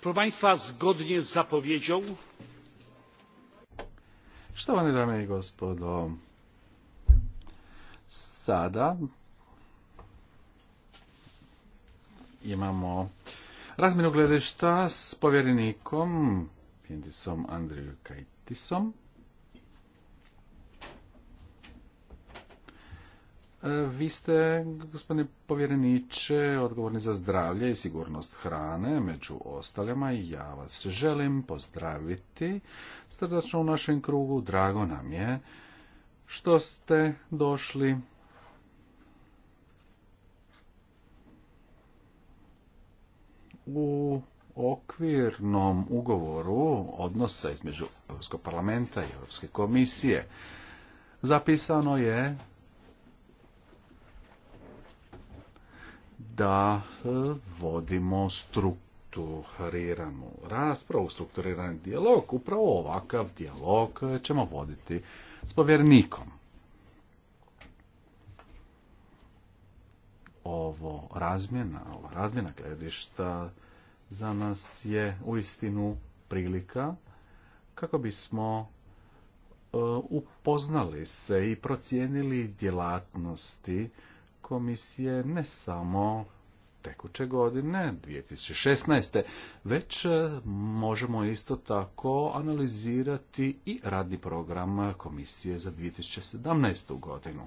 proszę państwa zgodnie z zapowiedzią Štovane dame i gospodo, sada imamo razminu gledišta s povjerenikom Pindisom Andriju Kajtisom. E, vi ste, gospodine povjereniče, odgovorni za zdravlje i sigurnost hrane, među ostalima i ja vas želim pozdraviti srdačno u našem krugu. Drago nam je što ste došli. U okvirnom ugovoru odnosa između Europskog parlamenta i Europske komisije zapisano je da e, vodimo strukturiranu raspravu, strukturiran dijalog. Upravo ovakav dijalog ćemo voditi s povjernikom. Ovo razmjena, ova razmjena gledišta za nas je uistinu prilika kako bismo e, upoznali se i procijenili djelatnosti komisije ne samo tekuće godine 2016. već e, možemo isto tako analizirati i radni program komisije za 2017. godinu.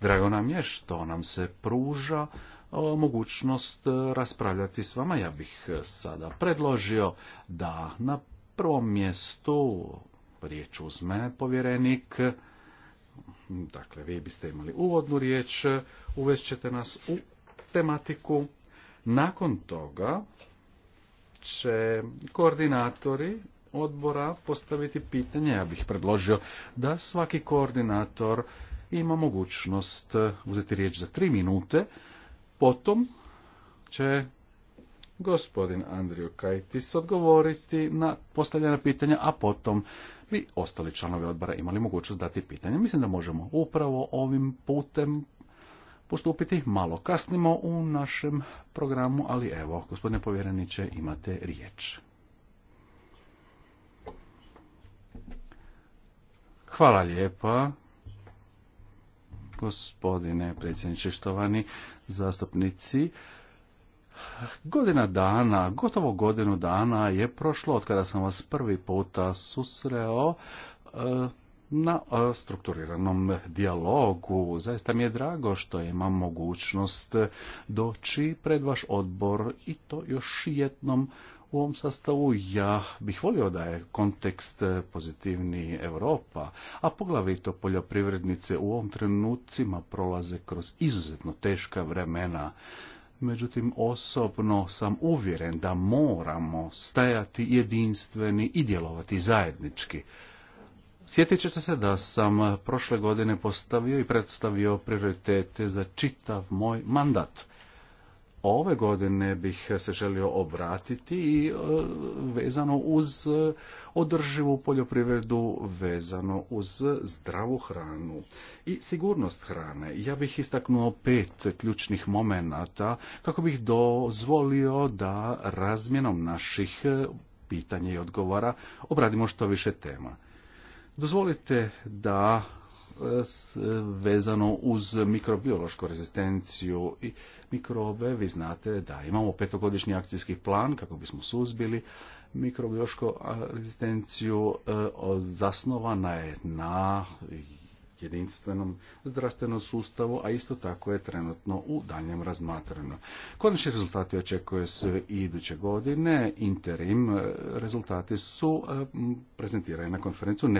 Drago nam je što nam se pruža e, mogućnost e, raspravljati s vama. Ja bih sada predložio da na prvom mjestu riječ uzme povjerenik Dakle, vi biste imali uvodnu riječ, uvešćete nas u tematiku. Nakon toga će koordinatori odbora postaviti pitanje. Ja bih predložio da svaki koordinator ima mogućnost uzeti riječ za tri minute. Potom će gospodin Andriju Kajtis odgovoriti na postavljena pitanja, a potom bi ostali članovi odbora imali mogućnost dati pitanje. Mislim da možemo upravo ovim putem postupiti. Malo kasnimo u našem programu, ali evo, gospodine povjereniče, imate riječ. Hvala lijepa, gospodine predsjedniče, štovani zastupnici. Godina dana, gotovo godinu dana je prošlo od kada sam vas prvi puta susreo eh, na eh, strukturiranom dijalogu. Zaista mi je drago što imam mogućnost doći pred vaš odbor i to još jednom u ovom sastavu ja bih volio da je kontekst pozitivni Europa, a poglavito poljoprivrednice u ovom trenucima prolaze kroz izuzetno teška vremena međutim osobno sam uvjeren da moramo stajati jedinstveni i djelovati zajednički. Sjetit ćete se da sam prošle godine postavio i predstavio prioritete za čitav moj mandat ove godine bih se želio obratiti i e, vezano uz e, održivu poljoprivredu, vezano uz zdravu hranu i sigurnost hrane. Ja bih istaknuo pet ključnih momenata kako bih dozvolio da razmjenom naših e, pitanja i odgovora obradimo što više tema. Dozvolite da vezano uz mikrobiološku rezistenciju i mikrobe. Vi znate da imamo petogodišnji akcijski plan kako bismo suzbili mikrobiološku rezistenciju. E, zasnovana je na jedinstvenom zdravstvenom sustavu, a isto tako je trenutno u daljem razmatranju Konačni rezultati očekuje se i iduće godine. Interim e, rezultati su e, prezentirani na konferenciju u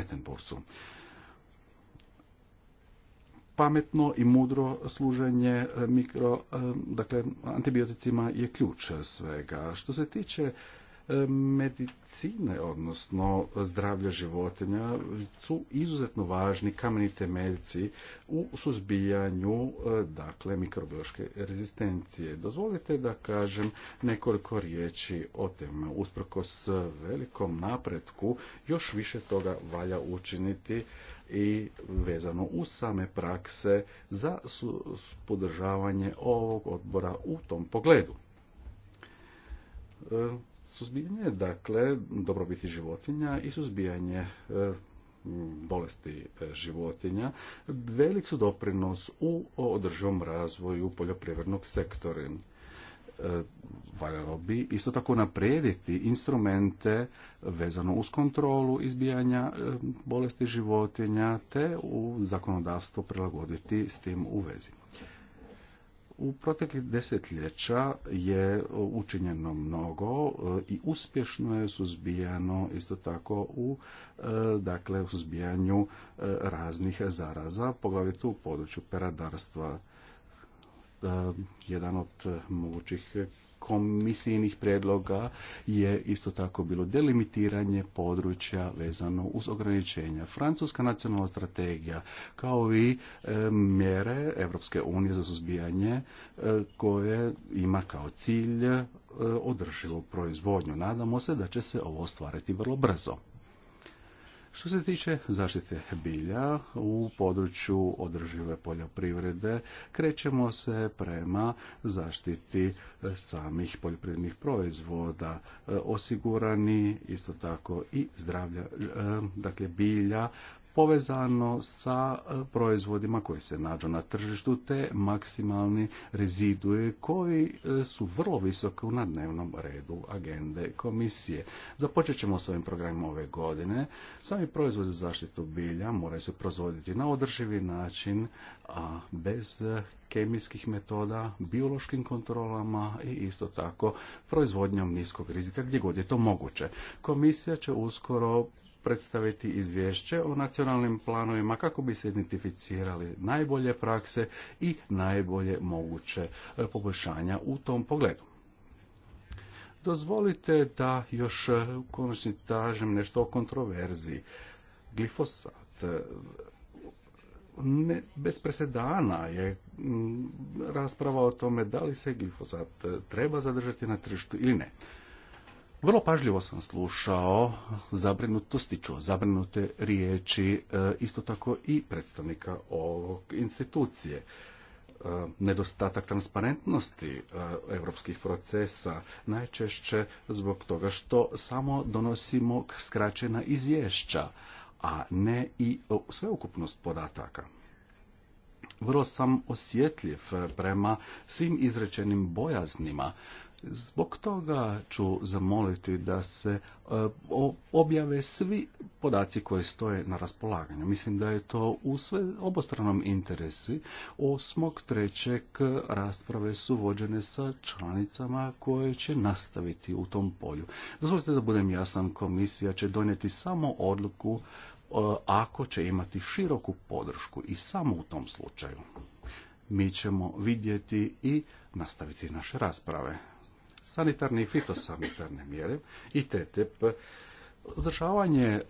pametno i mudro služenje e, mikro, e, dakle, antibioticima je ključ svega. Što se tiče medicine, odnosno zdravlja životinja, su izuzetno važni kameni temeljci u suzbijanju e, dakle, mikrobiološke rezistencije. Dozvolite da kažem nekoliko riječi o usprko s velikom napretku još više toga valja učiniti i vezano u same prakse za podržavanje ovog odbora u tom pogledu e, suzbijanje dakle dobrobiti životinja i suzbijanje e, bolesti e, životinja velik su doprinos u održivom razvoju poljoprivrednog sektora. E, valjalo bi isto tako naprijediti instrumente vezano uz kontrolu izbijanja bolesti životinja te u zakonodavstvo prilagoditi s tim u vezi. U proteklih desetljeća je učinjeno mnogo e, i uspješno je suzbijano isto tako u e, dakle, suzbijanju e, raznih zaraza, poglavito u području peradarstva. Jedan od mogućih komisijnih predloga je isto tako bilo delimitiranje područja vezano uz ograničenja. Francuska nacionalna strategija kao i e, mjere Europske unije za suzbijanje e, koje ima kao cilj e, održivu proizvodnju. Nadamo se da će se ovo ostvariti vrlo brzo. Što se tiče zaštite bilja u području održive poljoprivrede, krećemo se prema zaštiti e, samih poljoprivrednih proizvoda, e, osigurani isto tako i zdravlja, e, dakle bilja, povezano sa e, proizvodima koji se nađu na tržištu te maksimalni reziduje koji e, su vrlo visoki na dnevnom redu agende komisije. Započet ćemo s ovim programima ove godine. Sami proizvodi za zaštitu bilja moraju se proizvoditi na održivi način, a bez kemijskih metoda, biološkim kontrolama i isto tako proizvodnjom niskog rizika gdje god je to moguće. Komisija će uskoro predstaviti izvješće o nacionalnim planovima kako bi se identificirali najbolje prakse i najbolje moguće e, poboljšanja u tom pogledu. Dozvolite da još e, u konačni kažem nešto o kontroverziji. Glifosat e, bez presedana je rasprava o tome da li se glifosat treba zadržati na tržištu ili ne. Vrlo pažljivo sam slušao zabrinutosti, čuo zabrinute riječi, e, isto tako i predstavnika ovog institucije e, nedostatak transparentnosti europskih procesa, najčešće zbog toga što samo donosimo skraćena izvješća, a ne i sveukupnost podataka vrlo sam osjetljiv e, prema svim izrečenim bojaznima. Zbog toga ću zamoliti da se e, objave svi podaci koji stoje na raspolaganju. Mislim da je to u sve obostranom interesu. trećeg rasprave su vođene sa članicama koje će nastaviti u tom polju. Dozvolite da budem jasan, komisija će donijeti samo odluku E, ako će imati široku podršku i samo u tom slučaju. Mi ćemo vidjeti i nastaviti naše rasprave. Sanitarne i fitosanitarne mjere i TTIP Održavanje e,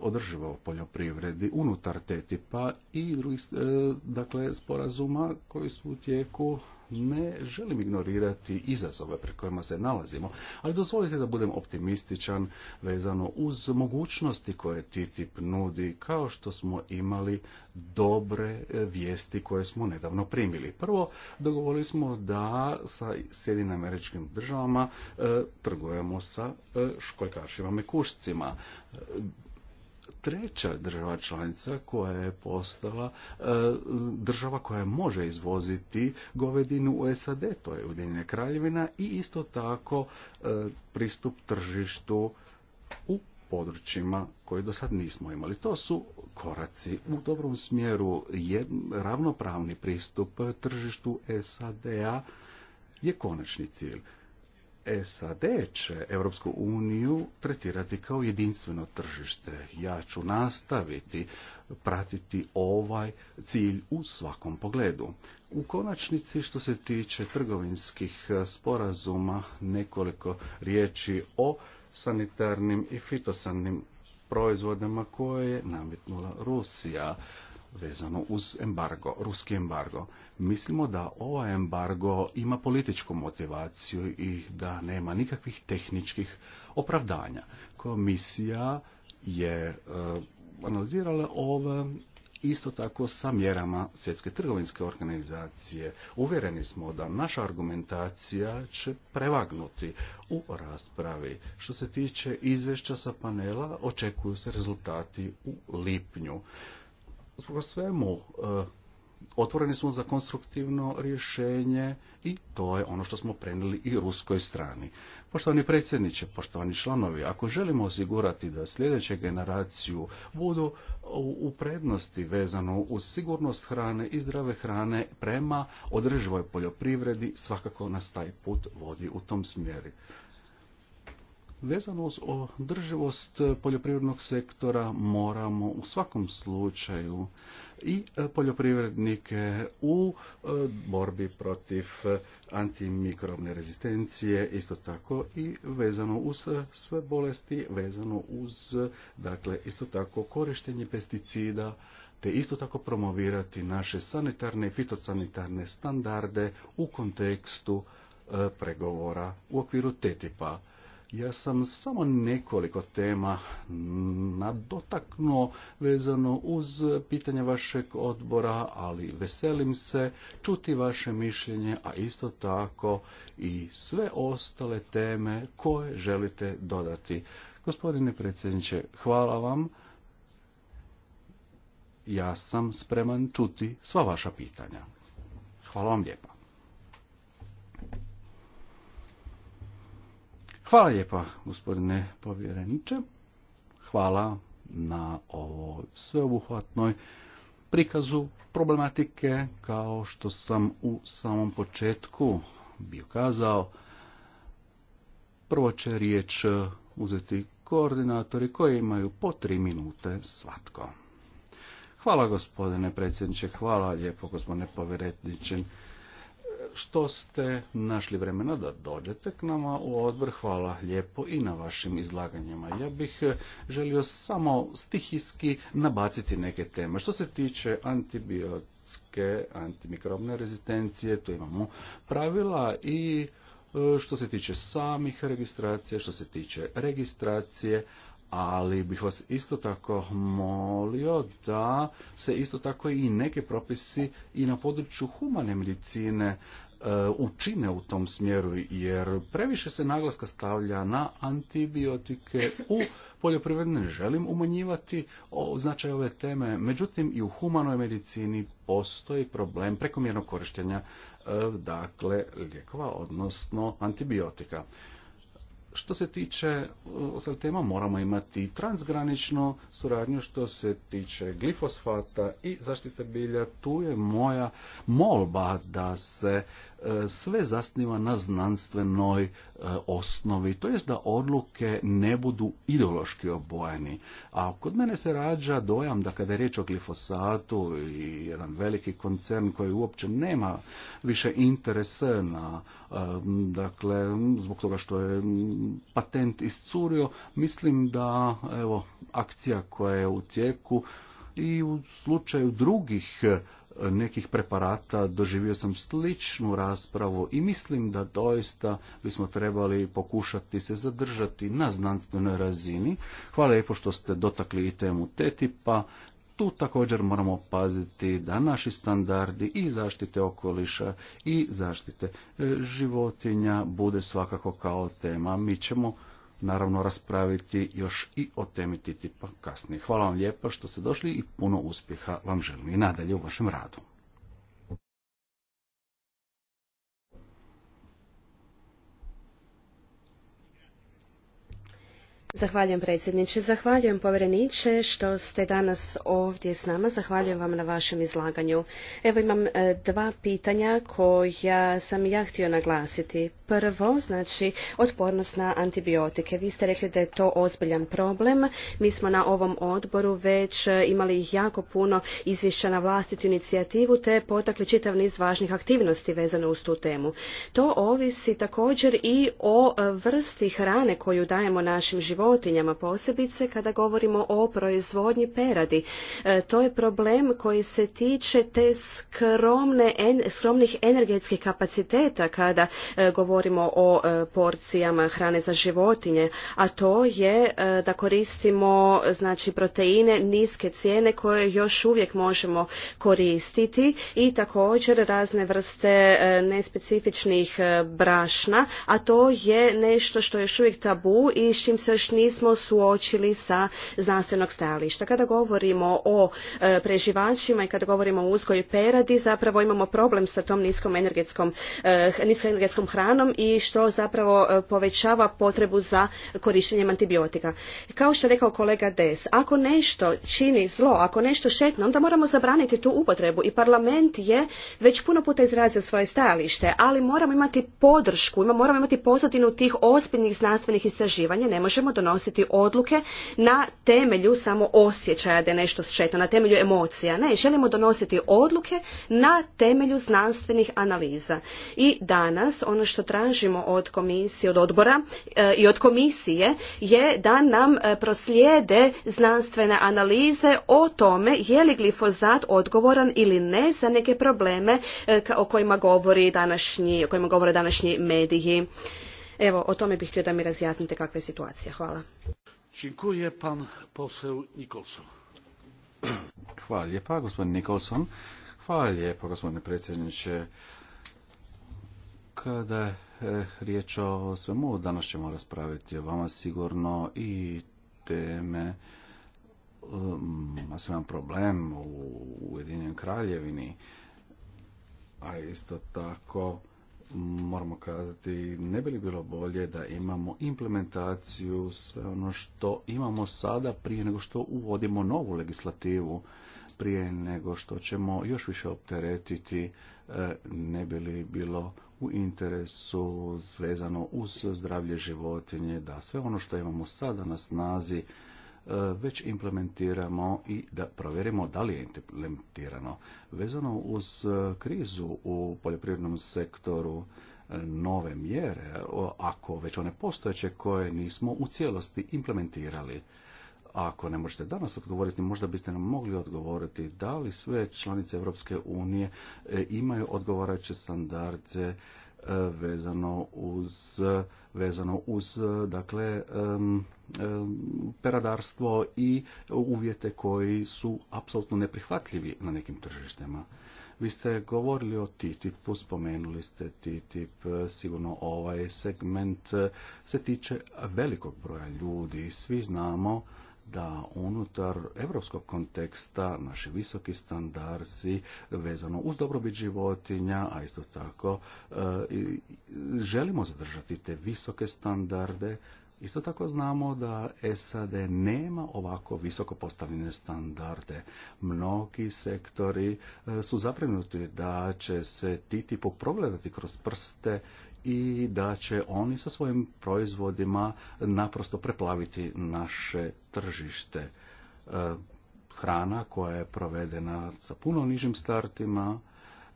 održivo poljoprivredi unutar TTIP-a i drugih e, dakle, sporazuma koji su u tijeku ne želim ignorirati izazove pred kojima se nalazimo, ali dozvolite da budem optimističan vezano uz mogućnosti koje TTIP nudi, kao što smo imali dobre vijesti koje smo nedavno primili. Prvo, dogovorili smo da sa Sjedinim američkim državama e, trgujemo sa e, školjkašima mekušcima treća država članica koja je postala e, država koja može izvoziti govedinu u SAD, to je Ujedinjena kraljevina i isto tako e, pristup tržištu u područjima koje do sad nismo imali. To su koraci u dobrom smjeru ravnopravni pristup tržištu SAD-a je konačni cilj. SAD će Europsku uniju tretirati kao jedinstveno tržište. Ja ću nastaviti pratiti ovaj cilj u svakom pogledu. U konačnici što se tiče trgovinskih sporazuma nekoliko riječi o sanitarnim i fitosanim proizvodima koje je nametnula Rusija vezano uz embargo, ruski embargo. Mislimo da ova embargo ima političku motivaciju i da nema nikakvih tehničkih opravdanja. Komisija je e, analizirala ovo isto tako sa mjerama svjetske trgovinske organizacije. Uvjereni smo da naša argumentacija će prevagnuti u raspravi. Što se tiče izvješća sa panela, očekuju se rezultati u lipnju zbog svemu e, otvoreni smo za konstruktivno rješenje i to je ono što smo prenijeli i ruskoj strani. Poštovani predsjedniče, poštovani članovi, ako želimo osigurati da sljedeće generaciju budu u prednosti vezano uz sigurnost hrane i zdrave hrane prema održivoj poljoprivredi, svakako nas taj put vodi u tom smjeru. Vezano uz održivost poljoprivrednog sektora moramo u svakom slučaju i poljoprivrednike u e, borbi protiv antimikrobne rezistencije, isto tako i vezano uz sve bolesti, vezano uz dakle isto tako korištenje pesticida, te isto tako promovirati naše sanitarne i fitosanitarne standarde u kontekstu e, pregovora u okviru TTIP-a ja sam samo nekoliko tema nadotaknuo vezano uz pitanje vašeg odbora, ali veselim se čuti vaše mišljenje, a isto tako i sve ostale teme koje želite dodati. Gospodine predsjedniče, hvala vam. Ja sam spreman čuti sva vaša pitanja. Hvala vam lijepa. Hvala lijepa, gospodine povjereniče. Hvala na ovo sveobuhvatnoj prikazu problematike, kao što sam u samom početku bio kazao. Prvo će riječ uzeti koordinatori koji imaju po tri minute svatko. Hvala gospodine predsjedniče, hvala lijepo gospodine povjereniče što ste našli vremena da dođete k nama u odbor. Hvala lijepo i na vašim izlaganjima. Ja bih e, želio samo stihijski nabaciti neke teme. Što se tiče antibiotske, antimikrobne rezistencije, tu imamo pravila i e, što se tiče samih registracije, što se tiče registracije, ali bih vas isto tako molio da se isto tako i neke propisi i na području humane medicine e, učine u tom smjeru jer previše se naglaska stavlja na antibiotike u poljoprivredne želim umanjivati značaj ove teme međutim i u humanoj medicini postoji problem prekomjernog korištenja e, dakle lijekova odnosno antibiotika što se tiče e, ostalih tema, moramo imati transgraničnu suradnju što se tiče glifosfata i zaštite bilja. Tu je moja molba da se E, sve zasniva na znanstvenoj e, osnovi, to jest da odluke ne budu ideološki obojeni. A kod mene se rađa dojam da kada je riječ o glifosatu i jedan veliki koncern koji uopće nema više interese na, e, dakle, zbog toga što je patent iscurio, mislim da, evo, akcija koja je u tijeku i u slučaju drugih nekih preparata doživio sam sličnu raspravu i mislim da doista bismo trebali pokušati se zadržati na znanstvenoj razini. Hvala lijepo što ste dotakli i temu TTIP-a. Tu također moramo paziti da naši standardi i zaštite okoliša i zaštite e, životinja bude svakako kao tema. Mi ćemo naravno raspraviti još i o temi ttip kasnije. Hvala vam lijepa što ste došli i puno uspjeha vam želim i nadalje u vašem radu. Zahvaljujem predsjedniče, zahvaljujem povjereniče što ste danas ovdje s nama, zahvaljujem vam na vašem izlaganju. Evo imam e, dva pitanja koja sam ja htio naglasiti. Prvo, znači, otpornost na antibiotike. Vi ste rekli da je to ozbiljan problem. Mi smo na ovom odboru već e, imali ih jako puno izvješća na vlastitu inicijativu te potakli čitav niz važnih aktivnosti vezano uz tu temu. To ovisi također i o e, vrsti hrane koju dajemo našim životinjama, posebice kada govorimo o proizvodnji peradi. E, to je problem koji se tiče te skromne, skromnih energetskih kapaciteta kada e, govorimo o e, porcijama hrane za životinje, a to je da koristimo znači proteine niske cijene koje još uvijek možemo koristiti i također razne vrste nespecifičnih brašna, a to je nešto što je još uvijek tabu i s čim se još nismo suočili sa znanstvenog stajališta. Kada govorimo o e, preživačima i kada govorimo o uzgoju peradi, zapravo imamo problem sa tom niskom energetskom, e, niskom energetskom hranom i što zapravo e, povećava potrebu za korištenjem antibiotika. Kao što je rekao kolega Des, ako nešto čini zlo, ako nešto štetno, onda moramo zabraniti tu upotrebu i parlament je već puno puta izrazio svoje stajalište, ali moramo imati podršku, moramo imati pozadinu tih ozbiljnih znanstvenih istraživanja, ne možemo donositi odluke na temelju samo osjećaja da je nešto štetno, na temelju emocija. Ne, želimo donositi odluke na temelju znanstvenih analiza. I danas ono što tražimo od komisije, od odbora eh, i od komisije je da nam eh, proslijede znanstvene analize o tome je li glifozat odgovoran ili ne za neke probleme eh, o kojima govori današnji, o kojima govore današnji mediji. Evo, o tome bih htio da mi razjasnite kakva je situacija. Hvala. Dziękuję pan Nikolson. Hvala lijepa, gospodin Nikolson. Hvala lijepo, gospodine predsjedniče. Kada je e, riječ o svemu, danas ćemo raspraviti o vama sigurno i teme e, masevan problem u Ujedinjenoj kraljevini, a isto tako moramo kazati ne bi li bilo bolje da imamo implementaciju sve ono što imamo sada prije nego što uvodimo novu legislativu prije nego što ćemo još više opteretiti e, ne bi li bilo u interesu zvezano uz zdravlje životinje da sve ono što imamo sada na snazi E, već implementiramo i da provjerimo da li je implementirano. Vezano uz e, krizu u poljoprivrednom sektoru, e, nove mjere, ako već one postojeće koje nismo u cijelosti implementirali. Ako ne možete danas odgovoriti, možda biste nam mogli odgovoriti da li sve članice Europske unije imaju odgovarajuće standarde vezano uz vezano uz dakle peradarstvo i uvjete koji su apsolutno neprihvatljivi na nekim tržištima. Vi ste govorili o TTIP-u, spomenuli ste TTIP, sigurno ovaj segment se tiče velikog broja ljudi. Svi znamo da unutar evropskog konteksta naši visoki standardi vezano uz dobrobit životinja, a isto tako e, želimo zadržati te visoke standarde Isto tako znamo da SAD nema ovako visoko postavljene standarde. Mnogi sektori e, su zabrinuti da će se ti tipu progledati kroz prste i da će oni sa svojim proizvodima naprosto preplaviti naše tržište. E, hrana koja je provedena sa puno nižim startima,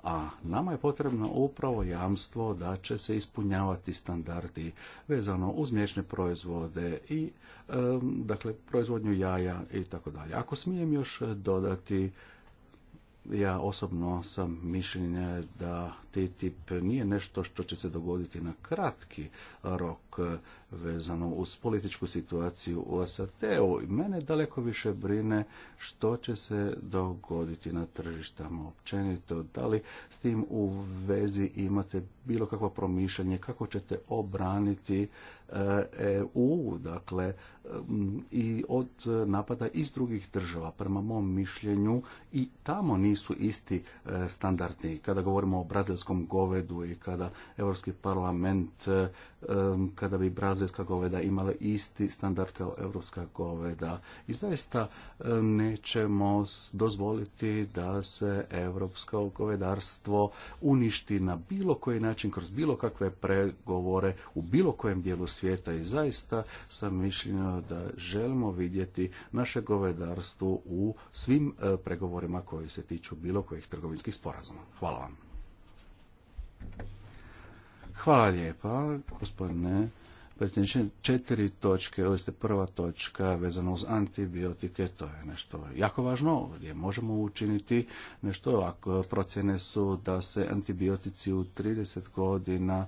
a nama je potrebno upravo jamstvo da će se ispunjavati standardi vezano uz mječne proizvode i e, dakle proizvodnju jaja i tako dalje. Ako smijem još dodati ja osobno sam mišljenja da TTIP nije nešto što će se dogoditi na kratki rok vezano uz političku situaciju u SAT u Mene daleko više brine što će se dogoditi na tržištama općenito. Da li s tim u vezi imate bilo kakvo promišljanje, kako ćete obraniti EU, e dakle, i od napada iz drugih država, prema mom mišljenju, i tamo nisu isti e, standardni. Kada govorimo o brazilskom govedu i kada Europski parlament, e, kada bi brazilska goveda imala isti standard kao europska goveda. I zaista nećemo dozvoliti da se europsko govedarstvo uništi na bilo koji način, kroz bilo kakve pregovore, u bilo kojem dijelu svijeta svijeta i zaista sam mišljeno da želimo vidjeti naše govedarstvo u svim e, pregovorima koji se tiču bilo kojih trgovinskih sporazuma. Hvala vam. Hvala lijepa, gospodine predsjedniče. Četiri točke, ovo ste prva točka vezana uz antibiotike, to je nešto jako važno, gdje možemo učiniti nešto ako procjene su da se antibiotici u 30 godina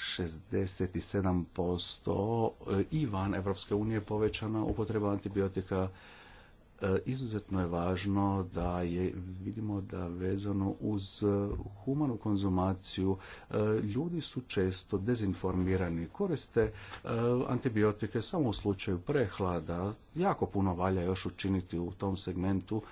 67% i van Evropske unije povećana upotreba antibiotika. E, izuzetno je važno da je, vidimo da vezano uz humanu konzumaciju, e, ljudi su često dezinformirani, koriste e, antibiotike samo u slučaju prehlada, jako puno valja još učiniti u tom segmentu,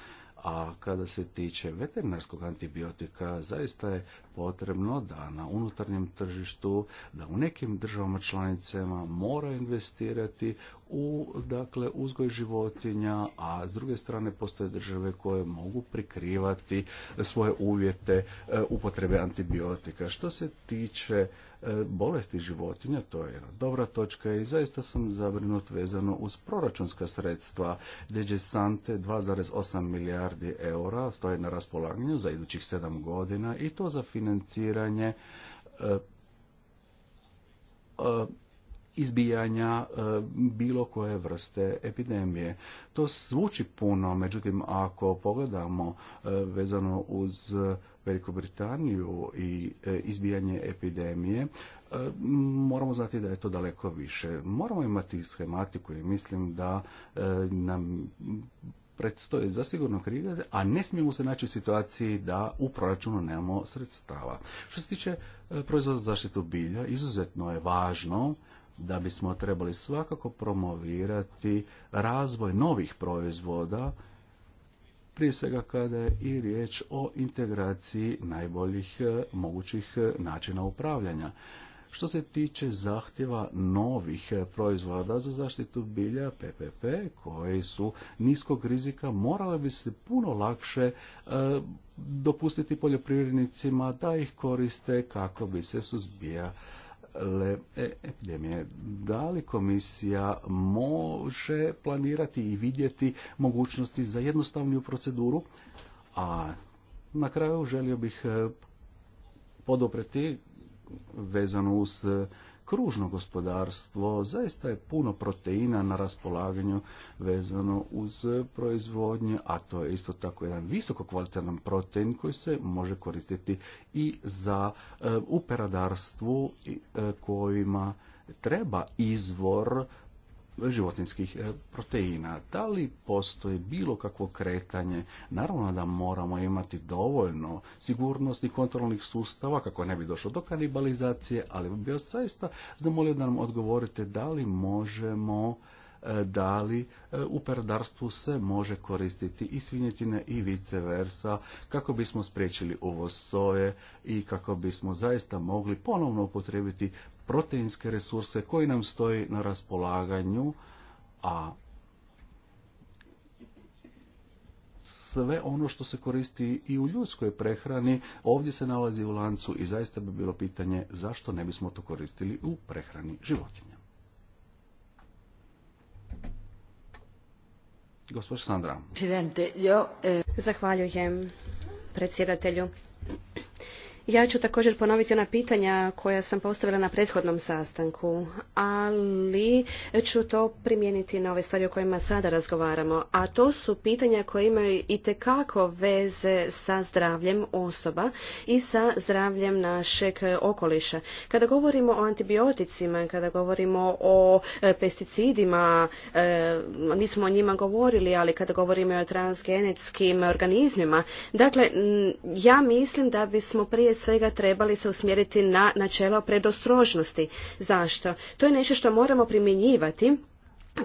a kada se tiče veterinarskog antibiotika, zaista je potrebno da na unutarnjem tržištu, da u nekim državama članicama mora investirati u dakle uzgoj životinja, a s druge strane postoje države koje mogu prikrivati svoje uvjete e, upotrebe antibiotika. Što se tiče E, bolesti životinja, to je dobra točka i zaista sam zabrinut vezano uz proračunska sredstva. Deđe Sante 2,8 milijardi eura stoje na raspolaganju za idućih sedam godina i to za financiranje e, e, izbijanja e, bilo koje vrste epidemije. To zvuči puno, međutim ako pogledamo e, vezano uz Veliku Britaniju i e, izbijanje epidemije, moramo znati da je to daleko više. Moramo imati schematiku i mislim da nam predstoje zasigurno kriza a ne smijemo se naći u situaciji da u proračunu nemamo sredstava. Što se tiče proizvoda zaštitu bilja, izuzetno je važno da bismo trebali svakako promovirati razvoj novih proizvoda, prije svega kada je i riječ o integraciji najboljih e, mogućih e, načina upravljanja. Što se tiče zahtjeva novih e, proizvoda za zaštitu bilja PPP koji su niskog rizika morale bi se puno lakše dopustiti poljoprivrednicima da ih koriste kako bi se suzbija E, epidemije. Da li komisija može planirati i vidjeti mogućnosti za jednostavniju proceduru? A na kraju želio bih e, podopreti vezano uz kružno gospodarstvo, zaista je puno proteina na raspolaganju vezano uz proizvodnje, a to je isto tako jedan visoko kvalitetan protein koji se može koristiti i za e, uperadarstvu e, kojima treba izvor životinskih e, proteina. Da li postoji bilo kakvo kretanje? Naravno da moramo imati dovoljno sigurnosti kontrolnih sustava kako ne bi došlo do kanibalizacije, ali bi vas zaista zamolio da nam odgovorite da li možemo e, da li e, u perdarstvu se može koristiti i svinjetine i vice versa kako bismo spriječili uvoz soje i kako bismo zaista mogli ponovno upotrijebiti proteinske resurse koji nam stoji na raspolaganju, a sve ono što se koristi i u ljudskoj prehrani ovdje se nalazi u lancu i zaista bi bilo pitanje zašto ne bismo to koristili u prehrani životinja. Gospođa Sandra. Eh, Zahvaljujem predsjedatelju. Ja ću također ponoviti ona pitanja koja sam postavila na prethodnom sastanku, ali ću to primijeniti na ove stvari o kojima sada razgovaramo, a to su pitanja koje imaju i tekako veze sa zdravljem osoba i sa zdravljem našeg okoliša. Kada govorimo o antibioticima, kada govorimo o e, pesticidima, e, nismo o njima govorili, ali kada govorimo o transgenetskim organizmima, dakle, ja mislim da bismo prije svega trebali se usmjeriti na načelo predostrožnosti. Zašto? To je nešto što moramo primjenjivati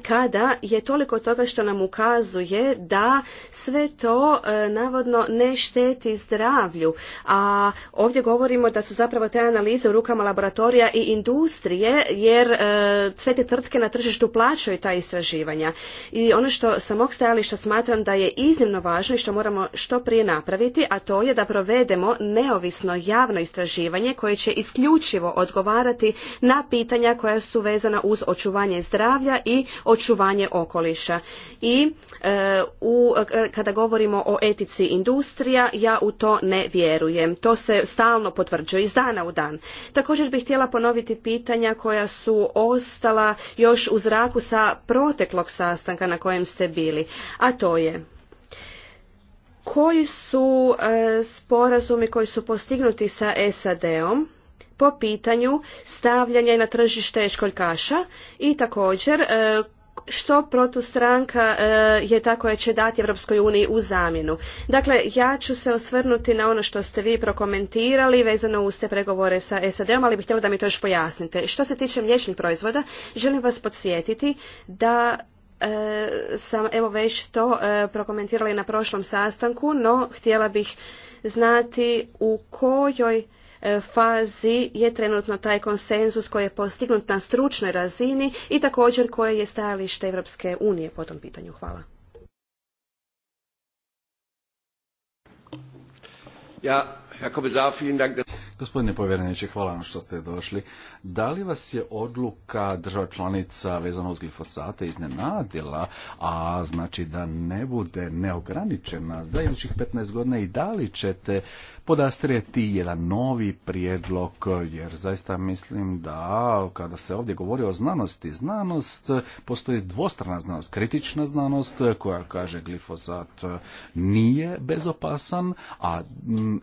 kada je toliko toga što nam ukazuje da sve to e, navodno ne šteti zdravlju. A ovdje govorimo da su zapravo te analize u rukama laboratorija i industrije jer e, sve te tvrtke na tržištu plaćaju ta istraživanja. I ono što sam mog stajališta smatram da je iznimno važno i što moramo što prije napraviti, a to je da provedemo neovisno javno istraživanje koje će isključivo odgovarati na pitanja koja su vezana uz očuvanje zdravlja i očuvanje okoliša. I e, u, e, kada govorimo o etici industrija, ja u to ne vjerujem. To se stalno potvrđuje iz dana u dan. Također bih htjela ponoviti pitanja koja su ostala još u zraku sa proteklog sastanka na kojem ste bili. A to je koji su e, sporazumi koji su postignuti sa SAD-om po pitanju stavljanja na tržište školjkaša i također što protustranka e, je ta koja će dati Europskoj uniji u zamjenu. Dakle, ja ću se osvrnuti na ono što ste vi prokomentirali vezano uz te pregovore sa SAD-om, ali bih htjela da mi to još pojasnite. Što se tiče mliječnih proizvoda, želim vas podsjetiti da e, sam evo već to e, prokomentirala i na prošlom sastanku, no htjela bih znati u kojoj E, fazi je trenutno taj konsenzus koji je postignut na stručnoj razini i također koje je stajalište Europske unije po tom pitanju. Hvala. Ja, Gospodine povjereniče, hvala vam što ste došli. Da li vas je odluka država članica vezano uz glifosate iznenadila, a znači da ne bude neograničena za idućih 15 godina i da li ćete podastrijeti jedan novi prijedlog, jer zaista mislim da kada se ovdje govori o znanosti, znanost postoji dvostrana znanost, kritična znanost koja kaže glifosat nije bezopasan, a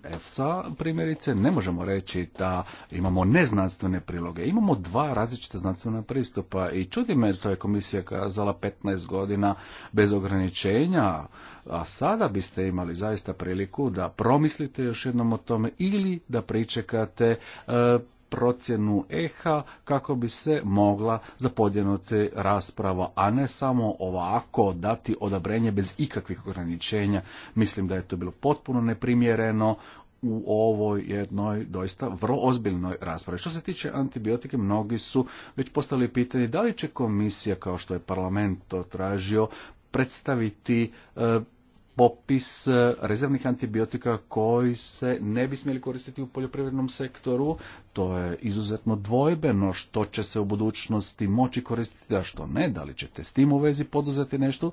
EFSA primjerice ne možemo reći da imamo neznanstvene priloge. Imamo dva različita znanstvena pristupa i čudi me što je komisija kazala 15 godina bez ograničenja a sada biste imali zaista priliku da promislite još jednom o tome ili da pričekate e, procjenu eha kako bi se mogla zapodjenuti rasprava, a ne samo ovako dati odabrenje bez ikakvih ograničenja. Mislim da je to bilo potpuno neprimjereno u ovoj jednoj doista vrlo ozbiljnoj raspravi. Što se tiče antibiotike, mnogi su već postavili pitanje da li će komisija, kao što je parlament to tražio, predstaviti e, popis e, rezervnih antibiotika koji se ne bi smjeli koristiti u poljoprivrednom sektoru. To je izuzetno dvojbeno što će se u budućnosti moći koristiti, a što ne, da li ćete s tim u vezi poduzeti nešto.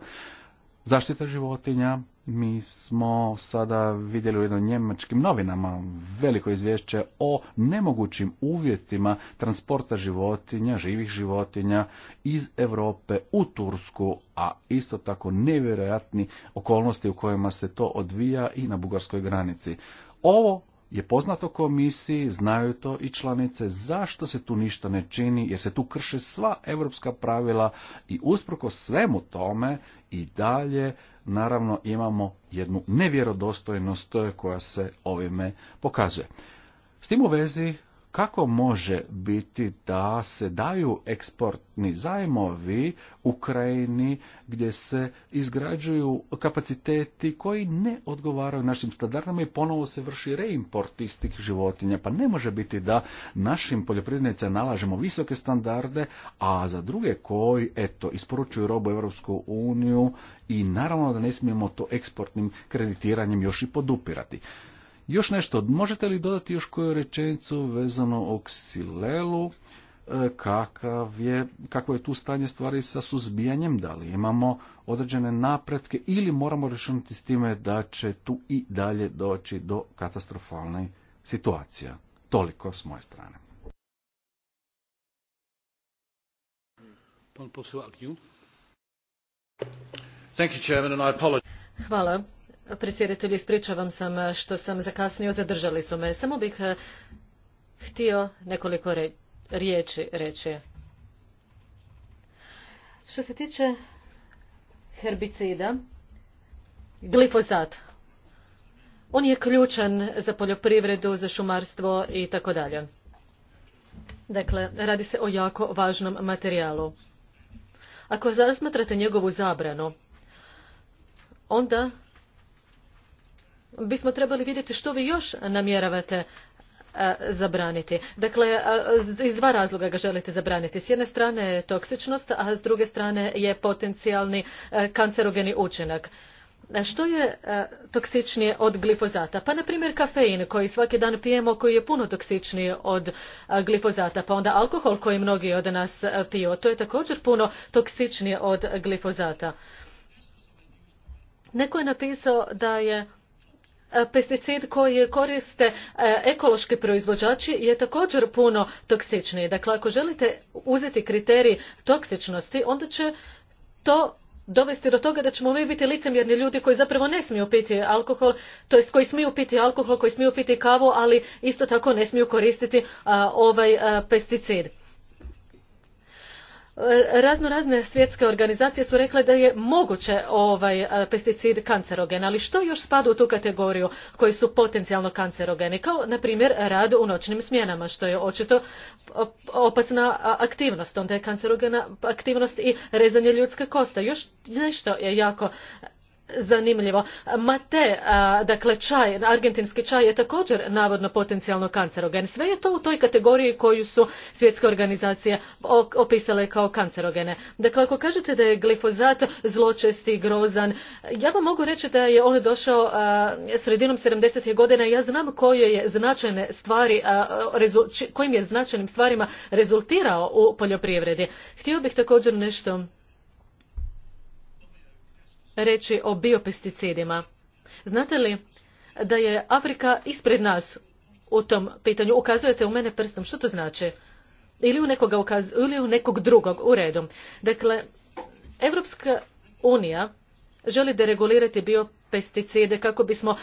Zaštita životinja, mi smo sada vidjeli u jednom njemačkim novinama veliko izvješće o nemogućim uvjetima transporta životinja, živih životinja iz Europe u Tursku, a isto tako nevjerojatni okolnosti u kojima se to odvija i na bugarskoj granici. Ovo je poznato komisiji, znaju to i članice, zašto se tu ništa ne čini, jer se tu krše sva europska pravila i usprko svemu tome i dalje naravno imamo jednu nevjerodostojnost koja se ovime pokazuje. S tim u vezi kako može biti da se daju eksportni zajmovi Ukrajini gdje se izgrađuju kapaciteti koji ne odgovaraju našim standardama i ponovo se vrši reimport istih životinja. Pa ne može biti da našim poljoprivrednicima nalažemo visoke standarde, a za druge koji eto isporučuju robu Europsku uniju i naravno da ne smijemo to eksportnim kreditiranjem još i podupirati. Još nešto, možete li dodati još koju rečenicu vezano o ksilelu? E, je, kakvo je tu stanje stvari sa suzbijanjem, da li imamo određene napretke ili moramo rešeniti s time da će tu i dalje doći do katastrofalne situacija. Toliko s moje strane. Hvala. Predsjedatelju, ispričavam sam e, što sam zakasnio, zadržali su me. Samo bih e, htio nekoliko riječi reći. Što se tiče herbicida, glifosat, on je ključan za poljoprivredu, za šumarstvo i tako dalje. Dakle, radi se o jako važnom materijalu. Ako razmatrate njegovu zabranu, onda bismo trebali vidjeti što vi još namjeravate e, zabraniti. Dakle, e, iz dva razloga ga želite zabraniti. S jedne strane je toksičnost, a s druge strane je potencijalni e, kancerogeni učinak. Što je toksičnije od glifozata? Pa, na primjer, kafein koji svaki dan pijemo, koji je puno toksičniji od glifozata. Pa onda alkohol koji mnogi od nas piju, to je također puno toksičnije od glifozata. Neko je napisao da je E, pesticid koji koriste e, ekološki proizvođači je također puno toksičniji. Dakle, ako želite uzeti kriterij toksičnosti, onda će to dovesti do toga da ćemo mi biti licemjerni ljudi koji zapravo ne smiju piti alkohol, to koji smiju piti alkohol, koji smiju piti kavu, ali isto tako ne smiju koristiti ovaj pesticid razno razne svjetske organizacije su rekle da je moguće ovaj pesticid kancerogen, ali što još spada u tu kategoriju koji su potencijalno kancerogeni, kao na primjer rad u noćnim smjenama, što je očito opasna aktivnost, onda je kancerogena aktivnost i rezanje ljudske kosta. Još nešto je jako zanimljivo. Mate, dakle čaj, argentinski čaj je također navodno potencijalno kancerogen. Sve je to u toj kategoriji koju su svjetske organizacije opisale kao kancerogene. Dakle, ako kažete da je glifozat zločesti, grozan, ja vam mogu reći da je on došao sredinom 70. godina i ja znam koje je značajne stvari, kojim je značajnim stvarima rezultirao u poljoprivredi. Htio bih također nešto reći o biopesticidima. Znate li da je Afrika ispred nas u tom pitanju? Ukazujete u mene prstom. Što to znači? Ili u, nekoga ili u nekog drugog u redu. Dakle, Evropska unija želi deregulirati biopesticide kako bismo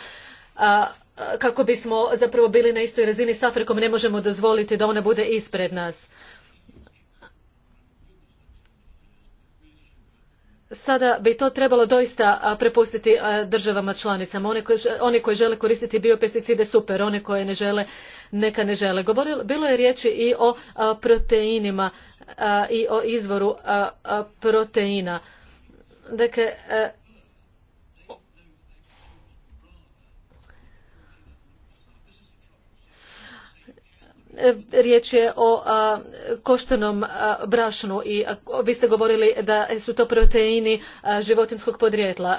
kako bismo zapravo bili na istoj razini s Afrikom, ne možemo dozvoliti da ona bude ispred nas. sada bi to trebalo doista prepustiti državama članicama. One koji, one žele koristiti biopesticide super, one koje ne žele neka ne žele. bilo je riječi i o proteinima i o izvoru proteina. Dakle, E, riječ je o koštenom brašnu i vi ste govorili da su to proteini životinskog podrijetla.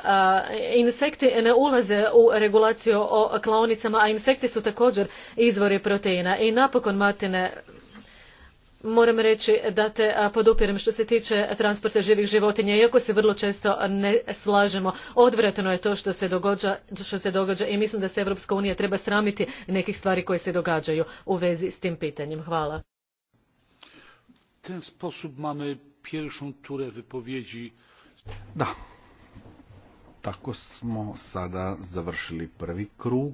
Insekti ne ulaze u regulaciju o klaonicama, a insekti su također izvori proteina. I napokon Martine moram reći da te podupirem što se tiče transporta živih životinja iako se vrlo često ne slažemo odvratno je to što se događa, i mislim da se europska unija treba sramiti nekih stvari koje se događaju u vezi s tim pitanjem hvala Da. Tako smo sada završili prvi krug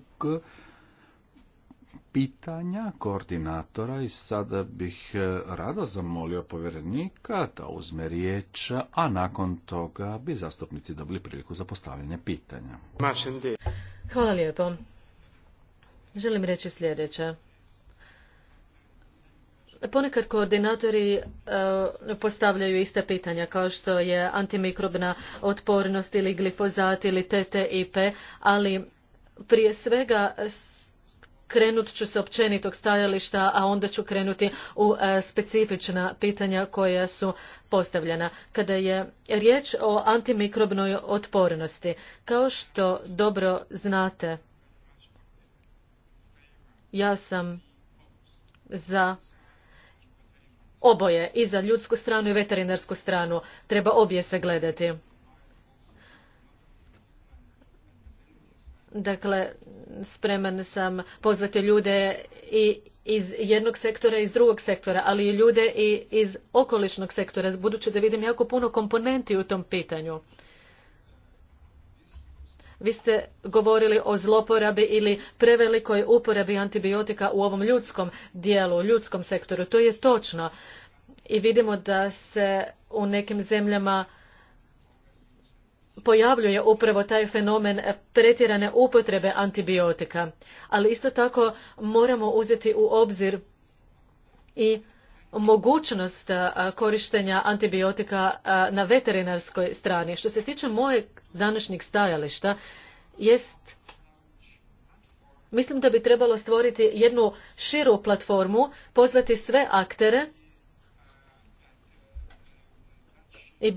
pitanja koordinatora i sada bih e, rado zamolio povjerenika da uzme riječ, a nakon toga bi zastupnici dobili priliku za postavljanje pitanja. Hvala lijepo. Želim reći sljedeće. Ponekad koordinatori e, postavljaju ista pitanja kao što je antimikrobna otpornost ili glifozat ili TTIP, ali prije svega krenut ću se općenitog stajališta, a onda ću krenuti u e, specifična pitanja koja su postavljena. Kada je riječ o antimikrobnoj otpornosti, kao što dobro znate, ja sam za oboje, i za ljudsku stranu i veterinarsku stranu. Treba obje se gledati. Dakle, spreman sam pozvati ljude i iz jednog sektora i iz drugog sektora, ali i ljude i iz okolišnog sektora, budući da vidim jako puno komponenti u tom pitanju. Vi ste govorili o zloporabi ili prevelikoj uporabi antibiotika u ovom ljudskom dijelu, ljudskom sektoru. To je točno. I vidimo da se u nekim zemljama pojavljuje upravo taj fenomen pretjerane upotrebe antibiotika ali isto tako moramo uzeti u obzir i mogućnost korištenja antibiotika na veterinarskoj strani što se tiče mojeg današnjeg stajališta jest mislim da bi trebalo stvoriti jednu širu platformu pozvati sve aktere i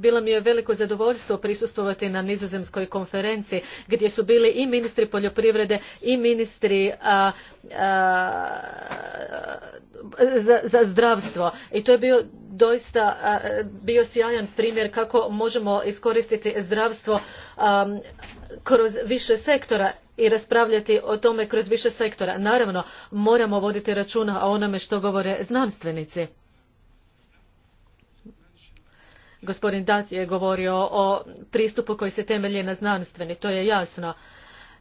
bilo mi je veliko zadovoljstvo prisustvovati na nizozemskoj konferenciji gdje su bili i ministri poljoprivrede i ministri za, zdravstvo i to je bio doista bio sjajan primjer kako možemo iskoristiti zdravstvo kroz više sektora i raspravljati o tome kroz više sektora. Naravno, moramo voditi računa o onome što govore znanstvenici. Gospodin Dat je govorio o pristupu koji se temelji na znanstveni, to je jasno.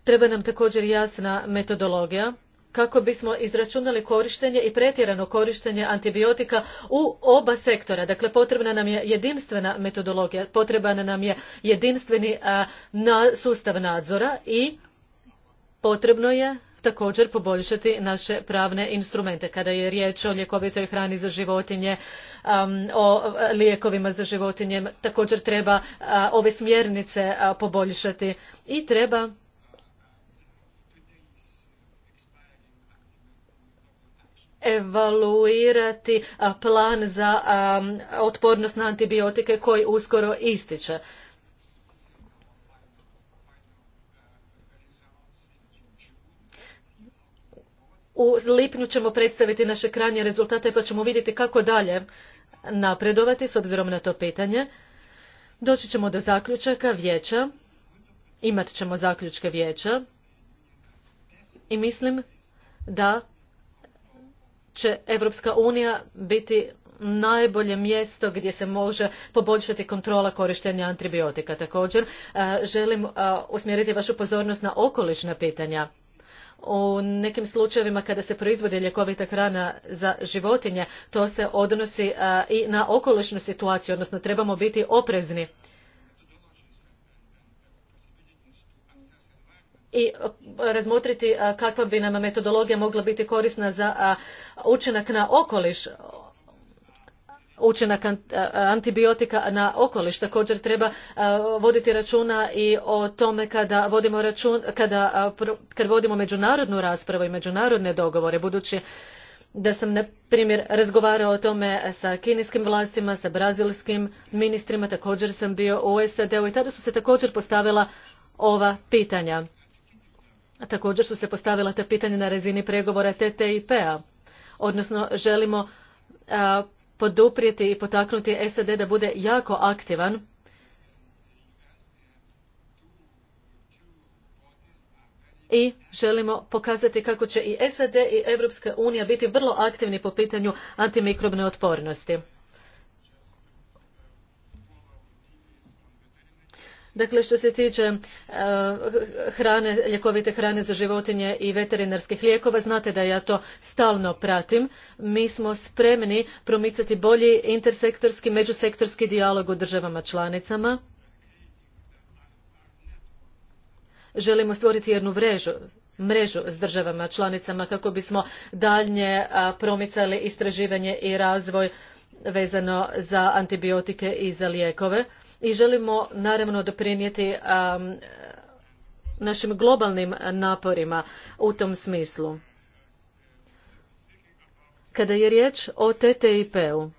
Treba nam također jasna metodologija kako bismo izračunali korištenje i pretjerano korištenje antibiotika u oba sektora. Dakle, potrebna nam je jedinstvena metodologija, potreban nam je jedinstveni sustav nadzora i potrebno je također poboljšati naše pravne instrumente kada je riječ o ljekovitoj hrani za životinje um, o e, lijekovima za životinje također treba e, ove smjernice e, poboljšati i treba evaluirati plan za otpornost na antibiotike koji uskoro ističe U lipnju ćemo predstaviti naše krajnje rezultate pa ćemo vidjeti kako dalje napredovati s obzirom na to pitanje. Doći ćemo do zaključaka vijeća, imat ćemo zaključke vijeća i mislim da će Europska unija biti najbolje mjesto gdje se može poboljšati kontrola korištenja antibiotika. Također e, želim e, usmjeriti vašu pozornost na okolišna pitanja. U nekim slučajevima kada se proizvodi ljekovita hrana za životinje, to se odnosi i na okolišnu situaciju, odnosno trebamo biti oprezni. i razmotriti kakva bi nam metodologija mogla biti korisna za učinak na okoliš učinak antibiotika na okoliš. Također treba voditi računa i o tome kada vodimo kada, kad vodimo međunarodnu raspravu i međunarodne dogovore, budući da sam na primjer razgovarao o tome sa kineskim vlastima, sa brazilskim ministrima, također sam bio u SAD-u i tada su se također postavila ova pitanja. Također su se postavila ta pitanja na razini pregovora TTIP-a, odnosno želimo poduprijeti i potaknuti SAD da bude jako aktivan i želimo pokazati kako će i SAD i Europska unija biti vrlo aktivni po pitanju antimikrobne otpornosti. Dakle, što se tiče e, hrane, ljekovite hrane za životinje i veterinarskih lijekova, znate da ja to stalno pratim. Mi smo spremni promicati bolji intersektorski, međusektorski dijalog u državama članicama. Želimo stvoriti jednu mrežu mrežu s državama članicama kako bismo daljnje promicali istraživanje i razvoj vezano za antibiotike i za lijekove i želimo naravno doprinijeti našim globalnim naporima u tom smislu. Kada je riječ o TTIP-u,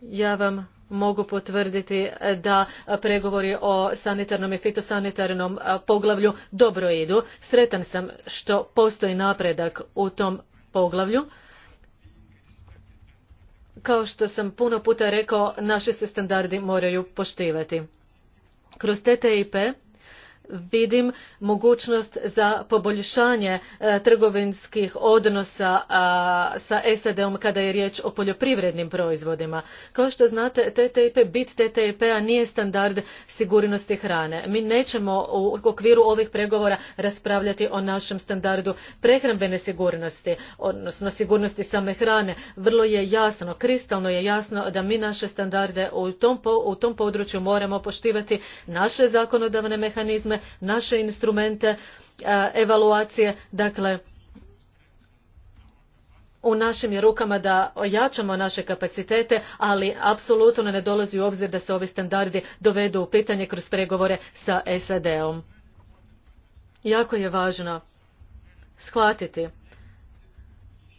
ja vam mogu potvrditi da pregovori o sanitarnom i fitosanitarnom poglavlju dobro idu. Sretan sam što postoji napredak u tom poglavlju kao što sam puno puta rekao, naši se standardi moraju poštivati. Kroz TTIP vidim mogućnost za poboljšanje e, trgovinskih odnosa sa SAD-om kada je riječ o poljoprivrednim proizvodima. Kao što znate, TTIP, bit TTIP-a nije standard sigurnosti hrane. Mi nećemo u okviru ovih pregovora raspravljati o našem standardu prehrambene sigurnosti, odnosno sigurnosti same hrane. Vrlo je jasno, kristalno je jasno da mi naše standarde u tom, u tom području moramo poštivati naše zakonodavne mehanizme naše instrumente e, evaluacije. Dakle, u našim je rukama da ojačamo naše kapacitete, ali apsolutno ne dolazi u obzir da se ovi standardi dovedu u pitanje kroz pregovore sa SAD-om. Jako je važno shvatiti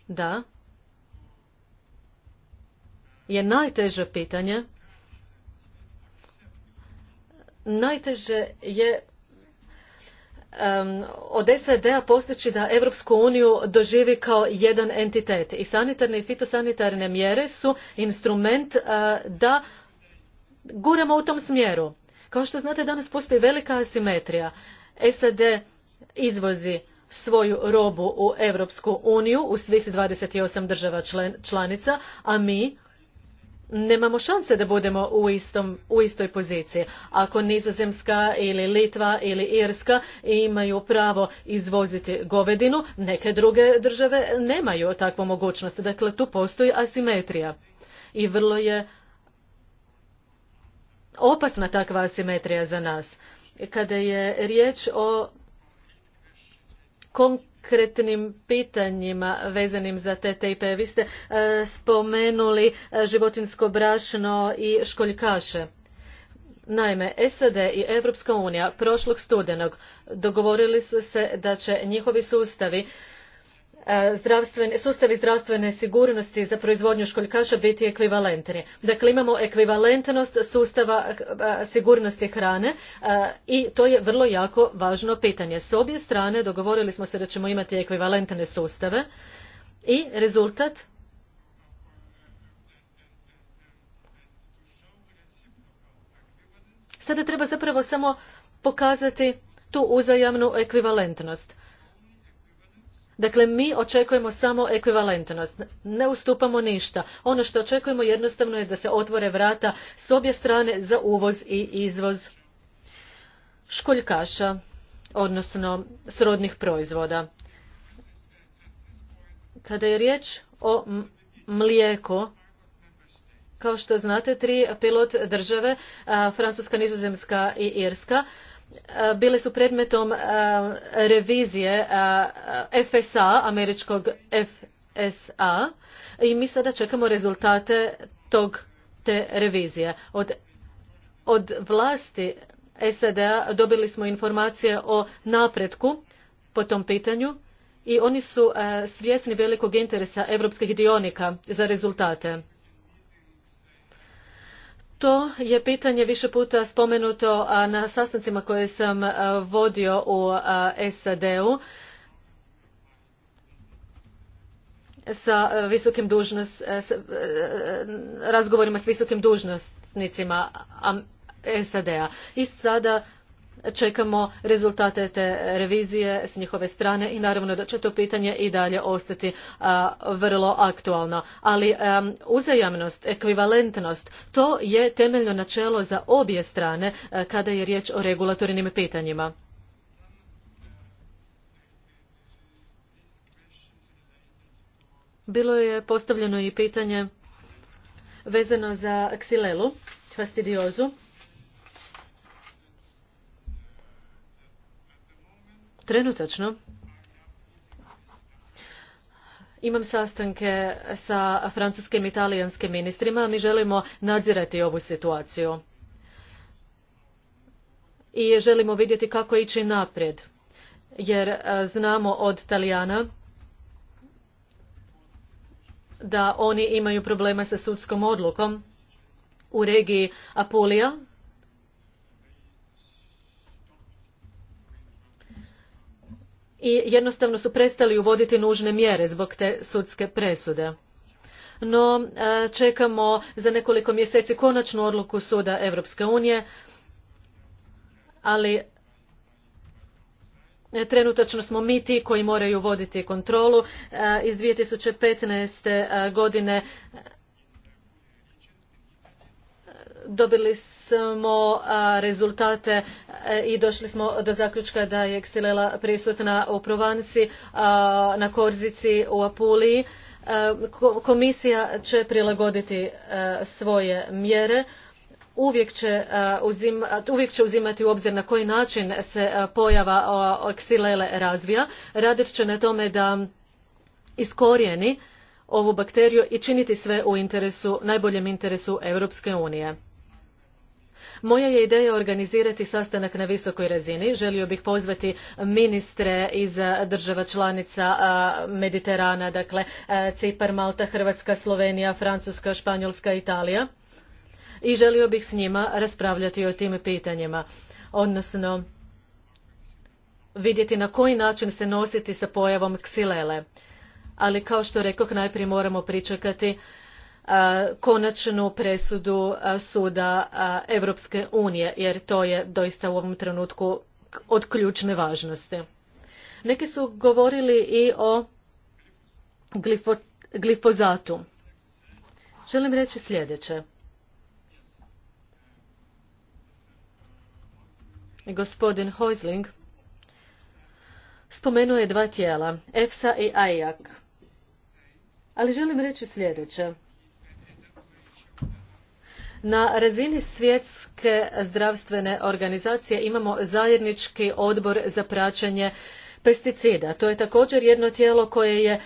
da je najteže pitanje najteže je od SAD-a postići da Europsku uniju doživi kao jedan entitet. I sanitarne i fitosanitarne mjere su instrument eh, da guramo u tom smjeru. Kao što znate, danas postoji velika asimetrija. SAD izvozi svoju robu u Europsku uniju u svih 28 država članica, a mi nemamo šanse da budemo u, istom, u istoj poziciji. Ako Nizozemska ili Litva ili Irska imaju pravo izvoziti govedinu, neke druge države nemaju takvu mogućnost. Dakle, tu postoji asimetrija. I vrlo je opasna takva asimetrija za nas. Kada je riječ o kon konkretnim pitanjima vezanim za TTIP. Vi ste e, spomenuli e, životinsko brašno i školjkaše. Naime, SAD i Europska unija prošlog studenog dogovorili su se da će njihovi sustavi E, sustavi zdravstvene sigurnosti za proizvodnju školjkaša biti ekvivalentni. Dakle, imamo ekvivalentnost sustava e, sigurnosti hrane e, i to je vrlo jako važno pitanje. S obje strane dogovorili smo se da ćemo imati ekvivalentne sustave i rezultat Sada treba zapravo samo pokazati tu uzajamnu ekvivalentnost Dakle, mi očekujemo samo ekvivalentnost. Ne ustupamo ništa. Ono što očekujemo jednostavno je da se otvore vrata s obje strane za uvoz i izvoz školjkaša, odnosno srodnih proizvoda. Kada je riječ o mlijeku, kao što znate, tri pilot države, Francuska, Nizozemska i Irska, Eh, bile su predmetom eh, revizije eh, FSA, američkog FSA i mi sada čekamo rezultate tog te revizije. Od, od vlasti SAD-a dobili smo informacije o napretku po tom pitanju i oni su svjesni velikog interesa europskih dionika za rezultate. To je pitanje više puta spomenuto na sastancima koje sam vodio u SAD-u sa visokim razgovorima s visokim dužnostnicima SAD-a. I sada čekamo rezultate te revizije s njihove strane i naravno da će to pitanje i dalje ostati vrlo aktualno. Ali uzajamnost, ekvivalentnost, to je temeljno načelo za obje strane kada je riječ o regulatornim pitanjima. Bilo je postavljeno i pitanje vezano za ksilelu, fastidiozu. Trenutačno imam sastanke sa francuskim i italijanskim ministrima, mi želimo nadzirati ovu situaciju i želimo vidjeti kako ići naprijed jer e, znamo od Talijana da oni imaju problema sa sudskom odlukom u regiji Apulija i jednostavno su prestali uvoditi nužne mjere zbog te sudske presude no e, čekamo za nekoliko mjeseci konačnu odluku suda Europske unije, ali e, trenutačno smo mi ti koji moraju voditi kontrolu. E, iz 2015. godine dobili smo rezultate e, i došli smo do zaključka da je Xylella prisutna u Provansi, na Korzici, u Apuliji. E, komisija će prilagoditi e, svoje mjere. Uvijek će, uzimati u obzir na koji način se pojava ksilele razvija. Radit će na tome da iskorijeni ovu bakteriju i činiti sve u interesu, najboljem interesu Europske unije. Moja je ideja organizirati sastanak na visokoj razini. Želio bih pozvati ministre iz država članica Mediterana, dakle Cipar, Malta, Hrvatska, Slovenija, Francuska, Španjolska, Italija. I želio bih s njima raspravljati o tim pitanjima, odnosno vidjeti na koji način se nositi sa pojavom ksilele. Ali kao što rekoh, najprije moramo pričekati konačnu presudu suda Europske unije, jer to je doista u ovom trenutku od ključne važnosti. Neki su govorili i o glifozatu. Želim reći sljedeće. Gospodin Hojsling spomenuo je dva tijela, EFSA i AIAC. Ali želim reći sljedeće. Na razini svjetske zdravstvene organizacije imamo zajednički odbor za praćenje pesticida. To je također jedno tijelo koje je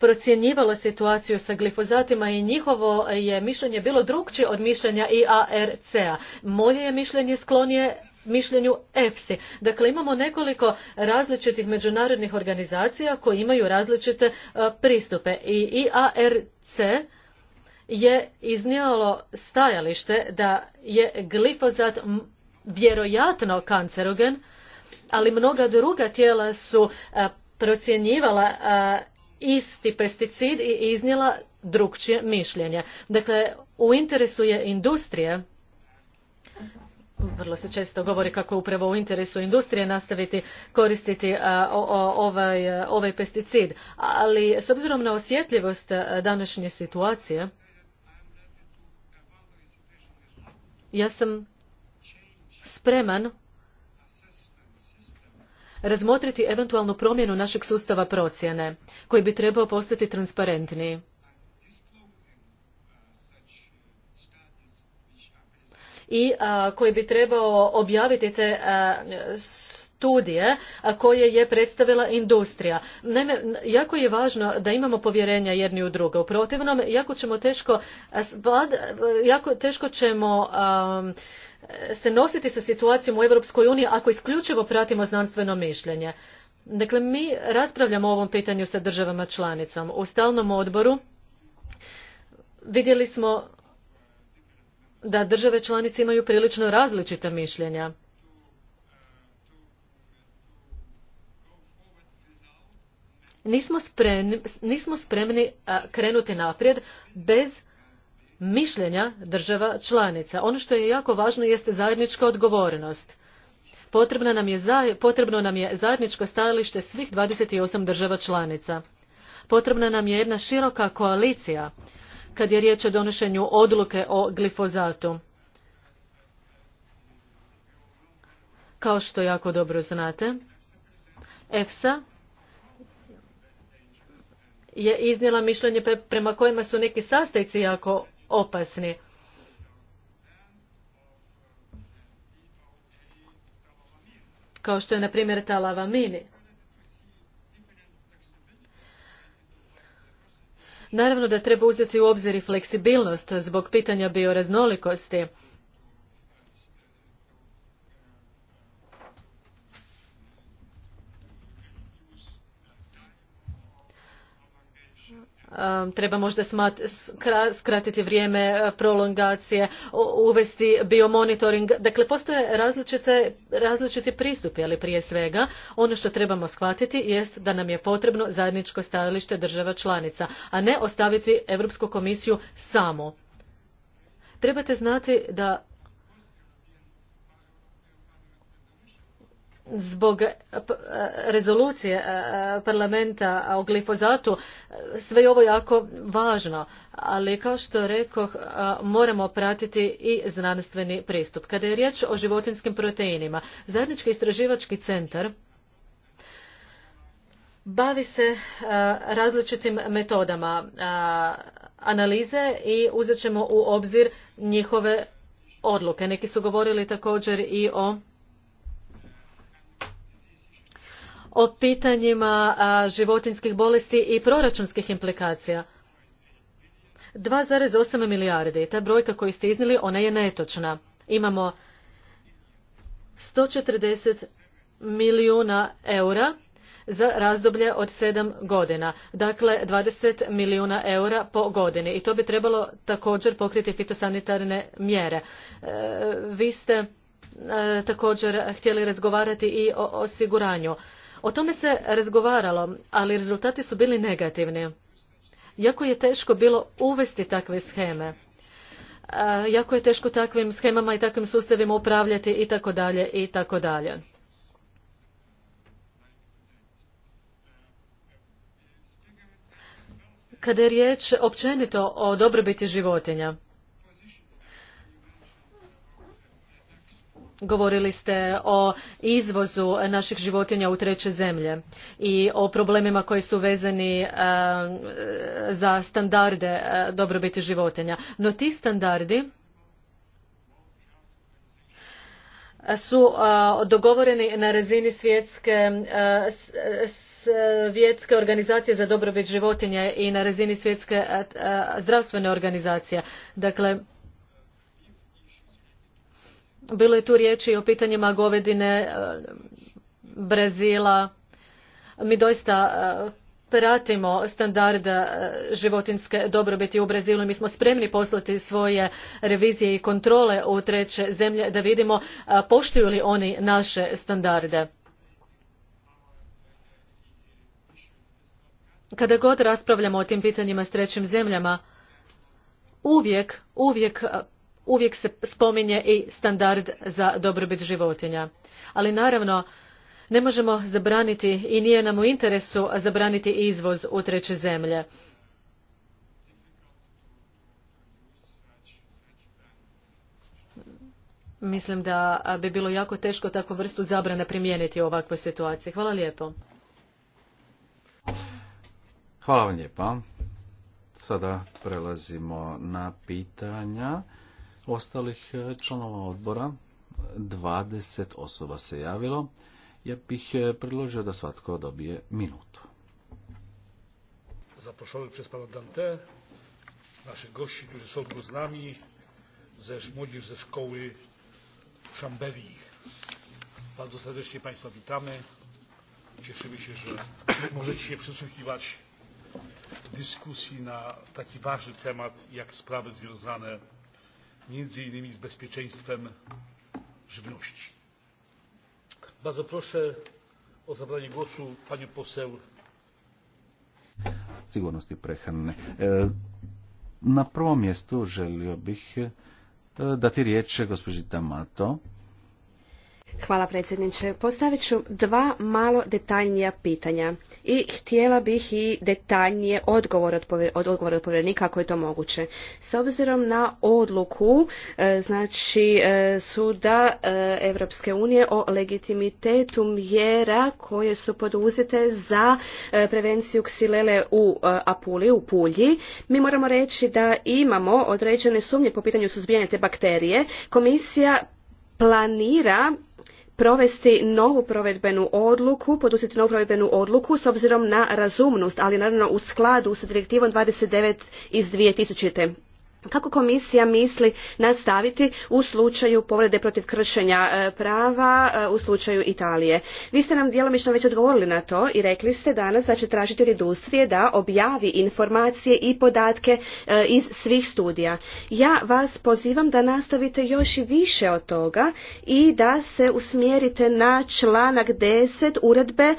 procjenjivalo situaciju sa glifozatima i njihovo je mišljenje bilo drukčije od mišljenja IARC-a. Moje je mišljenje sklonije mišljenju EFSI. Dakle, imamo nekoliko različitih međunarodnih organizacija koje imaju različite pristupe i IARC je iznijelo stajalište da je glifozat vjerojatno kancerogen, ali mnoga druga tijela su e, procjenjivala e, isti pesticid i iznijela drukčije mišljenje. Dakle, u interesu je industrije vrlo se često govori kako upravo u interesu industrije nastaviti koristiti e, ovaj, ovaj pesticid ali s obzirom na osjetljivost današnje situacije Ja sam spreman razmotriti eventualnu promjenu našeg sustava procjene, koji bi trebao postati transparentniji. i koji bi trebao objaviti te studije koje je predstavila industrija. Naime, jako je važno da imamo povjerenja jedni u druge. U protivnom, jako ćemo teško, ćemo se nositi sa situacijom u Europskoj uniji ako isključivo pratimo znanstveno mišljenje. Dakle, mi raspravljamo o ovom pitanju sa državama članicom. U stalnom odboru vidjeli smo da države članice imaju prilično različita mišljenja. nismo spremni, krenuti naprijed bez mišljenja država članica. Ono što je jako važno jeste zajednička odgovornost. Potrebno nam, je, potrebno nam je zajedničko stajalište svih 28 država članica. Potrebna nam je jedna široka koalicija kad je riječ o donošenju odluke o glifozatu. Kao što jako dobro znate, EFSA je iznijela mišljenje prema kojima su neki sastojci jako opasni. Kao što je, na primjer, talavamini. Naravno da treba uzeti u obzir i fleksibilnost zbog pitanja bioraznolikosti. treba možda smat, skratiti vrijeme e, prolongacije, uvesti biomonitoring. Dakle, postoje različiti pristupi, ali prije svega ono što trebamo shvatiti jest da nam je potrebno zajedničko stajalište država članica, a ne ostaviti Europsku komisiju samo. Trebate znati da zbog eh, eh, rezolucije eh, parlamenta o glifozatu sve je ovo jako važno ali kao što rekoh moramo pratiti i znanstveni pristup kada je riječ o životinskim proteinima zajednički istraživački centar bavi se različitim metodama analize i uzet ćemo u obzir njihove odluke neki su govorili također i o o pitanjima životinjskih bolesti i proračunskih implikacija. 2,8 milijardi, ta brojka koju ste iznijeli ona je netočna. Imamo 140 milijuna eura za razdoblje od sedam godina, dakle 20 milijuna eura po godini i to bi trebalo također pokriti fitosanitarne mjere. E, vi ste e, također htjeli razgovarati i o osiguranju. O tome se razgovaralo, ali rezultati su bili negativni. Jako je teško bilo uvesti takve scheme. E, jako je teško takvim schemama i takvim sustavima upravljati i tako dalje i tako dalje. Kada je riječ općenito o dobrobiti životinja, Govorili ste o izvozu naših životinja u treće zemlje i o problemima koji su vezani e, za standarde e, dobrobiti životinja. No ti standardi su e, dogovoreni na razini svjetske svjetske organizacije za dobrobit životinja i na razini svjetske zdravstvene organizacije. Dakle, bilo je tu riječi o pitanjima govedine, e, Brazila. Mi doista e, pratimo standarde životinske dobrobiti u Brazilu. i Mi smo spremni poslati svoje revizije i kontrole u treće zemlje da vidimo e, poštuju li oni naše standarde. Kada god raspravljamo o tim pitanjima s trećim zemljama, uvijek, uvijek uvijek se spominje i standard za dobrobit životinja. Ali naravno, ne možemo zabraniti i nije nam u interesu zabraniti izvoz u treće zemlje. Mislim da bi bilo jako teško takvu vrstu zabrane primijeniti u ovakvoj situaciji. Hvala lijepo. Hvala vam lijepa. Sada prelazimo na pitanja ostalih e, članova odbora. 20 osoba se javilo. Ja bih e, predložio da svatko dobije minutu. Zaproszony przez pana Dante, naszych gości, którzy są z nami, ze młodzież ze szkoły Szamberii. Bardzo serdecznie Państwa witamy. Cieszymy się, że możecie się przysłuchiwać dyskusji na taki ważny temat, jak sprawy związane między innymi z bezpieczeństwem żywności. Bardzo proszę o zabranie głosu panią poseł sigurnosti prehrane. Na prvom mjestu želio bih e, dati riječ gospođi Damato Hvala predsjedniče. Postavit ću dva malo detaljnija pitanja i htjela bih i detaljnije odgovor od, povjerenika ako je to moguće. S obzirom na odluku e, znači e, suda Europske unije o legitimitetu mjera koje su poduzete za e, prevenciju ksilele u Apuli, u Pulji, mi moramo reći da imamo određene sumnje po pitanju suzbijanja te bakterije. Komisija planira provesti novu provedbenu odluku, poduzeti novu provedbenu odluku s obzirom na razumnost, ali naravno u skladu sa direktivom 29 iz 2000 kako komisija misli nastaviti u slučaju povrede protiv kršenja e, prava e, u slučaju Italije. Vi ste nam djelomično već odgovorili na to i rekli ste danas da će tražiti od industrije da objavi informacije i podatke e, iz svih studija. Ja vas pozivam da nastavite još i više od toga i da se usmjerite na članak 10 uredbe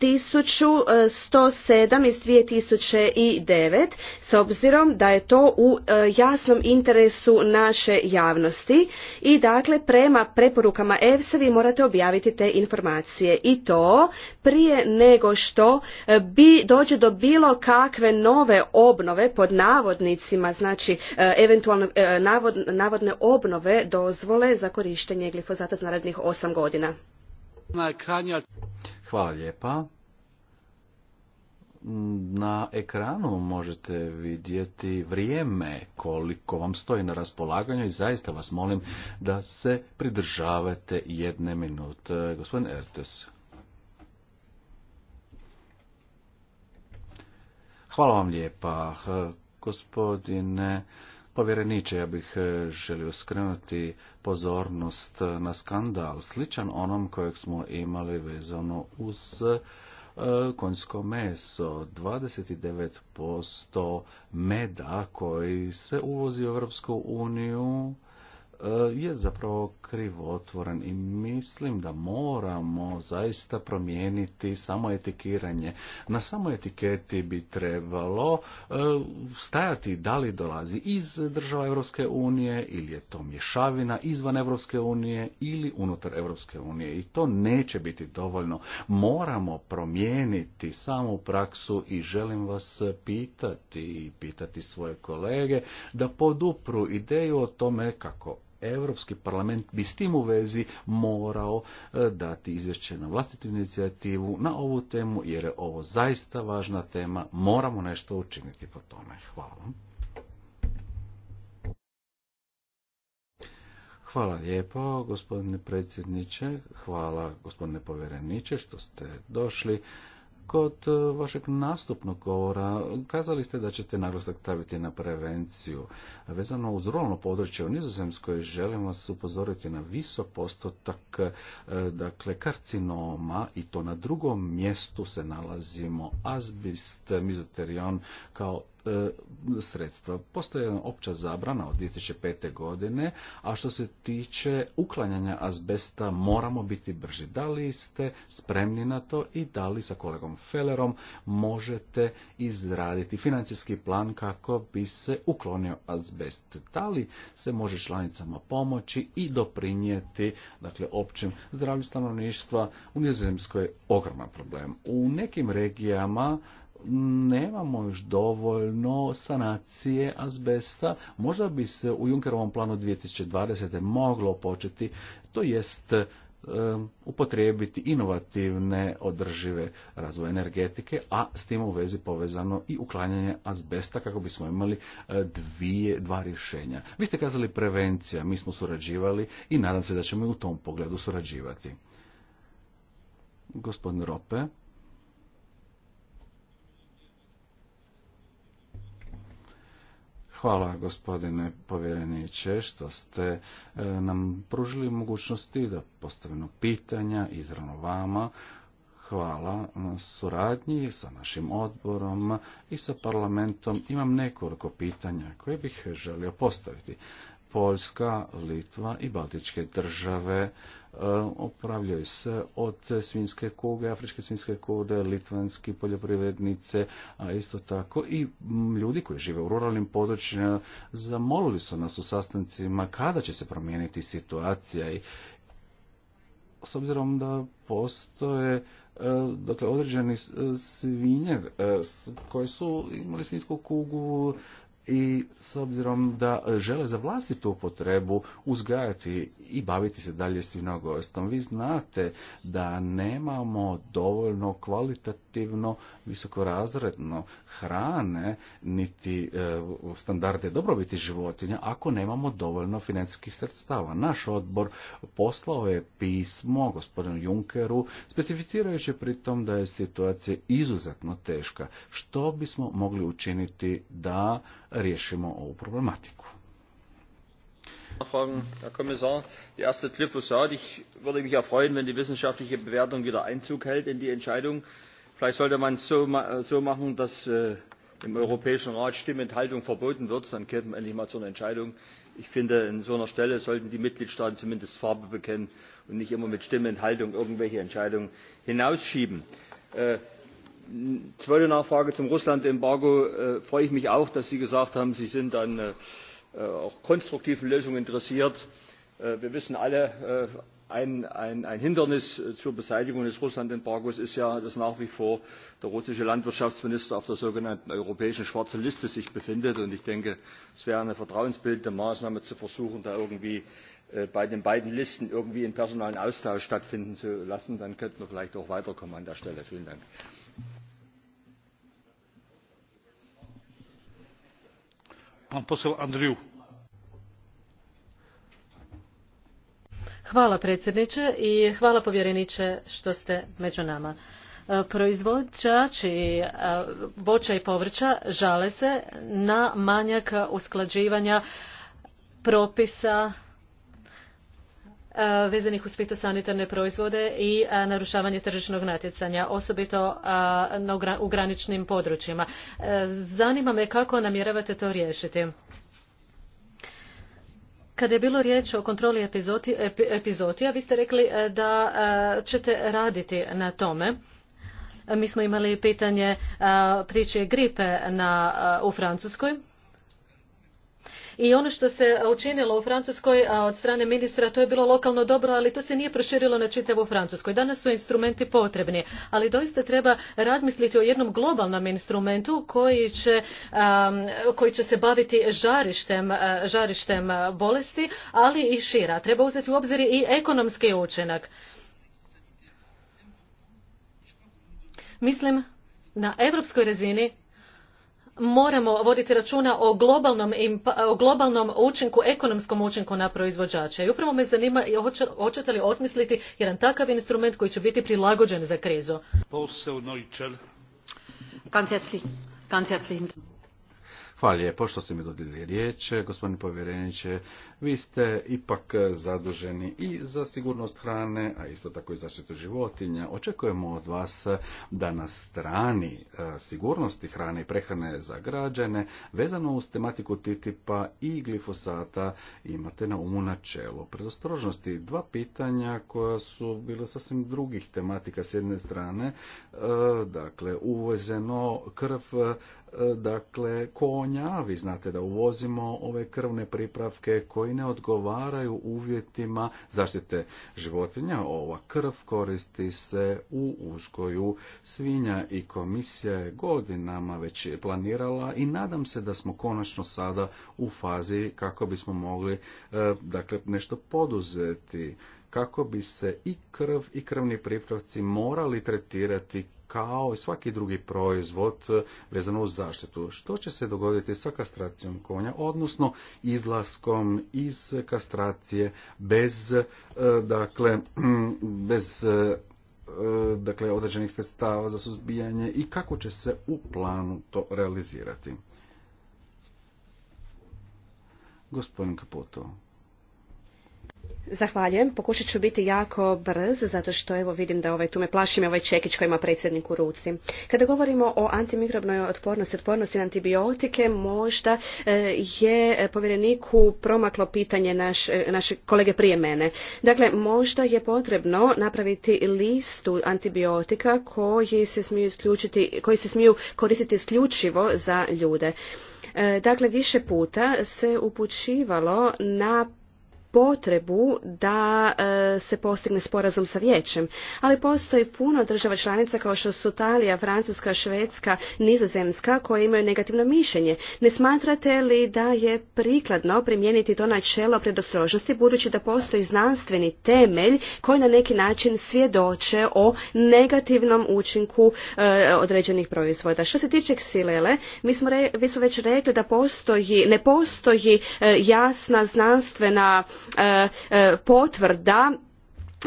1107 iz 2009 s obzirom da je to u e, jasnom interesu naše javnosti i dakle prema preporukama EFSA vi morate objaviti te informacije i to prije nego što e, bi dođe do bilo kakve nove obnove pod navodnicima znači e, eventualno navodne obnove dozvole za korištenje glifozata za narednih 8 godina. Hvala lijepa. Na ekranu možete vidjeti vrijeme koliko vam stoji na raspolaganju i zaista vas molim da se pridržavate jedne minute. Gospodin Ertes. Hvala vam lijepa, gospodine Povjereniče, ja bih e, želio skrenuti pozornost na skandal sličan onom kojeg smo imali vezano uz e, konjsko meso, 29% meda koji se uvozi u Europsku uniju E, je zapravo krivo otvoren i mislim da moramo zaista promijeniti samo etikiranje. Na samo etiketi bi trebalo e, stajati da li dolazi iz država Europske unije ili je to mješavina izvan Europske unije ili unutar Europske unije i to neće biti dovoljno. Moramo promijeniti samu praksu i želim vas pitati i pitati svoje kolege da podupru ideju o tome kako Europski parlament bi s tim u vezi morao e, dati izvješće na vlastitu inicijativu na ovu temu, jer je ovo zaista važna tema. Moramo nešto učiniti po tome. Hvala vam. Hvala lijepo, gospodine predsjedniče. Hvala, gospodine povjereniče, što ste došli. Kod e, vašeg nastupnog govora kazali ste da ćete naglasak staviti na prevenciju. Vezano uz ruralno područje u Nizozemskoj želim vas upozoriti na visok postotak e, dakle, karcinoma i to na drugom mjestu se nalazimo azbist, mizoterion kao E, sredstva. Postoje jedna opća zabrana od 2005. godine, a što se tiče uklanjanja azbesta moramo biti brži. Da li ste spremni na to i da li sa kolegom Fellerom možete izraditi financijski plan kako bi se uklonio azbest? Da li se može članicama pomoći i doprinijeti dakle, općem zdravlju stanovništva? U Nizozemskoj je ogroman problem. U nekim regijama nemamo još dovoljno sanacije azbesta. Možda bi se u Junkerovom planu 2020. moglo početi, to jest e, upotrijebiti inovativne održive razvoje energetike, a s tim u vezi povezano i uklanjanje azbesta kako bismo imali e, dvije, dva rješenja. Vi ste kazali prevencija, mi smo surađivali i nadam se da ćemo i u tom pogledu surađivati. Gospodin Rope. Hvala gospodine povjereniče što ste e, nam pružili mogućnosti da postavimo pitanja izravno vama. Hvala na suradnji sa našim odborom i sa parlamentom. Imam nekoliko pitanja koje bih želio postaviti. Poljska, Litva i Baltičke države e, opravljaju se od svinske kuge, afričke svinske kude, litvanski poljoprivrednice, a isto tako i ljudi koji žive u ruralnim područjima zamolili su nas u sastancima kada će se promijeniti situacija i s obzirom da postoje e, dakle određeni svinje e, koji su imali svinsku kugu i s obzirom da e, žele za vlastitu upotrebu uzgajati i baviti se dalje svinogojstvom. Vi znate da nemamo dovoljno kvalitativno visoko visokorazredno hrane niti e, standarde dobrobiti životinja ako nemamo dovoljno financijskih sredstava. Naš odbor poslao je pismo gospodinu Junkeru specificirajući pritom da je situacija izuzetno teška. Što bismo mogli učiniti da riješimo ovu problematiku? Ich würde mich ja freuen, wenn die wissenschaftliche Bewertung wieder Einzug hält in die Entscheidung vielleicht sollte man es so, machen dass äh, im europäischen rat stimmenthaltung verboten wird dann käme man endlich mal zu einer entscheidung. ich finde an so einer stelle sollten die mitgliedstaaten zumindest farbe bekennen und nicht immer mit stimmenthaltung irgendwelche entscheidungen hinausschieben. Äh, zweite nachfrage zum russland embargo äh, freue ich mich auch dass sie gesagt haben sie sind an auch konstruktiven lösungen interessiert. wir wissen alle Ein, Hindernis äh, zur Beseitigung des Russlandembargos ist ja, dass nach wie vor der russische Landwirtschaftsminister auf der sogenannten europäischen schwarzen Liste sich befindet. Und ich denke, es wäre eine vertrauensbildende Maßnahme zu versuchen, da irgendwie äh, bei den beiden Listen irgendwie einen personalen Austausch stattfinden zu lassen. Dann könnten wir vielleicht auch weiterkommen an der Stelle. Vielen Hvala predsjedniče i hvala povjereniče što ste među nama. E, proizvođači e, voća i povrća žale se na manjak usklađivanja propisa e, vezanih uz fitosanitarne proizvode i narušavanje tržišnog natjecanja, osobito u graničnim područjima. Zanima me kako namjeravate to riješiti. Kad je bilo riječ o kontroli epizoti, epizotija, vi ste rekli e, da e, ćete raditi na tome. E, mi smo imali pitanje priče gripe u Francuskoj. I ono što se učinilo u Francuskoj od strane ministra, to je bilo lokalno dobro, ali to se nije proširilo na čitavu Francuskoj. Danas su instrumenti potrebni, ali doista treba razmisliti o jednom globalnom instrumentu koji će, koji će se baviti žarištem, žarištem bolesti, ali i šira. Treba uzeti u obzir i ekonomski učinak. Mislim, na europskoj razini moramo voditi računa o globalnom, učinku, ekonomskom učinku na proizvođače. I upravo me zanima hoćete li osmisliti jedan takav instrument koji će biti prilagođen za krizu. Hvala lijepo što ste mi dodili riječ, gospodin povjereniče. Vi ste ipak zaduženi i za sigurnost hrane, a isto tako i zaštitu životinja. Očekujemo od vas da na strani e, sigurnosti hrane i prehrane za građane, vezano uz tematiku TTIP-a i glifosata, imate na umu načelo predostrožnosti. Dva pitanja koja su bila sasvim drugih tematika s jedne strane, e, dakle, uvezeno krv E, dakle konja, vi znate da uvozimo ove krvne pripravke koji ne odgovaraju uvjetima zaštite životinja. Ova krv koristi se u uzgoju svinja i komisija je godinama već planirala i nadam se da smo konačno sada u fazi kako bismo mogli e, dakle nešto poduzeti kako bi se i krv i krvni pripravci morali tretirati kao i svaki drugi proizvod vezano uz zaštitu. Što će se dogoditi sa kastracijom konja, odnosno izlaskom iz kastracije bez, e, dakle, bez e, e, dakle, određenih sredstava za suzbijanje i kako će se u planu to realizirati. Gospodin kapoto. Zahvaljujem. Pokušat ću biti jako brz, zato što evo vidim da ovaj, tu me plaši ovaj čekić koji ima predsjednik u ruci. Kada govorimo o antimikrobnoj otpornosti, otpornosti na antibiotike, možda e, je e, povjereniku promaklo pitanje naš, e, naše kolege prije mene. Dakle, možda je potrebno napraviti listu antibiotika koji se smiju, isključiti, koji se smiju koristiti isključivo za ljude. dakle, više puta se upućivalo na potrebu da e, se postigne sporazum sa vijećem. Ali postoji puno država članica kao što su Italija, Francuska, Švedska, Nizozemska koje imaju negativno mišljenje. Ne smatrate li da je prikladno primijeniti to načelo predostrožnosti budući da postoji znanstveni temelj koji na neki način svjedoče o negativnom učinku e, određenih proizvoda. Što se tiče ksilele, mi smo, re, mi smo već rekli da postoji, ne postoji e, jasna znanstvena E, e, potvrda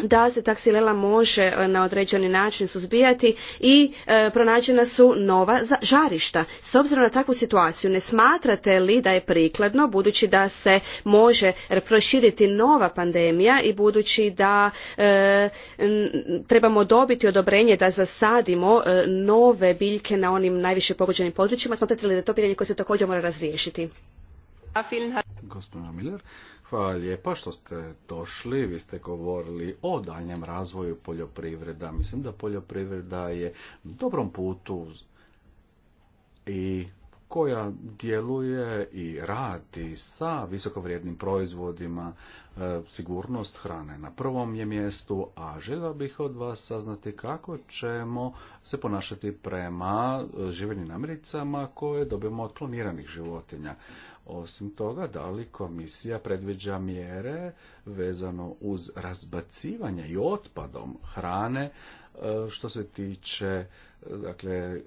da se taksilela može e, na određeni način suzbijati i pronađena su nova žarišta. S obzirom na takvu situaciju, ne smatrate li da je prikladno, budući da se može proširiti nova pandemija i budući da trebamo dobiti odobrenje da zasadimo nove biljke na onim najviše pogođenim područjima, smatrate li da je to pitanje koje se također mora razriješiti? Hvala lijepa što ste došli. Vi ste govorili o daljem razvoju poljoprivreda. Mislim da poljoprivreda je na dobrom putu i koja djeluje i radi sa visokovrijednim proizvodima. E, sigurnost hrane na prvom je mjestu, a želio bih od vas saznati kako ćemo se ponašati prema e, živenim namiricama koje dobijemo od kloniranih životinja. Osim toga, da li komisija predviđa mjere vezano uz razbacivanje i otpadom hrane e, što se tiče e, dakle,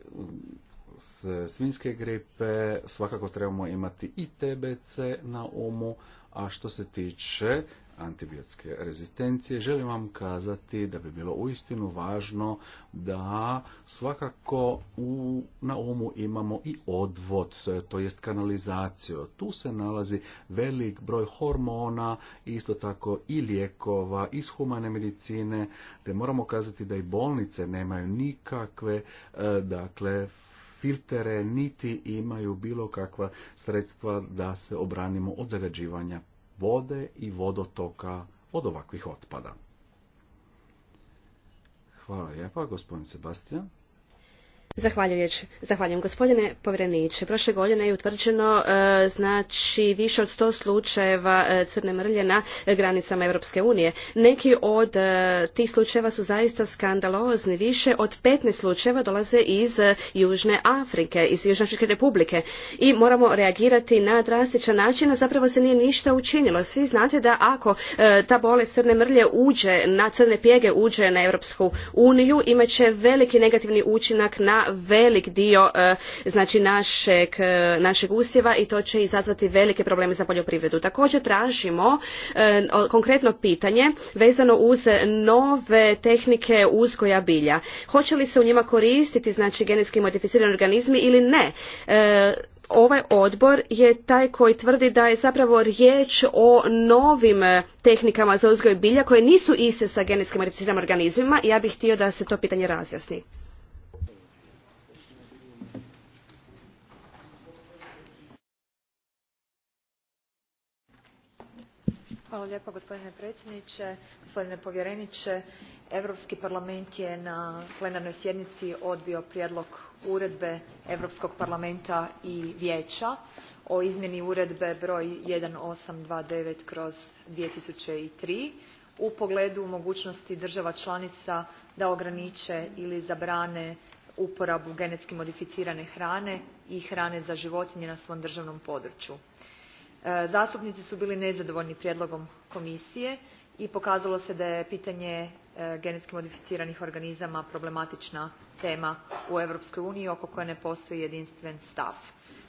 svinjske gripe, svakako trebamo imati i TBC na umu, a što se tiče antibiotske rezistencije, želim vam kazati da bi bilo uistinu važno da svakako u, na umu imamo i odvod, to jest kanalizaciju. Tu se nalazi velik broj hormona, isto tako i lijekova iz humane medicine, te moramo kazati da i bolnice nemaju nikakve e, dakle filtere niti imaju bilo kakva sredstva da se obranimo od zagađivanja vode i vodotoka od ovakvih otpada. Hvala lijepa, gospodin Sebastian. Zahvaljujem gospodine povjereniče. Prošle godine je utvrđeno e, znači više od sto slučajeva e, crne mrlje na granicama Europske unije. Neki od e, tih slučajeva su zaista skandalozni. Više od petnaest slučajeva dolaze iz Južne Afrike, iz Južnoafričke republike i moramo reagirati na drastičan način, a zapravo se nije ništa učinilo. Svi znate da ako ta bolest crne mrlje uđe na crne pjege, uđe na Europsku uniju, imat će veliki negativni učinak na velik dio e, znači našeg, e, našeg usjeva i to će izazvati velike probleme za poljoprivredu. Također tražimo e, konkretno pitanje vezano uz nove tehnike uzgoja bilja. Hoće li se u njima koristiti znači genetski modificirani organizmi ili ne? ovaj odbor je taj koji tvrdi da je zapravo riječ o novim tehnikama za uzgoj bilja koje nisu iste sa genetski modificiranim organizmima i ja bih htio da se to pitanje razjasni. Lijepo, gospodine predsjednie gospodine povjerenie europski parlament je na plenarnoj sjednici odbio prijedlog uredbe europskog parlamenta i vijea o izmjeni uredbe broj one thousand eight hundred and twenty nine two three u pogledu mogunosti drava lanica da ogranie ili zabrane uporabu genetski modificirane hrane i hrane za životinje na svom državnom području zastupnici su bili nezadovoljni prijedlogom komisije i pokazalo se da je pitanje e, genetski modificiranih organizama problematična tema u europskoj uniji oko koje ne postoji jedinstven stav.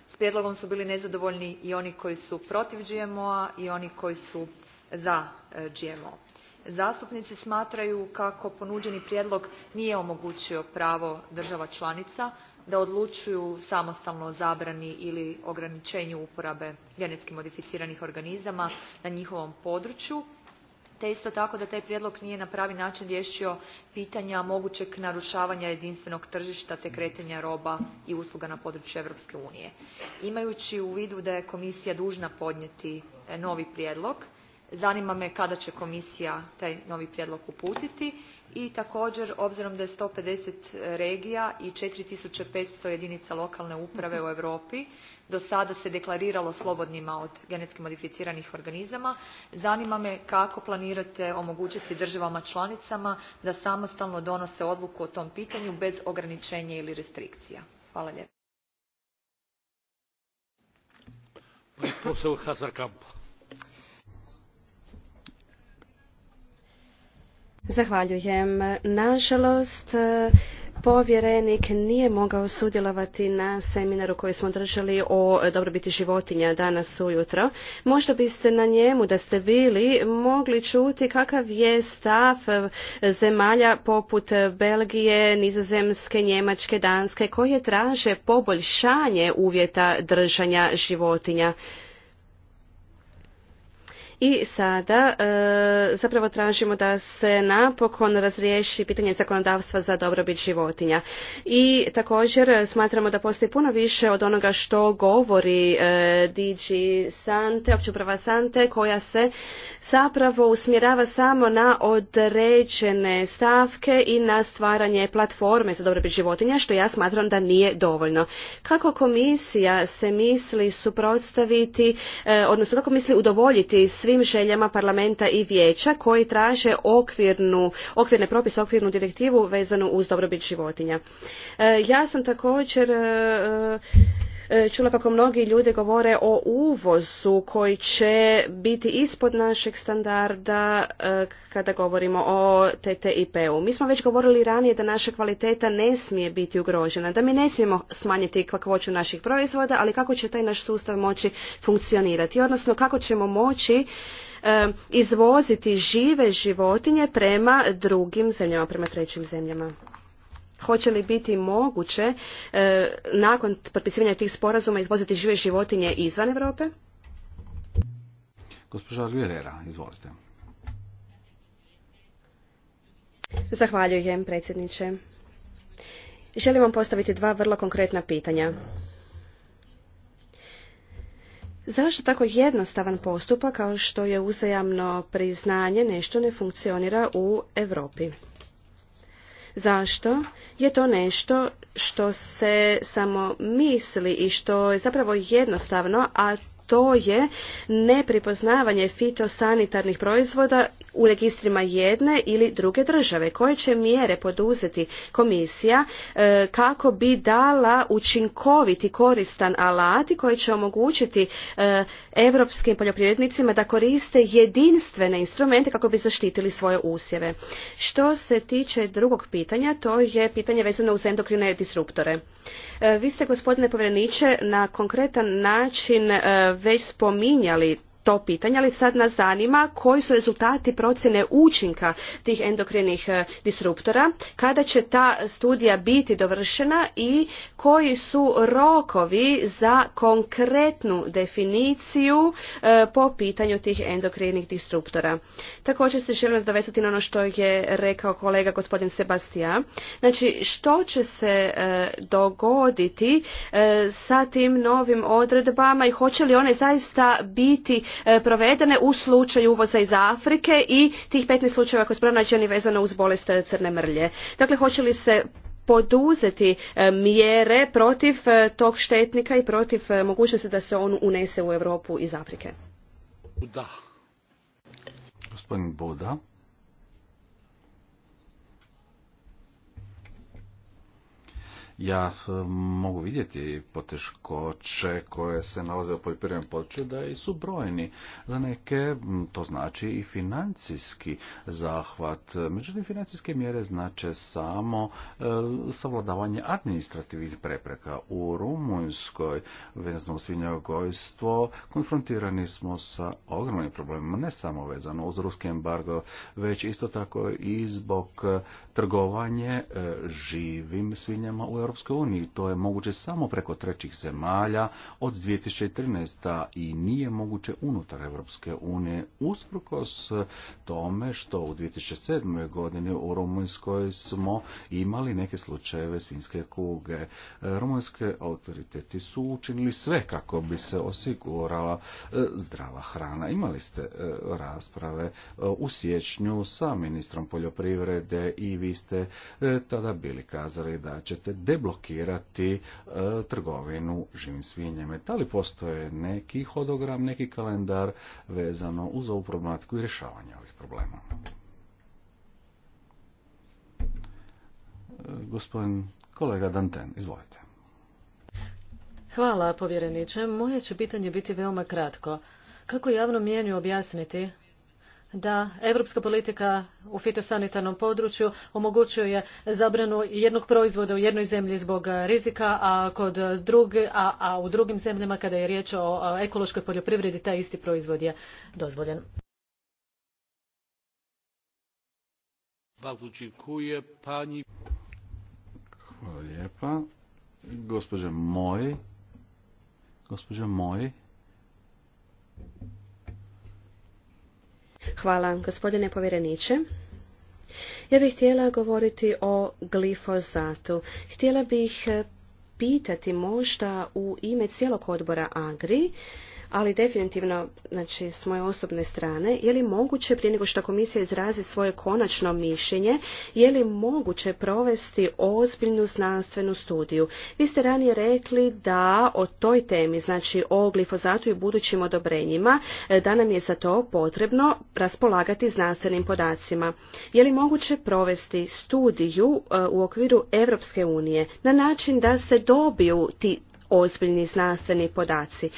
s prijedlogom su bili nezadovoljni i oni koji su protiv gmo a i oni koji su za e, gmo. zastupnici smatraju kako ponuđeni prijedlog nije omogućio pravo država članica da odlučuju samostalno o zabrani ili ograničenju uporabe genetski modificiranih organizama na njihovom području te isto tako da taj prijedlog nije na pravi način riješio pitanja mogućeg narušavanja jedinstvenog tržišta te kretanja roba i usluga na području europske unije. imajući u vidu da je komisija dužna podnijeti novi prijedlog zanima me kada će komisija taj novi prijedlog uputiti i također obzirom da je one hundred fifty regija i four five jedinica lokalne uprave u europi do sada se deklariralo slobodnima od genetski modificiranih organizama zanima me kako planirate omogućiti državama članicama da samostalno donose odluku o tom pitanju bez ograničenja ili restrikcija? hvala Zahvaljujem. Nažalost, povjerenik nije mogao sudjelovati na seminaru koji smo držali o dobrobiti životinja danas ujutro. Možda biste na njemu da ste bili mogli čuti kakav je stav zemalja poput Belgije, Nizozemske, Njemačke, Danske koje traže poboljšanje uvjeta držanja životinja. I sada e, zapravo tražimo da se napokon razriješi pitanje zakonodavstva za dobrobit životinja. I također e, smatramo da postoji puno više od onoga što govori e, DG Sante, opće Sante, koja se zapravo usmjerava samo na određene stavke i na stvaranje platforme za dobrobit životinja, što ja smatram da nije dovoljno. Kako komisija se misli suprotstaviti, odnosno kako misli udovoljiti svi svim željama parlamenta i vijeća koji traže okvirnu, okvirne propise, okvirnu direktivu vezanu uz dobrobit životinja. E, ja sam također e, e, E, čula kako mnogi ljudi govore o uvozu koji će biti ispod našeg standarda e, kada govorimo o TTIP-u. Mi smo već govorili ranije da naša kvaliteta ne smije biti ugrožena, da mi ne smijemo smanjiti kakvoću naših proizvoda, ali kako će taj naš sustav moći funkcionirati, odnosno kako ćemo moći e, izvoziti žive životinje prema drugim zemljama, prema trećim zemljama hoće li biti moguće e, nakon potpisivanja tih sporazuma izvoziti žive životinje izvan Europe? Gospođa Rivera, izvolite. Zahvaljujem, predsjedniče. Želim vam postaviti dva vrlo konkretna pitanja. Zašto tako jednostavan postupak kao što je uzajamno priznanje nešto ne funkcionira u Europi? Zašto? Je to nešto što se samo misli i što je zapravo jednostavno, a to je nepripoznavanje fitosanitarnih proizvoda u registrima jedne ili druge države. Koje će mjere poduzeti komisija e, kako bi dala učinkoviti koristan alati koji će omogućiti europskim poljoprivrednicima da koriste jedinstvene instrumente kako bi zaštitili svoje usjeve. Što se tiče drugog pitanja, to je pitanje vezano uz endokrine disruptore. E, vi ste gospodine povjereniče na konkretan način e, već spominjali to pitanje, ali sad nas zanima koji su rezultati procjene učinka tih endokrinih e, disruptora, kada će ta studija biti dovršena i koji su rokovi za konkretnu definiciju e, po pitanju tih endokrinih disruptora. Također se želim dovesati na ono što je rekao kolega gospodin Sebastija. Znači, što će se e, dogoditi sa tim novim odredbama i hoće li one zaista biti E, provedene u slučaju uvoza iz Afrike i tih 15 slučajeva koji su pronađeni vezano uz bolest crne mrlje. Dakle, hoće li se poduzeti e, mjere protiv e, tog štetnika i protiv mogućnosti da se on unese u Europu iz Afrike? Da. Gospodin Buda. ja e, mogu vidjeti poteškoće koje se nalaze u poljoprivrednom području da i su brojni. Za neke to znači i financijski zahvat. Međutim, financijske mjere znače samo e, savladavanje administrativnih prepreka. U Rumunjskoj, vezano svinjogojstvo, konfrontirani smo sa ogromnim problemima, ne samo vezano uz ruski embargo, već isto tako i zbog trgovanje e, živim svinjama u Europskoj uniji. To je moguće samo preko trećih zemalja od 2013. i nije moguće unutar Europske unije usprkos tome što u 2007. godini u Rumunjskoj smo imali neke slučajeve svinske kuge. Rumunjske autoriteti su učinili sve kako bi se osigurala e, zdrava hrana. Imali ste e, rasprave e, u siječnju sa ministrom poljoprivrede i vi ste tada bili kazali da ćete blokirati e, trgovinu živim svinjama. Da li postoje neki hodogram, neki kalendar vezano uz ovu problematiku i rješavanje ovih problema? E, gospodin kolega Danten, izvolite. Hvala povjereniče. Moje će pitanje biti veoma kratko. Kako javno mijenju objasniti da europska politika u fitosanitarnom području omogućuje zabranu jednog proizvoda u jednoj zemlji zbog rizika, a, kod a, u drugim zemljama kada je riječ o ekološkoj poljoprivredi taj isti proizvod je dozvoljen. Hvala lijepa. Moj. Hvala, gospodine povjereniče. Ja bih htjela govoriti o glifozatu. Htjela bih eh, pitati možda u ime cijelog odbora Agri, ali definitivno znači, s moje osobne strane, je li moguće prije nego što komisija izrazi svoje konačno mišljenje, je li moguće provesti ozbiljnu znanstvenu studiju? Vi ste ranije rekli da o toj temi, znači o glifozatu i budućim odobrenjima, e, da nam je za to potrebno raspolagati znanstvenim podacima. Je li moguće provesti studiju e, u okviru Europske unije na način da se dobiju ti ozbiljni znanstveni podaci.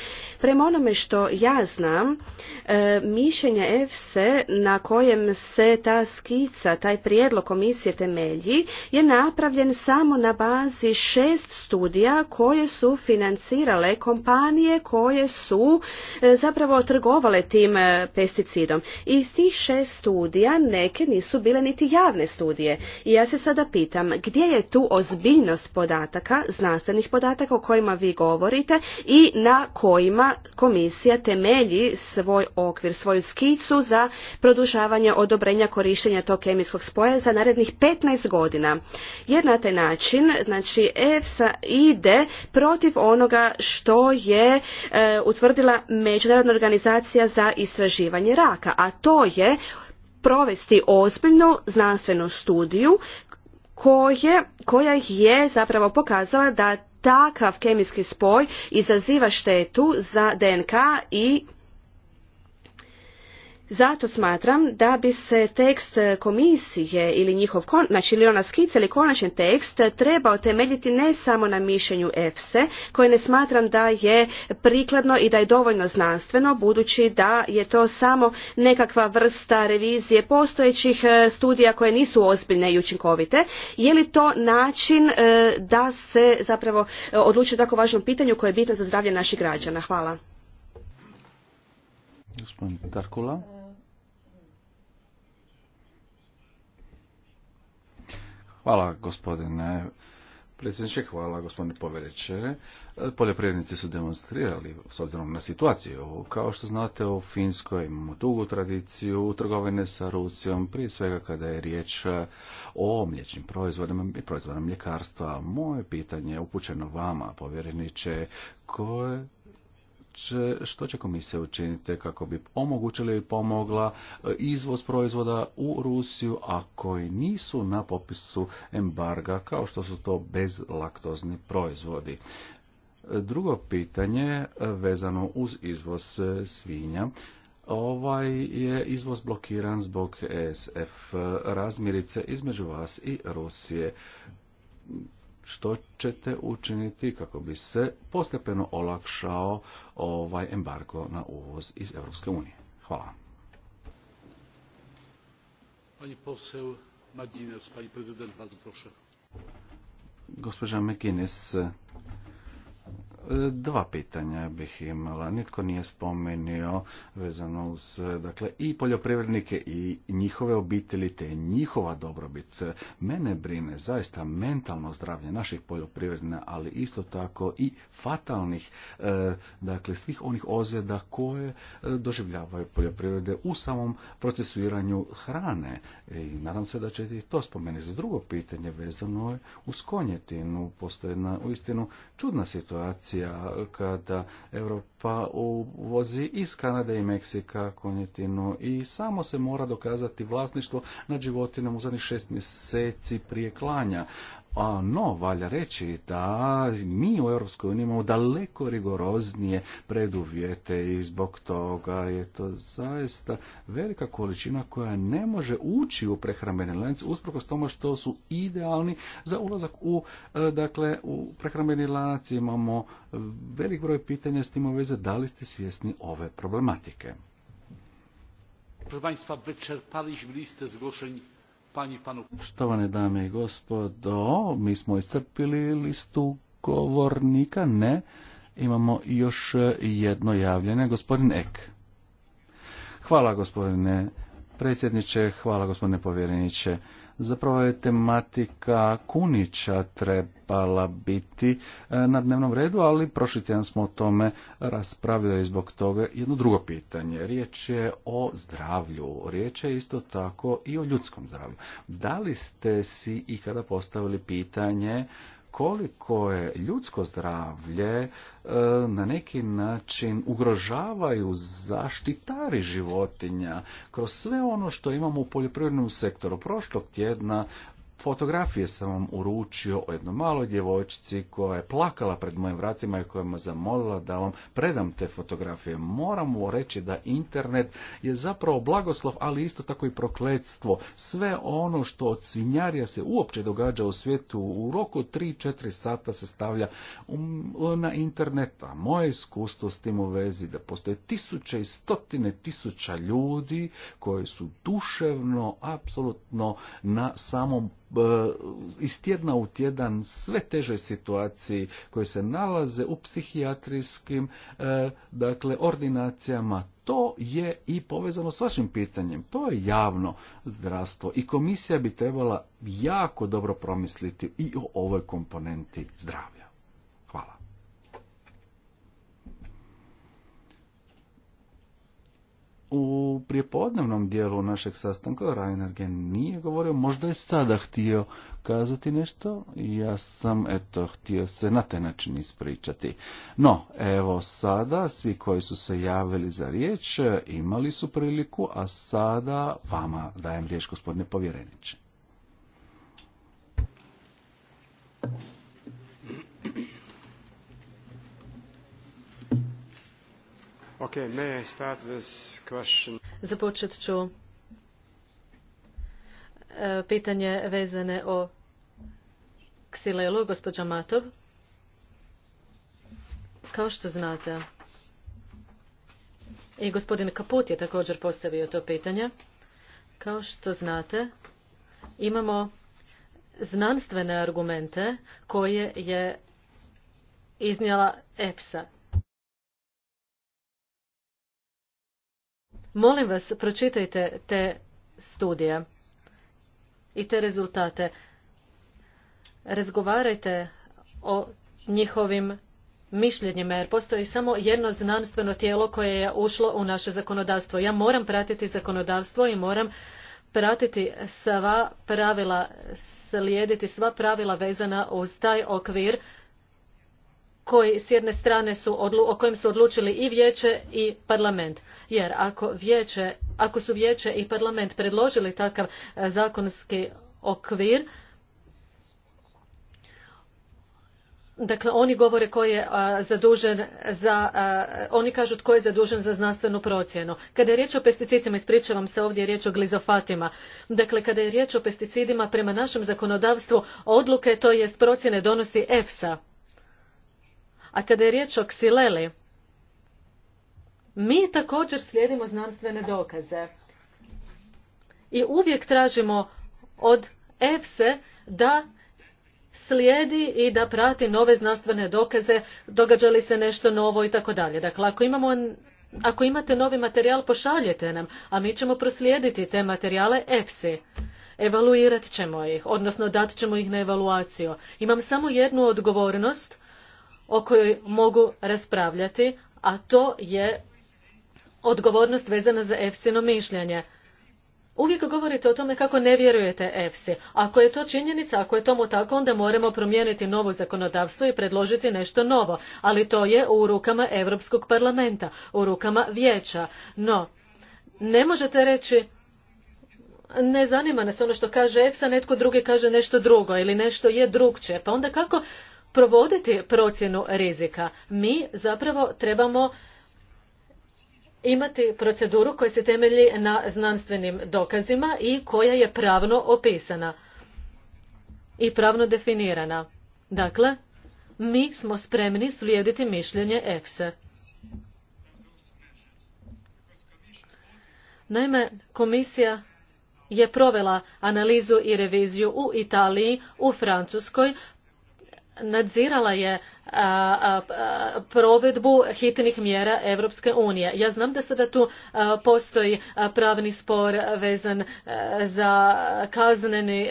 Prema onome što ja znam, e, mišljenje EFSE na kojem se ta skica, taj prijedlog komisije temelji, je napravljen samo na bazi šest studija koje su financirale kompanije koje su e, zapravo trgovale tim e, pesticidom. I iz tih šest studija neke nisu bile niti javne studije. I ja se sada pitam, gdje je tu ozbiljnost podataka, znanstvenih podataka o kojima vi vi govorite i na kojima komisija temelji svoj okvir, svoju skicu za produžavanje odobrenja korištenja tog kemijskog spoja za narednih 15 godina. Jer na taj način, znači EFSA ide protiv onoga što je e, utvrdila Međunarodna organizacija za istraživanje raka, a to je provesti ozbiljnu znanstvenu studiju koje, koja je zapravo pokazala da takav kemijski spoj izaziva štetu za DNK i zato smatram da bi se tekst komisije ili njihov, znači ili ona skica ili konačni tekst trebao temeljiti ne samo na mišljenju EFSE, koje ne smatram da je prikladno i da je dovoljno znanstveno, budući da je to samo nekakva vrsta revizije postojećih e, studija koje nisu ozbiljne i učinkovite. Je li to način e, da se zapravo e, odluči o tako važnom pitanju koje je bitno za zdravlje naših građana? Hvala. Gospodin Tarkula. Hvala gospodine predsjedniče, hvala gospodine povjereće. Poljoprivrednici su demonstrirali s obzirom na situaciju. Kao što znate u Finskoj imamo dugu tradiciju trgovine sa Rusijom, prije svega kada je riječ o mlječnim proizvodima i proizvodima mljekarstva. Moje pitanje je upućeno vama, povjereniče, koje će, što će komisija učiniti kako bi omogućila i pomogla e, izvoz proizvoda u Rusiju, a koji nisu na popisu embarga, kao što su to bezlaktozni proizvodi. Drugo pitanje e, vezano uz izvoz e, svinja. Ovaj je izvoz blokiran zbog SF. razmirice između vas i Rusije što ćete učiniti kako bi se postepeno olakšao ovaj embargo na uvoz iz Europske unije. Hvala. Pani poseł Madines, pani prezident, bardzo proszę. Gospođa McGuinness, dva pitanja bih imala. Nitko nije spomenuo vezano uz dakle, i poljoprivrednike i njihove obitelji te njihova dobrobit. Mene brine zaista mentalno zdravlje naših poljoprivrednika, ali isto tako i fatalnih e, dakle, svih onih ozljeda koje e, doživljavaju poljoprivrede u samom procesuiranju hrane. E, I nadam se da će i to spomenuti. Drugo pitanje vezano je uz konjetinu. Postoje jedna uistinu čudna situacija kada Europa uvozi iz Kanade i Meksika konjetinu i samo se mora dokazati vlasništvo nad životinom u zadnjih šest mjeseci prije klanja. A no, valja reći da mi u Europskoj uniji imamo daleko rigoroznije preduvjete i zbog toga je to zaista velika količina koja ne može ući u prehrambeni lanac usprkos tome što su idealni za ulazak u e, dakle u prehrambeni lanac imamo e, velik broj pitanja s tim veze da li ste svjesni ove problematike. Proszę Państwa, wyczerpaliśmy listę zgłoszeń panu... Štovane dame i gospodo, mi smo iscrpili listu govornika, ne. Imamo još jedno javljanje, gospodin Ek. Hvala gospodine predsjedniče, hvala gospodine povjereniče zapravo je tematika Kunića trebala biti e, na dnevnom redu, ali prošli tjedan smo o tome raspravljali zbog toga jedno drugo pitanje. Riječ je o zdravlju, riječ je isto tako i o ljudskom zdravlju. Da li ste si kada postavili pitanje koliko je ljudsko zdravlje e, na neki način ugrožavaju zaštitari životinja kroz sve ono što imamo u poljoprivrednom sektoru. Prošlog tjedna fotografije sam vam uručio o jednoj maloj djevojčici koja je plakala pred mojim vratima i koja me zamolila da vam predam te fotografije. mu reći da internet je zapravo blagoslov, ali isto tako i prokletstvo. Sve ono što od svinjarija se uopće događa u svijetu u roku 3-4 sata se stavlja na internet, a moje iskustvo s tim u vezi da postoje tisuće i stotine tisuća ljudi koji su duševno, apsolutno na samom iz tjedna u tjedan sve težoj situaciji koje se nalaze u psihijatrijskim e, dakle ordinacijama to je i povezano s vašim pitanjem. To je javno zdravstvo i komisija bi trebala jako dobro promisliti i o ovoj komponenti zdravlja. u prijepodnevnom dijelu našeg sastanka Rainer nije govorio, možda je sada htio kazati nešto i ja sam eto htio se na taj način ispričati. No, evo sada svi koji su se javili za riječ imali su priliku, a sada vama dajem riječ gospodine povjereniče. Okay, Započet ću e, pitanje vezane o ksilelu, gospođa Matov. Kao što znate, i gospodin Kaput je također postavio to pitanje, kao što znate, imamo znanstvene argumente koje je iznijela EPSA. Molim vas, pročitajte te studije i te rezultate. Razgovarajte o njihovim mišljenjima, jer postoji samo jedno znanstveno tijelo koje je ušlo u naše zakonodavstvo. Ja moram pratiti zakonodavstvo i moram pratiti sva pravila, slijediti sva pravila vezana uz taj okvir koji s jedne strane su o kojem su odlučili i vijeće i parlament jer ako vijeće ako su vijeće i parlament predložili takav e, zakonski okvir dakle oni govore tko je zadužen za oni kažu tko je zadužen za znanstvenu procjenu kada je riječ o pesticidima ispričavam se ovdje je riječ o glizofatima dakle kada je riječ o pesticidima prema našem zakonodavstvu odluke to jest procjene donosi efsa a kada je riječ o ksileli, mi također slijedimo znanstvene dokaze. I uvijek tražimo od EFSE da slijedi i da prati nove znanstvene dokaze, događa li se nešto novo i tako dalje. Dakle, ako imamo ako imate novi materijal, pošaljete nam, a mi ćemo proslijediti te materijale EFSI. Evaluirat ćemo ih, odnosno dat ćemo ih na evaluaciju. Imam samo jednu odgovornost, o kojoj mogu raspravljati, a to je odgovornost vezana za EFSI-no mišljenje. Uvijek govorite o tome kako ne vjerujete EFSI. Ako je to činjenica, ako je tomu tako, onda moramo promijeniti novo zakonodavstvo i predložiti nešto novo. Ali to je u rukama Europskog parlamenta, u rukama vijeća. No, ne možete reći ne zanima nas ono što kaže EFSA, netko drugi kaže nešto drugo ili nešto je drugčije. Pa onda kako provoditi procjenu rizika. Mi zapravo trebamo imati proceduru koja se temelji na znanstvenim dokazima i koja je pravno opisana i pravno definirana. Dakle, mi smo spremni slijediti mišljenje EFSE. Naime, komisija je provela analizu i reviziju u Italiji, u Francuskoj, nadzirala je provedbu hitnih mjera Europske unije. Ja znam da sada tu postoji pravni spor vezan za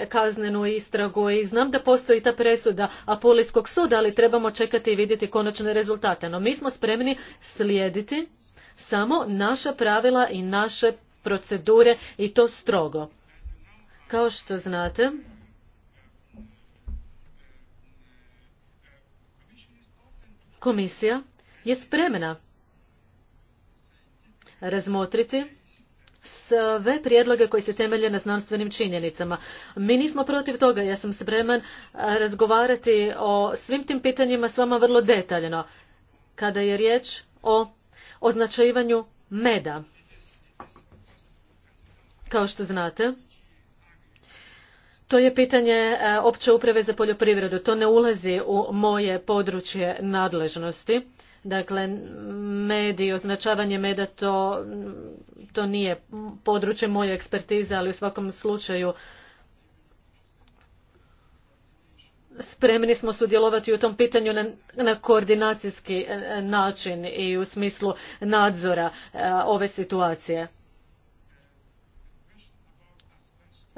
kaznenu istragu i znam da postoji ta presuda Apulijskog suda, ali trebamo čekati i vidjeti konačne rezultate. No mi smo spremni slijediti samo naša pravila i naše procedure i to strogo. Kao što znate, komisija je spremna razmotriti sve prijedloge koji se temelje na znanstvenim činjenicama. Mi nismo protiv toga, ja sam spreman eh, razgovarati o svim tim pitanjima s vama vrlo detaljno. Kada je riječ o označivanju meda. Kao što znate, to je pitanje e, opće uprave za poljoprivredu. To ne ulazi u moje područje nadležnosti. Dakle, mediji, označavanje meda, to, to nije područje moje ekspertize, ali u svakom slučaju spremni smo sudjelovati u tom pitanju na, koordinacijski e, način i u smislu nadzora e, ove situacije.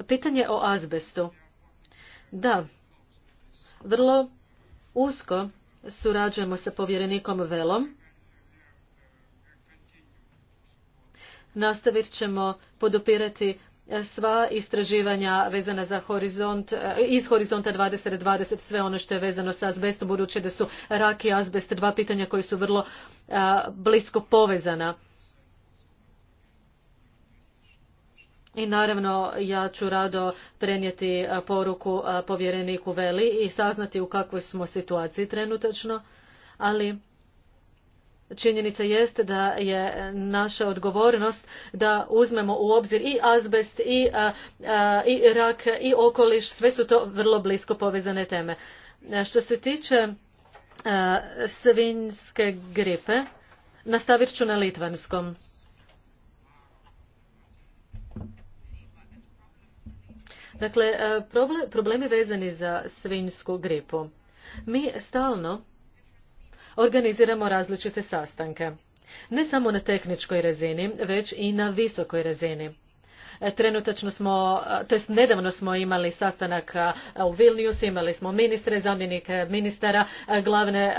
Pitanje o azbestu. Da, vrlo usko surađujemo sa povjerenikom Velom. Nastavit ćemo podupirati sva istraživanja vezana za horizont, iz horizonta 2020, sve ono što je vezano sa azbestom, budući da su rak i azbest dva pitanja koji su vrlo blisko povezana. I naravno ja ću rado prenijeti e, poruku e, povjereniku Veli i saznati u kakvoj smo situaciji trenutačno, ali činjenica jest da je naša odgovornost da uzmemo u obzir i azbest i, e, i rak i okoliš, sve su to vrlo blisko povezane teme. Što se tiče svinjske gripe, nastavit ću na litvanskom. Dakle, e, problemi vezani za svinjsku gripu. Mi stalno organiziramo različite sastanke. Ne samo na tehničkoj razini, već i na visokoj razini. E, trenutačno smo, e, to nedavno smo imali sastanak e, u Vilniusu, imali smo ministre, zamjenike ministara, glavne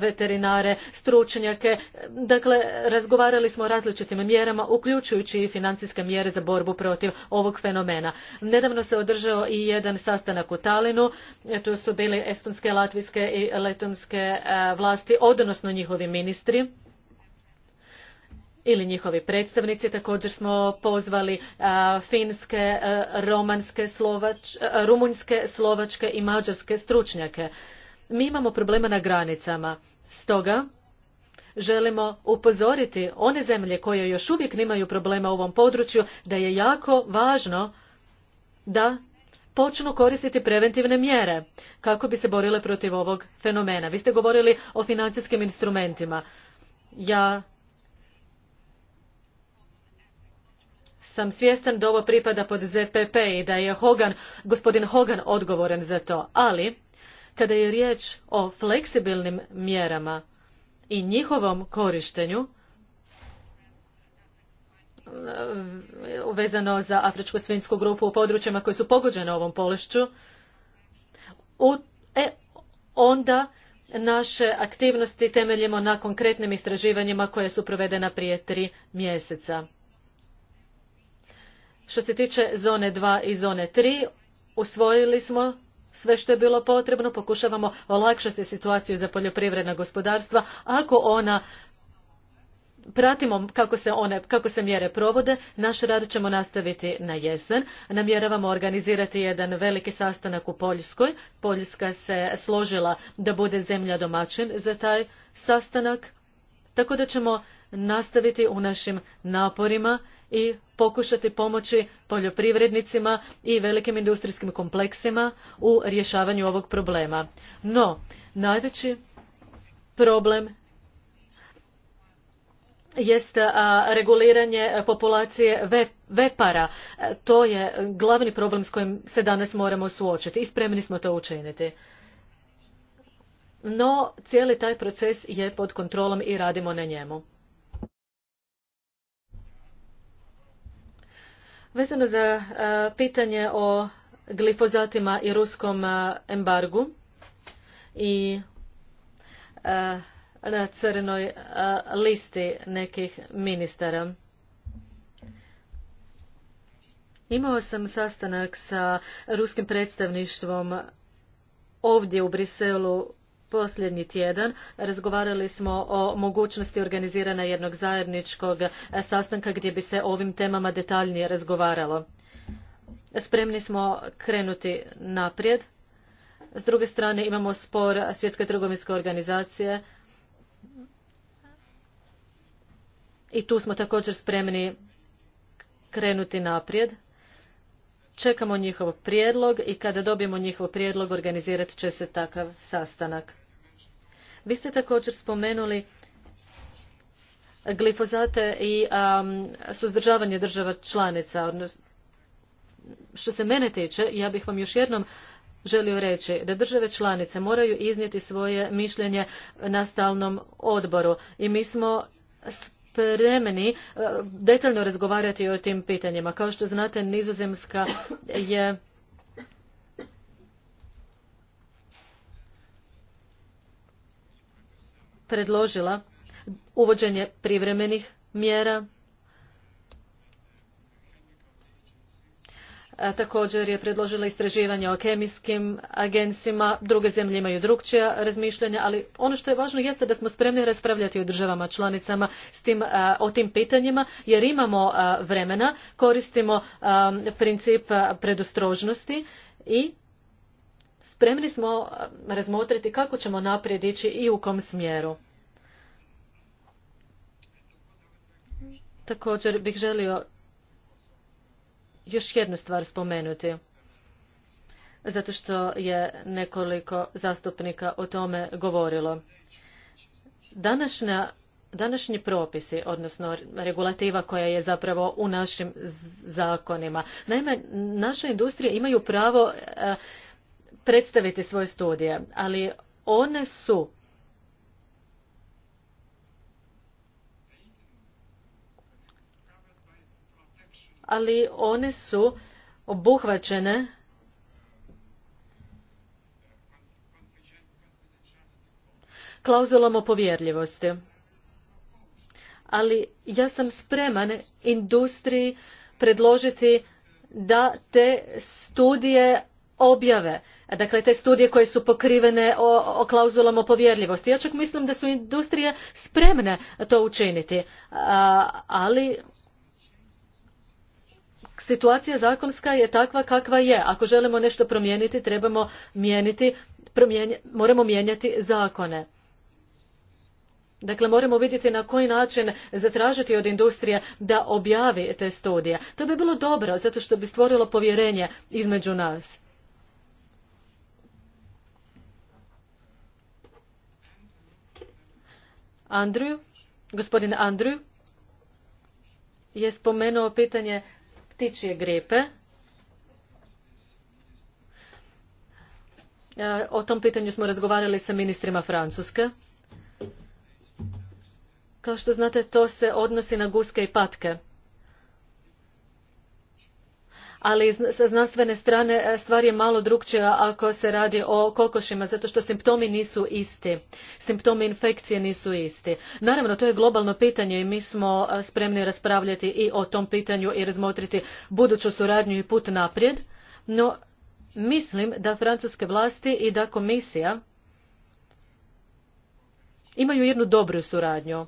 veterinare, stručnjake. Dakle, razgovarali smo o različitim mjerama, uključujući i financijske mjere za borbu protiv ovog fenomena. Nedavno se održao i jedan sastanak u Talinu. Tu su bili estonske, latvijske i letonske vlasti, odnosno njihovi ministri ili njihovi predstavnici. Također smo pozvali finske, romanske, rumunjske, slovačke i mađarske stručnjake. Mi imamo problema na granicama. Stoga želimo upozoriti one zemlje koje još uvijek nemaju problema u ovom području da je jako važno da počnu koristiti preventivne mjere kako bi se borile protiv ovog fenomena. Vi ste govorili o financijskim instrumentima. Ja sam svjestan da ovo pripada pod ZPP i da je Hogan, gospodin Hogan odgovoran za to, ali kada je riječ o fleksibilnim mjerama i njihovom korištenju, vezano za afričku svinjsku grupu u područjima koje su pogođene ovom pološću, e, onda naše aktivnosti temeljimo na konkretnim istraživanjima koja su provedena prije tri mjeseca. Što se tiče zone 2 i zone 3, usvojili smo sve što je bilo potrebno, pokušavamo olakšati situaciju za poljoprivredna gospodarstva ako ona pratimo kako se, one, kako se mjere provode. Naš rad ćemo nastaviti na jesen. Namjeravamo organizirati jedan veliki sastanak u Poljskoj. Poljska se složila da bude zemlja domaćin za taj sastanak. Tako da ćemo nastaviti u našim naporima i pokušati pomoći poljoprivrednicima i velikim industrijskim kompleksima u rješavanju ovog problema. No, najveći problem jest reguliranje populacije vepara. E, to je glavni problem s kojim se danas moramo suočiti i spremni smo to učiniti. No, cijeli taj proces je pod kontrolom i radimo na njemu. Vezano za e, pitanje o glifozatima i ruskom e, embargu i e, na crnoj listi nekih ministara. Imao sam sastanak sa ruskim predstavništvom ovdje u Briselu posljednji tjedan razgovarali smo o mogućnosti organiziranja jednog zajedničkog e, sastanka gdje bi se o ovim temama detaljnije razgovaralo. Spremni smo krenuti naprijed. S druge strane imamo spor Svjetske trgovinske organizacije i tu smo također spremni krenuti naprijed. Čekamo njihov prijedlog i kada dobijemo njihov prijedlog organizirat će se takav sastanak. Vi ste također spomenuli glifozate i suzdržavanje država članica. što se mene tiče, ja bih vam još jednom želio reći da države članice moraju iznijeti svoje mišljenje na stalnom odboru i mi smo spremni e, detaljno razgovarati o tim pitanjima. Kao što znate, Nizozemska je predložila uvođenje privremenih mjera E, također je predložila istraživanje o kemijskim agensima druge zemlje imaju drukčija razmišljanja ali ono što je važno jeste da smo spremni raspravljati u državama članicama s tim, e, o tim pitanjima jer imamo e, vremena koristimo princip predostrožnosti i spremni smo razmotriti kako ćemo naprijed ići i u kom smjeru također bih želio još jednu stvar spomenuti zato što je nekoliko zastupnika o tome govorilo. Današnja, današnji propisi, odnosno regulativa koja je zapravo u našim zakonima. Naime, naše industrije imaju pravo e, predstaviti svoje studije, ali one su ali one su obuhvaćene klauzulom o povjerljivosti. Ali ja sam spreman industriji predložiti da te studije objave. Dakle, te studije koje su pokrivene o, o klauzulom o povjerljivosti. Ja čak mislim da su industrije spremne to učiniti. ali situacija zakonska je takva kakva je. Ako želimo nešto promijeniti, trebamo mijeniti, moramo mijenjati zakone. Dakle, moramo vidjeti na koji način zatražiti od industrije da objavi te studije. To bi bilo dobro, zato što bi stvorilo povjerenje između nas. Andrew, gospodin Andrew je spomenuo pitanje ptičje gripe. E, o tom pitanju smo razgovarali sa ministrima Francuske. Kao što znate, to se odnosi na guske i patke ali sa znanstvene strane e, stvar je malo drukčija ako se radi o kokošima, zato što simptomi nisu isti. Simptomi infekcije nisu isti. Naravno, to je globalno pitanje i mi smo e, spremni raspravljati i o tom pitanju i razmotriti buduću suradnju i put naprijed, no mislim da francuske vlasti i da komisija imaju jednu dobru suradnju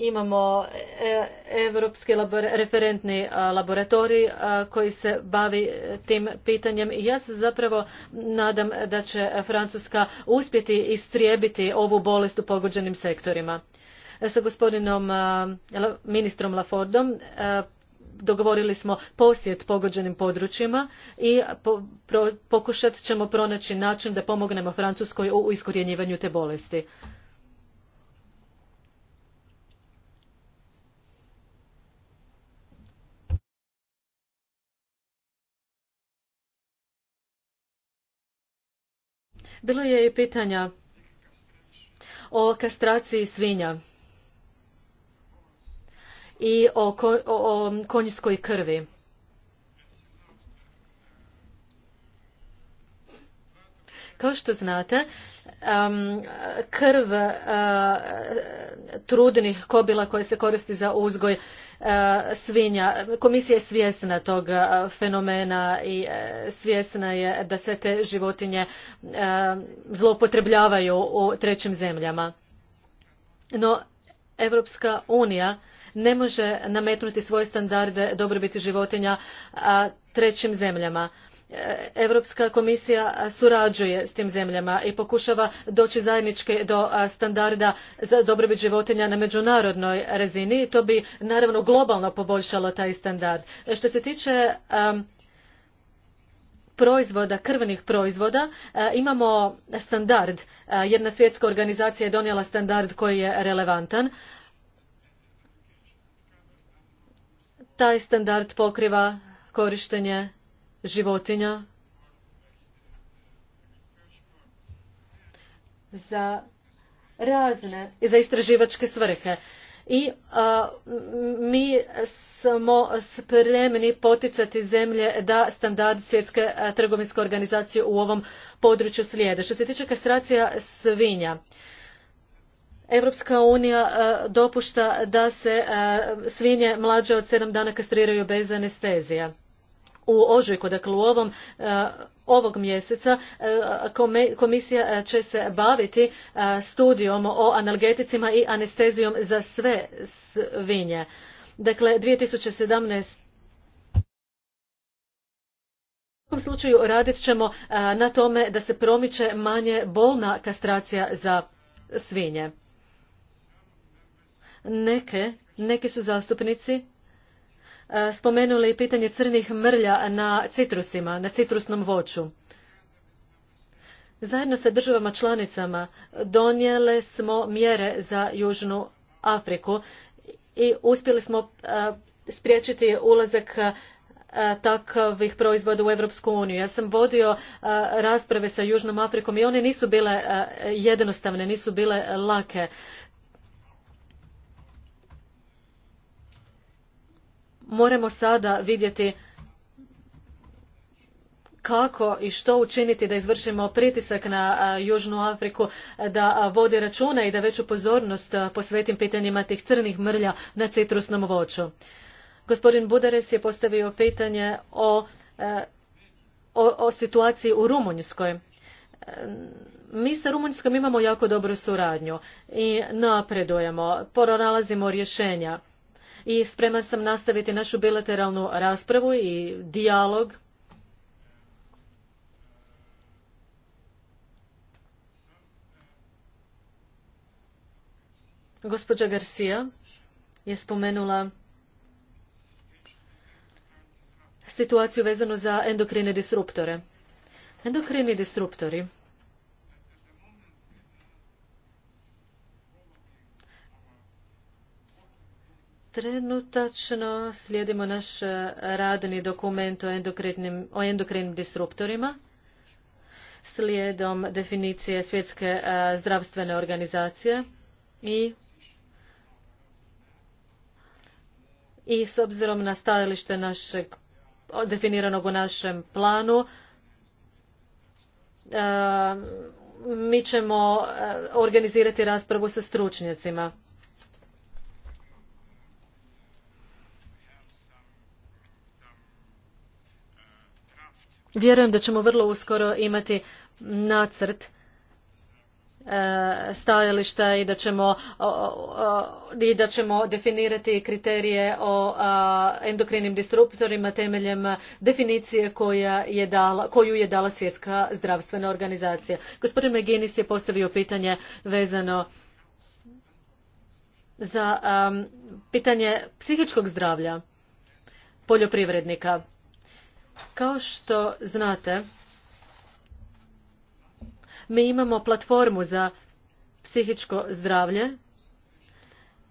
imamo Europski referentni e, laboratorij e, koji se bavi e, tim pitanjem i ja se zapravo nadam da će Francuska uspjeti istrijebiti ovu bolest u pogođenim sektorima. Sa gospodinom ministrom Lafordom dogovorili smo posjet pogođenim područjima i pokušat ćemo pronaći način da pomognemo Francuskoj u iskorjenjivanju te bolesti. Bilo je i pitanja o kastraciji svinja i o, o konjskoj krvi. Kao što znate, krv eh, trudnih kobila koje se koristi za uzgoj Eh, svinja. Komisija je svjesna tog eh, fenomena i eh, svjesna je da se te životinje zloupotrebljavaju u trećim zemljama. No, Europska unija ne može nametnuti svoje standarde dobrobiti životinja trećim zemljama. Europska komisija surađuje s tim zemljama i pokušava doći zajednički do standarda za dobrobit životinja na međunarodnoj razini i to bi naravno globalno poboljšalo taj standard. E, što se tiče proizvoda, krvnih proizvoda, e, imamo standard. E, jedna svjetska organizacija je donijela standard koji je relevantan. Taj standard pokriva korištenje životinja za razne, i za istraživačke svrhe. I mi smo spremni poticati zemlje da standard svjetske trgovinske organizacije u ovom području slijede. Što se tiče kastracija svinja, Europska unija dopušta da se svinje mlađe od sedam dana kastriraju bez anestezija u ožujku, dakle u ovom e, ovog mjeseca e, komisija e, će se baviti studijom o analgeticima i anestezijom za sve svinje. Dakle, 2017 u svakom slučaju radit ćemo na tome da se promiče manje bolna kastracija za svinje. Neke, neki su zastupnici spomenuli pitanje crnih mrlja na citrusima, na citrusnom voću. Zajedno sa državama članicama donijeli smo mjere za Južnu Afriku i uspjeli smo e, spriječiti ulazak e, takvih proizvoda u Europsku uniju. Ja sam vodio e, rasprave sa Južnom Afrikom i one nisu bile jednostavne, nisu bile lake. moramo sada vidjeti kako i što učiniti da izvršimo pritisak na Južnu Afriku da vodi računa i da veću pozornost posvetim pitanjima tih crnih mrlja na citrusnom voću. Gospodin Budares je postavio pitanje o, o, o situaciji u Rumunjskoj. Mi sa Rumunjskom imamo jako dobru suradnju i napredujemo, pronalazimo rješenja i spreman sam nastaviti našu bilateralnu raspravu i dijalog Gospođa Garcia je spomenula situaciju vezanu za endokrine disruptore. Endokrini disruptori Trenutačno slijedimo naš radni dokument o endokrinim, o disruptorima slijedom definicije svjetske zdravstvene organizacije i i s obzirom na stajalište našeg definiranog u našem planu mi ćemo organizirati raspravu sa stručnjacima. Vjerujem da ćemo vrlo uskoro imati nacrt e, stajališta i da ćemo i da ćemo definirati kriterije o endokrinim disruptorima temeljem definicije koja je dala, koju je dala svjetska zdravstvena organizacija. Gospodin Meginis je postavio pitanje vezano za pitanje psihičkog zdravlja poljoprivrednika. Kao što znate, mi imamo platformu za psihičko zdravlje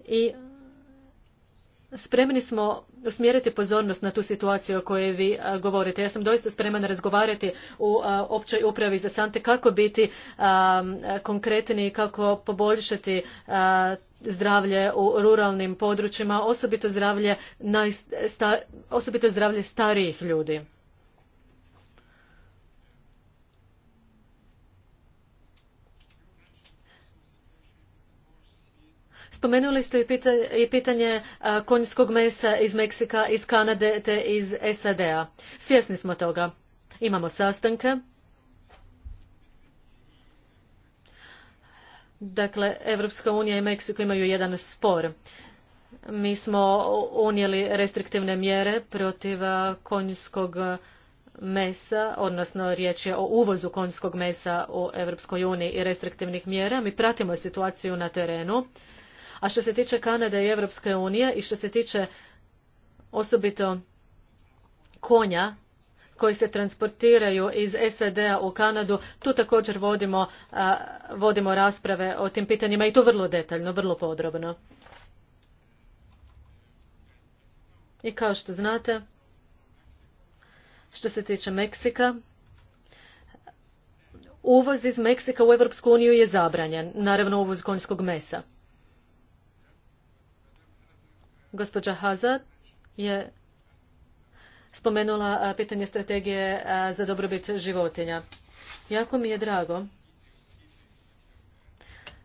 i spremni smo usmjeriti pozornost na tu situaciju o kojoj vi govorite. Ja sam doista spremna razgovarati u općoj upravi za Sante kako biti konkretni, kako poboljšati zdravlje u ruralnim područjima, osobito osobito zdravlje starijih ljudi. Spomenuli ste i pitanje e, konjskog mesa iz Meksika, iz Kanade te iz SAD-a. Svjesni smo toga. Imamo sastanke. Dakle, Europska unija i Meksiko imaju jedan spor. Mi smo unijeli restriktivne mjere protiv e, konjskog mesa, odnosno riječ je o uvozu konjskog mesa u Europskoj uniji i restriktivnih mjera. Mi pratimo situaciju na terenu. A što se tiče Kanade i Europske unije i što se tiče osobito konja koji se transportiraju iz SAD-a e u Kanadu, tu također vodimo, rasprave o tim pitanjima i to vrlo detaljno, vrlo podrobno. I kao što znate, što se tiče Meksika, uvoz iz Meksika u Europsku uniju je zabranjen, naravno uvoz konjskog mesa. Gospođa Hazard je spomenula eh, pitanje strategije eh, za dobrobit životinja. Jako mi je drago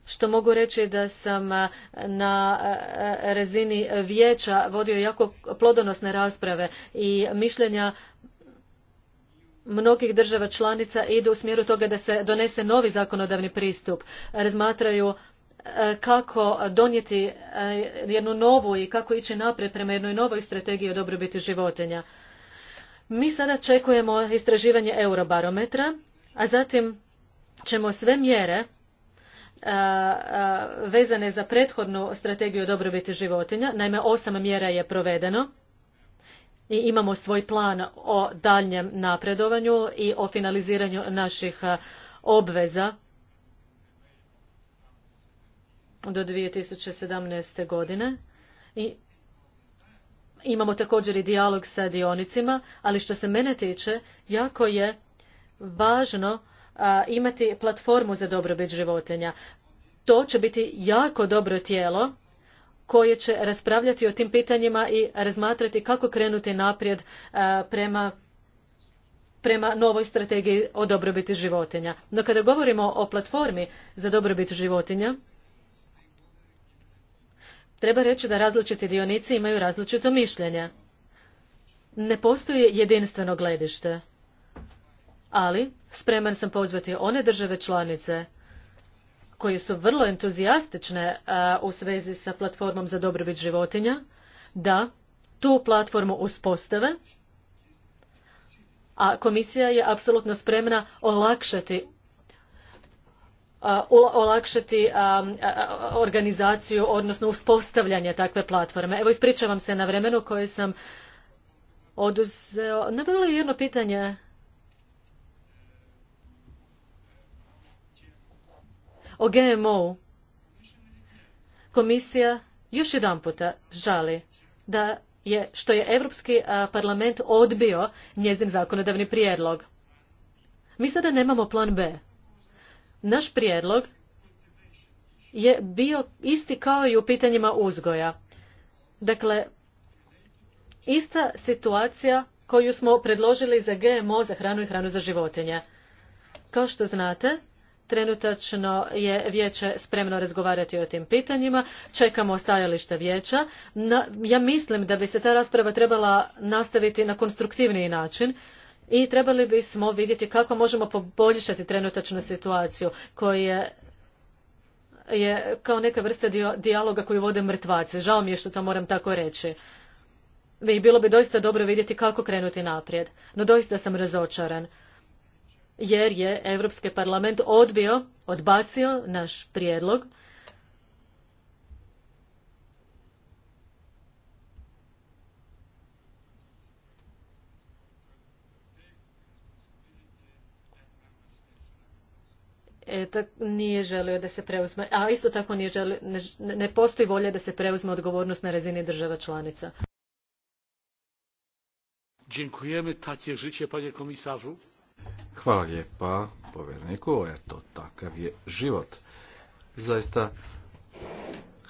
što mogu reći da sam eh, na razini vijeća vodio jako plodonosne rasprave i mišljenja mnogih država članica idu u smjeru toga da se donese novi zakonodavni pristup razmatraju E, kako donijeti e, jednu novu i kako ići naprijed prema jednoj novoj strategiji o dobrobiti životinja. Mi sada čekujemo istraživanje eurobarometra, a zatim ćemo sve mjere e, vezane za prethodnu strategiju o dobrobiti životinja, naime osam mjera je provedeno i imamo svoj plan o daljnjem napredovanju i o finaliziranju naših obveza do 2017. godine i imamo također i dijalog sa dionicima, ali što se mene tiče, jako je važno imati platformu za dobrobit životinja. To će biti jako dobro tijelo koje će raspravljati o tim pitanjima i razmatrati kako krenuti naprijed prema prema novoj strategiji o dobrobiti životinja. No kada govorimo o platformi za dobrobit životinja, Treba reći da različiti dionici imaju različito mišljenje. Ne postoji jedinstveno gledište. Ali, spreman sam pozvati one države članice koje su vrlo entuzijastične e, u svezi sa platformom za dobrobit životinja, da tu platformu uspostave, a komisija je apsolutno spremna olakšati olakšati organizaciju, odnosno uspostavljanje takve platforme. Evo, ispričavam se na vremenu koje sam oduzeo. Navelo je jedno pitanje. O gmo Komisija još jedan puta žali da je što je Europski parlament odbio njezin zakonodavni prijedlog. Mi sada nemamo plan B. Naš prijedlog je bio isti kao i u pitanjima uzgoja. Dakle, ista situacija koju smo predložili za GMO, za hranu i hranu za životinje. Kao što znate, trenutačno je vijeće spremno razgovarati o tim pitanjima, čekamo stajalište vijeća. Ja mislim da bi se ta rasprava trebala nastaviti na konstruktivniji način i trebali bismo vidjeti kako možemo poboljšati trenutačnu situaciju koja je kao neka vrsta dijaloga koju vode mrtvaci. Žao mi je što to moram tako reći. I bilo bi doista dobro vidjeti kako krenuti naprijed. No doista sam razočaran. Jer je Europski parlament odbio, odbacio naš prijedlog E, nije želio da se preuzme, a isto tako nije želio, ne, postoji volja da se preuzme odgovornost na razini država članica. Dziękujemy, życie, panie komisarzu. Hvala lijepa, povjerniku, eto, takav je život. Zaista,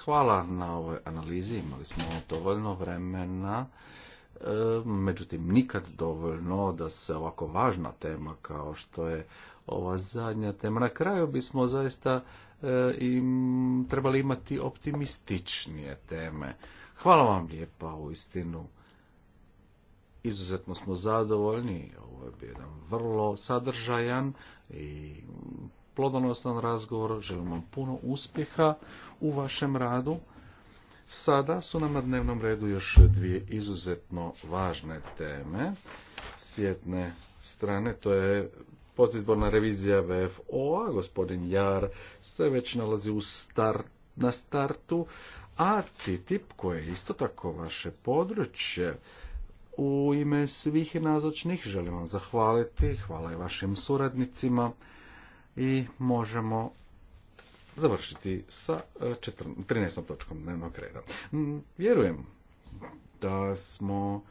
hvala na ovoj analizi, imali smo dovoljno vremena, e, međutim nikad dovoljno da se ovako važna tema kao što je ova zadnja tema. Na kraju bismo zaista e, i trebali imati optimističnije teme. Hvala vam lijepa u istinu. Izuzetno smo zadovoljni, ovo je bio jedan vrlo sadržajan i plodonosan razgovor. Želim vam puno uspjeha u vašem radu. Sada su nam na dnevnom redu još dvije izuzetno važne teme. S jedne strane to je Postizborna revizija VFO-a, gospodin Jar, se već nalazi u start, na startu, a TTIP, koje je isto tako vaše područje, u ime svih nazočnih želim vam zahvaliti, hvala i vašim suradnicima i možemo završiti sa 13. E, točkom dnevnog reda. Mm, vjerujem da smo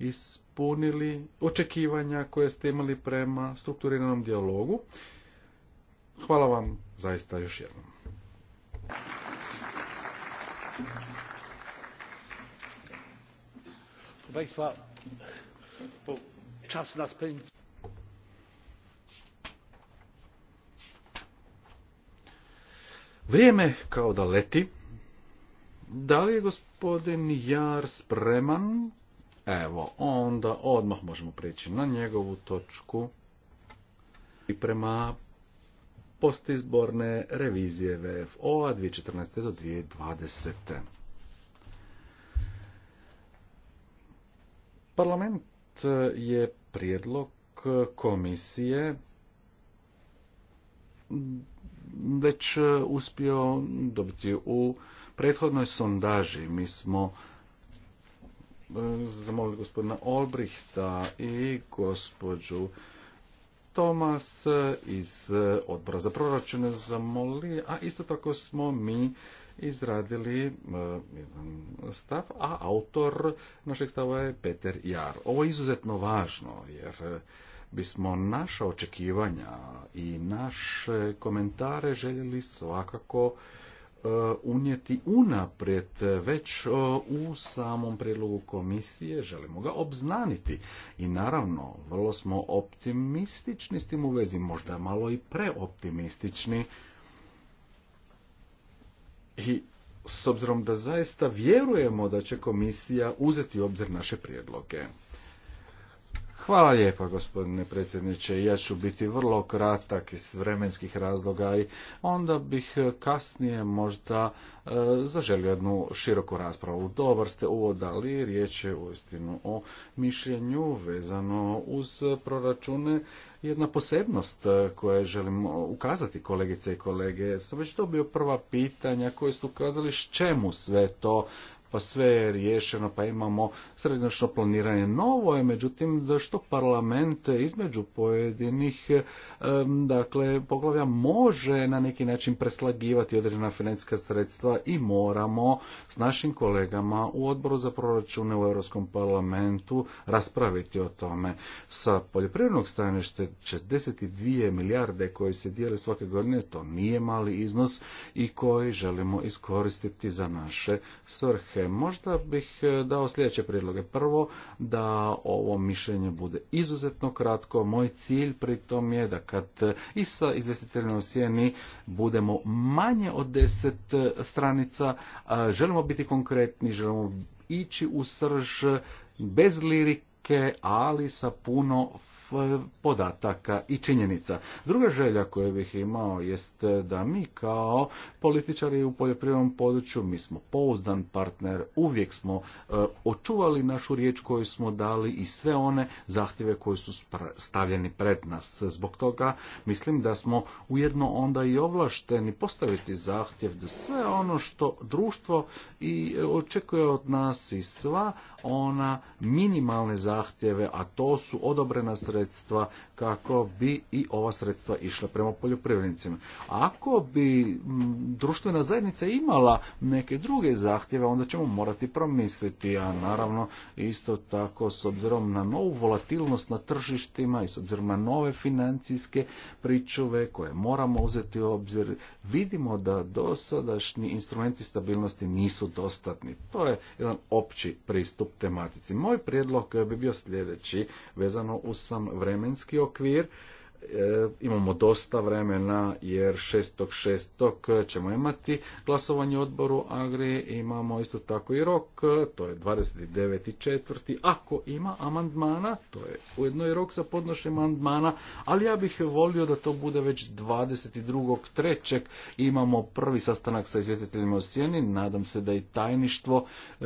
ispunili očekivanja koje ste imali prema strukturiranom dijalogu. Hvala vam zaista još jednom. Vrijeme kao da leti. Da li je gospodin Jar spreman Evo, onda odmah možemo prijeći na njegovu točku i prema postizborne revizije VFO-a 2014. do 2020. Parlament je prijedlog komisije već uspio dobiti u prethodnoj sondaži. Mi smo zamolili gospodina Olbrichta i gospođu Tomas iz odbora za proračune zamolili, a isto tako smo mi izradili e, jedan stav, a autor našeg stava je Peter Jar. Ovo je izuzetno važno, jer bismo naša očekivanja i naše komentare željeli svakako E, unijeti unaprijed već e, u samom prijedlogu komisije, želimo ga obznaniti. I naravno, vrlo smo optimistični s tim u vezi, možda malo i preoptimistični. I s obzirom da zaista vjerujemo da će komisija uzeti obzir naše prijedloge. Hvala lijepa gospodine predsjedniče. Ja ću biti vrlo kratak iz vremenskih razloga i onda bih kasnije možda e, zaželio jednu široku raspravu. Dobar ste uvodali, riječ je uistinu o mišljenju vezano uz proračune. Jedna posebnost e, koje želim ukazati kolegice i kolege, sam već dobio prva pitanja koje su ukazali s čemu sve to pa sve je riješeno, pa imamo srednjošno planiranje. Novo je, međutim, da što parlament između pojedinih eh, dakle, poglavlja može na neki način preslagivati određena financijska sredstva i moramo s našim kolegama u odboru za proračune u Europskom parlamentu raspraviti o tome. Sa poljoprivrednog stajaništa 62 milijarde koji se dijele svake godine, to nije mali iznos i koji želimo iskoristiti za naše svrhe Dakle, možda bih e, dao sljedeće prijedloge. Prvo, da ovo mišljenje bude izuzetno kratko. Moj cilj pri tom je da kad e, i sa izvestiteljima u sjeni budemo manje od deset e, stranica, želimo biti konkretni, želimo ići u srž bez lirike, ali sa puno Eh, podataka i činjenica. Druga želja koju bih imao jest eh, da mi kao političari u poljoprivrednom području, mi smo pouzdan partner, uvijek smo eh, očuvali našu riječ koju smo dali i sve one zahtjeve koji su stavljeni pred nas. Zbog toga mislim da smo ujedno onda i ovlašteni postaviti zahtjev da sve ono što društvo i očekuje od nas i sva ona minimalne zahtjeve, a to su odobrena sredstva sredstva kako bi i ova sredstva išla prema poljoprivrednicima. Ako bi društvena zajednica imala neke druge zahtjeve, onda ćemo morati promisliti, a naravno isto tako s obzirom na novu volatilnost na tržištima i s obzirom na nove financijske pričuve koje moramo uzeti u obzir, vidimo da dosadašnji instrumenti stabilnosti nisu dostatni. To je jedan opći pristup tematici. Moj prijedlog bi bio sljedeći, vezano uz sam vremenski okvir E, imamo dosta vremena jer 6.6. ćemo imati glasovanje odboru Agri, imamo isto tako i rok, to je 29.4. Ako ima amandmana, to je ujedno i rok za podnošenje amandmana, ali ja bih volio da to bude već 22.3. Imamo prvi sastanak sa izvjestiteljima u Sjeni, nadam se da i tajništvo, e,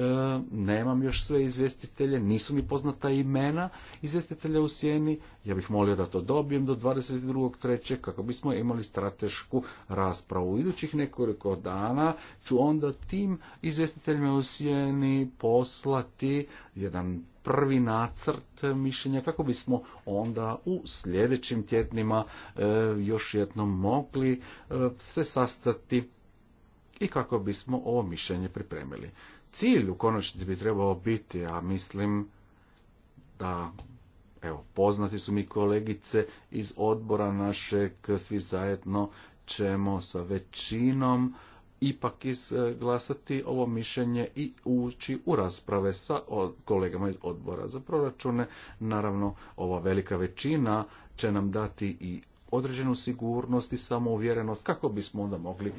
nemam još sve izvjestitelje, nisu mi poznata imena izvjestitelja u Sjeni, ja bih molio da to dobijem do 22.3. kako bismo imali stratešku raspravu. U idućih nekoliko dana ću onda tim izvjestiteljima u Sijeni poslati jedan prvi nacrt mišljenja kako bismo onda u sljedećim tjednima e, još jednom mogli e, se sastati i kako bismo ovo mišljenje pripremili. Cilj u konačnici bi trebao biti, a mislim da Evo, poznati su mi kolegice iz odbora našeg, svi zajedno ćemo sa većinom ipak izglasati ovo mišljenje i ući u rasprave sa kolegama iz odbora za proračune. Naravno, ova velika većina će nam dati i određenu sigurnost i samouvjerenost kako bismo onda mogli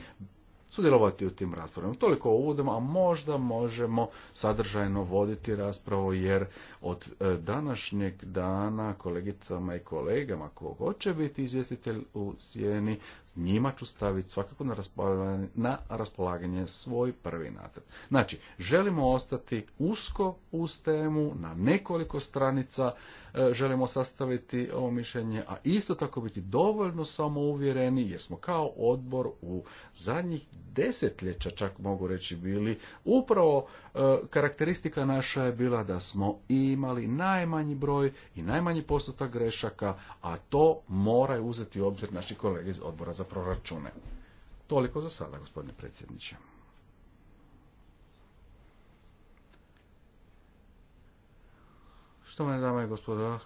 sudjelovati u tim raspravama. Toliko o a možda možemo sadržajno voditi raspravu jer od e, današnjeg dana kolegicama i kolegama kogo hoće biti izvjestitelj u sjeni njima ću staviti svakako na raspolaganje, na raspolaganje svoj prvi nacrt. Znači, želimo ostati usko uz temu, na nekoliko stranica e, želimo sastaviti ovo mišljenje, a isto tako biti dovoljno samouvjereni, jer smo kao odbor u zadnjih desetljeća, čak mogu reći, bili upravo e, karakteristika naša je bila da smo imali najmanji broj i najmanji postotak grešaka, a to moraju uzeti u obzir naši kolege iz odbora za proračune. Toliko za sada, gospodine predsjedniče. Što me dame i gospoda,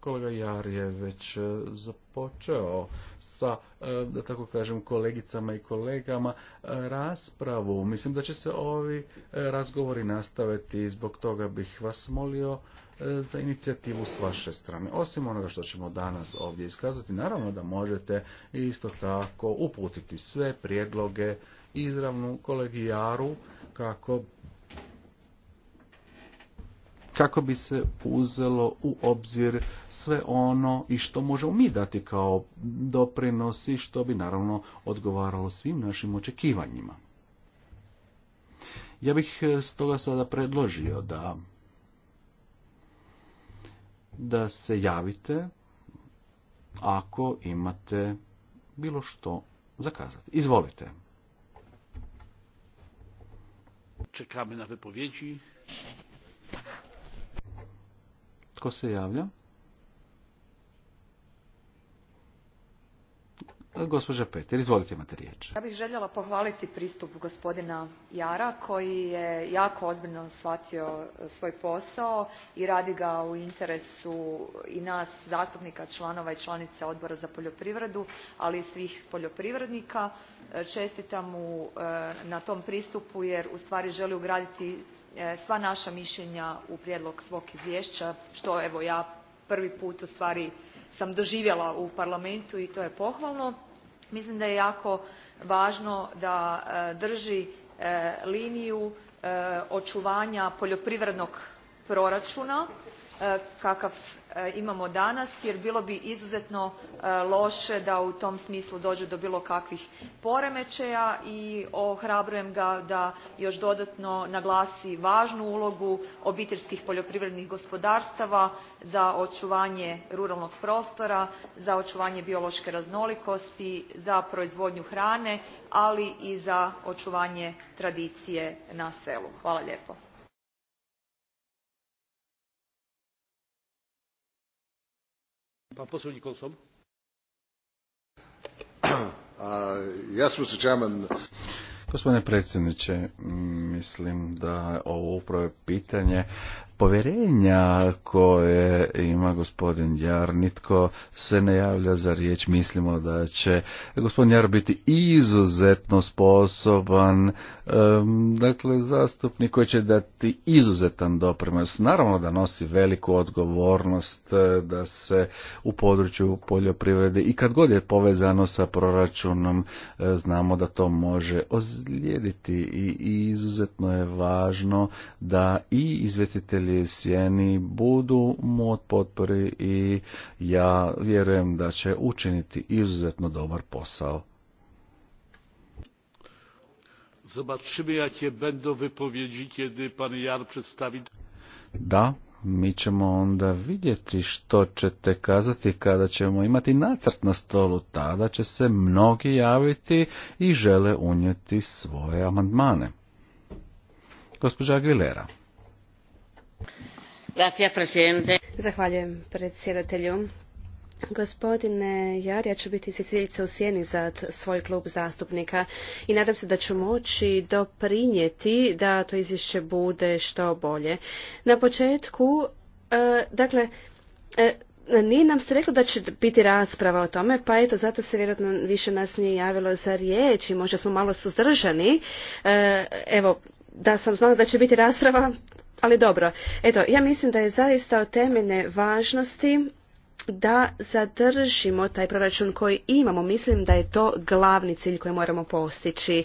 kolega Jar je već e, započeo sa, e, da tako kažem, kolegicama i kolegama e, raspravu. Mislim da će se ovi razgovori nastaviti i zbog toga bih vas molio E, za inicijativu s vaše strane. Osim onoga što ćemo danas ovdje iskazati, naravno da možete isto tako uputiti sve prijedloge izravnu kolegijaru kako kako bi se uzelo u obzir sve ono i što možemo mi dati kao doprinosi što bi naravno odgovaralo svim našim očekivanjima. Ja bih e, stoga sada predložio da da se javite ako imate bilo što zakazati. Izvolite. Čekame na wypowiedzi. Tko se javlja? Gospođa Peter, izvolite imate riječ. Ja bih željela pohvaliti pristup gospodina Jara koji je jako ozbiljno shvatio e, svoj posao i radi ga u interesu i nas zastupnika članova i članica Odbora za poljoprivredu, ali i svih poljoprivrednika. E, čestitam mu e, na tom pristupu jer u stvari želi ugraditi sva naša mišljenja u prijedlog svog izvješća što evo ja prvi put stvari sam doživjela u parlamentu i to je pohvalno mislim da je jako važno da e, drži e, liniju e, očuvanja poljoprivrednog proračuna E, kakav e, imamo danas jer bilo bi izuzetno e, loše da u tom smislu dođe do bilo kakvih poremećaja i ohrabrujem ga da još dodatno naglasi važnu ulogu obiteljskih poljoprivrednih gospodarstava za očuvanje ruralnog prostora, za očuvanje biološke raznolikosti, za proizvodnju hrane ali i za očuvanje tradicije na selu. Hvala lijepo. Gospodine predsjedniče, mislim da ovo upravo je pitanje povjerenja koje ima gospodin Jar. Nitko se ne javlja za riječ. Mislimo da će gospodin Jar biti izuzetno sposoban, dakle zastupnik koji će dati izuzetan doprinos. Naravno da nosi veliku odgovornost eh, da se u području poljoprivrede i kad god je povezano sa proračunom eh, znamo da to može ozlijediti i izuzetno je važno da i izvjestitelj izvjestitelji sjeni budu mu od potpori i ja vjerujem da će učiniti izuzetno dobar posao. Zobaczymy, jakie będą wypowiedzi, kiedy pan Jar przedstawi... Da, mi ćemo onda vidjeti što ćete kazati kada ćemo imati nacrt na stolu. Tada će se mnogi javiti i žele unijeti svoje amandmane. Gospođa Aguilera. Zahvaljujem predsjedatelju. Gospodine Jar, ja ću biti izvjestiteljica u sjeni za svoj klub zastupnika i nadam se da ću moći doprinijeti da to izvješće bude što bolje. Na početku, e, dakle, e, nije nam se reklo da će biti rasprava o tome, pa eto, zato se vjerojatno više nas nije javilo za riječ i možda smo malo suzdržani. E, evo, da sam znala da će biti rasprava, ali dobro, eto, ja mislim da je zaista od temeljne važnosti da zadržimo taj proračun koji imamo. Mislim da je to glavni cilj koji moramo postići.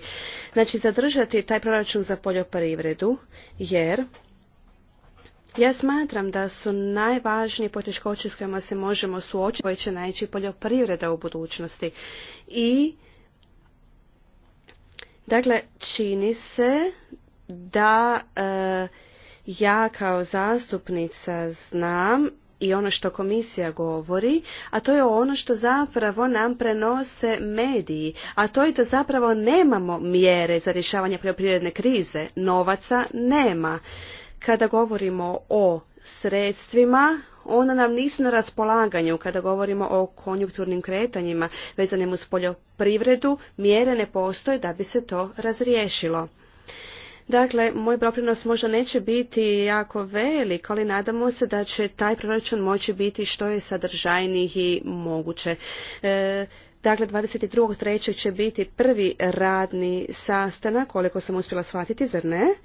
Znači, zadržati taj proračun za poljoprivredu, jer ja smatram da su najvažnije poteškoće s kojima se možemo suočiti, koje će naići poljoprivreda u budućnosti. I, dakle, čini se da... E, ja kao zastupnica znam i ono što komisija govori, a to je ono što zapravo nam prenose mediji, a to je da zapravo nemamo mjere za rješavanje poljoprivredne krize, novaca nema. Kada govorimo o sredstvima, ona nam nisu na raspolaganju kada govorimo o konjunkturnim kretanjima vezanim uz poljoprivredu, mjere ne postoje da bi se to razriješilo. Dakle, moj doprinos možda neće biti jako velik, ali nadamo se da će taj proračun moći biti što je sadržajniji i moguće. E, Dakle, 22.3. će biti prvi radni sastanak, koliko sam uspjela shvatiti, zar ne?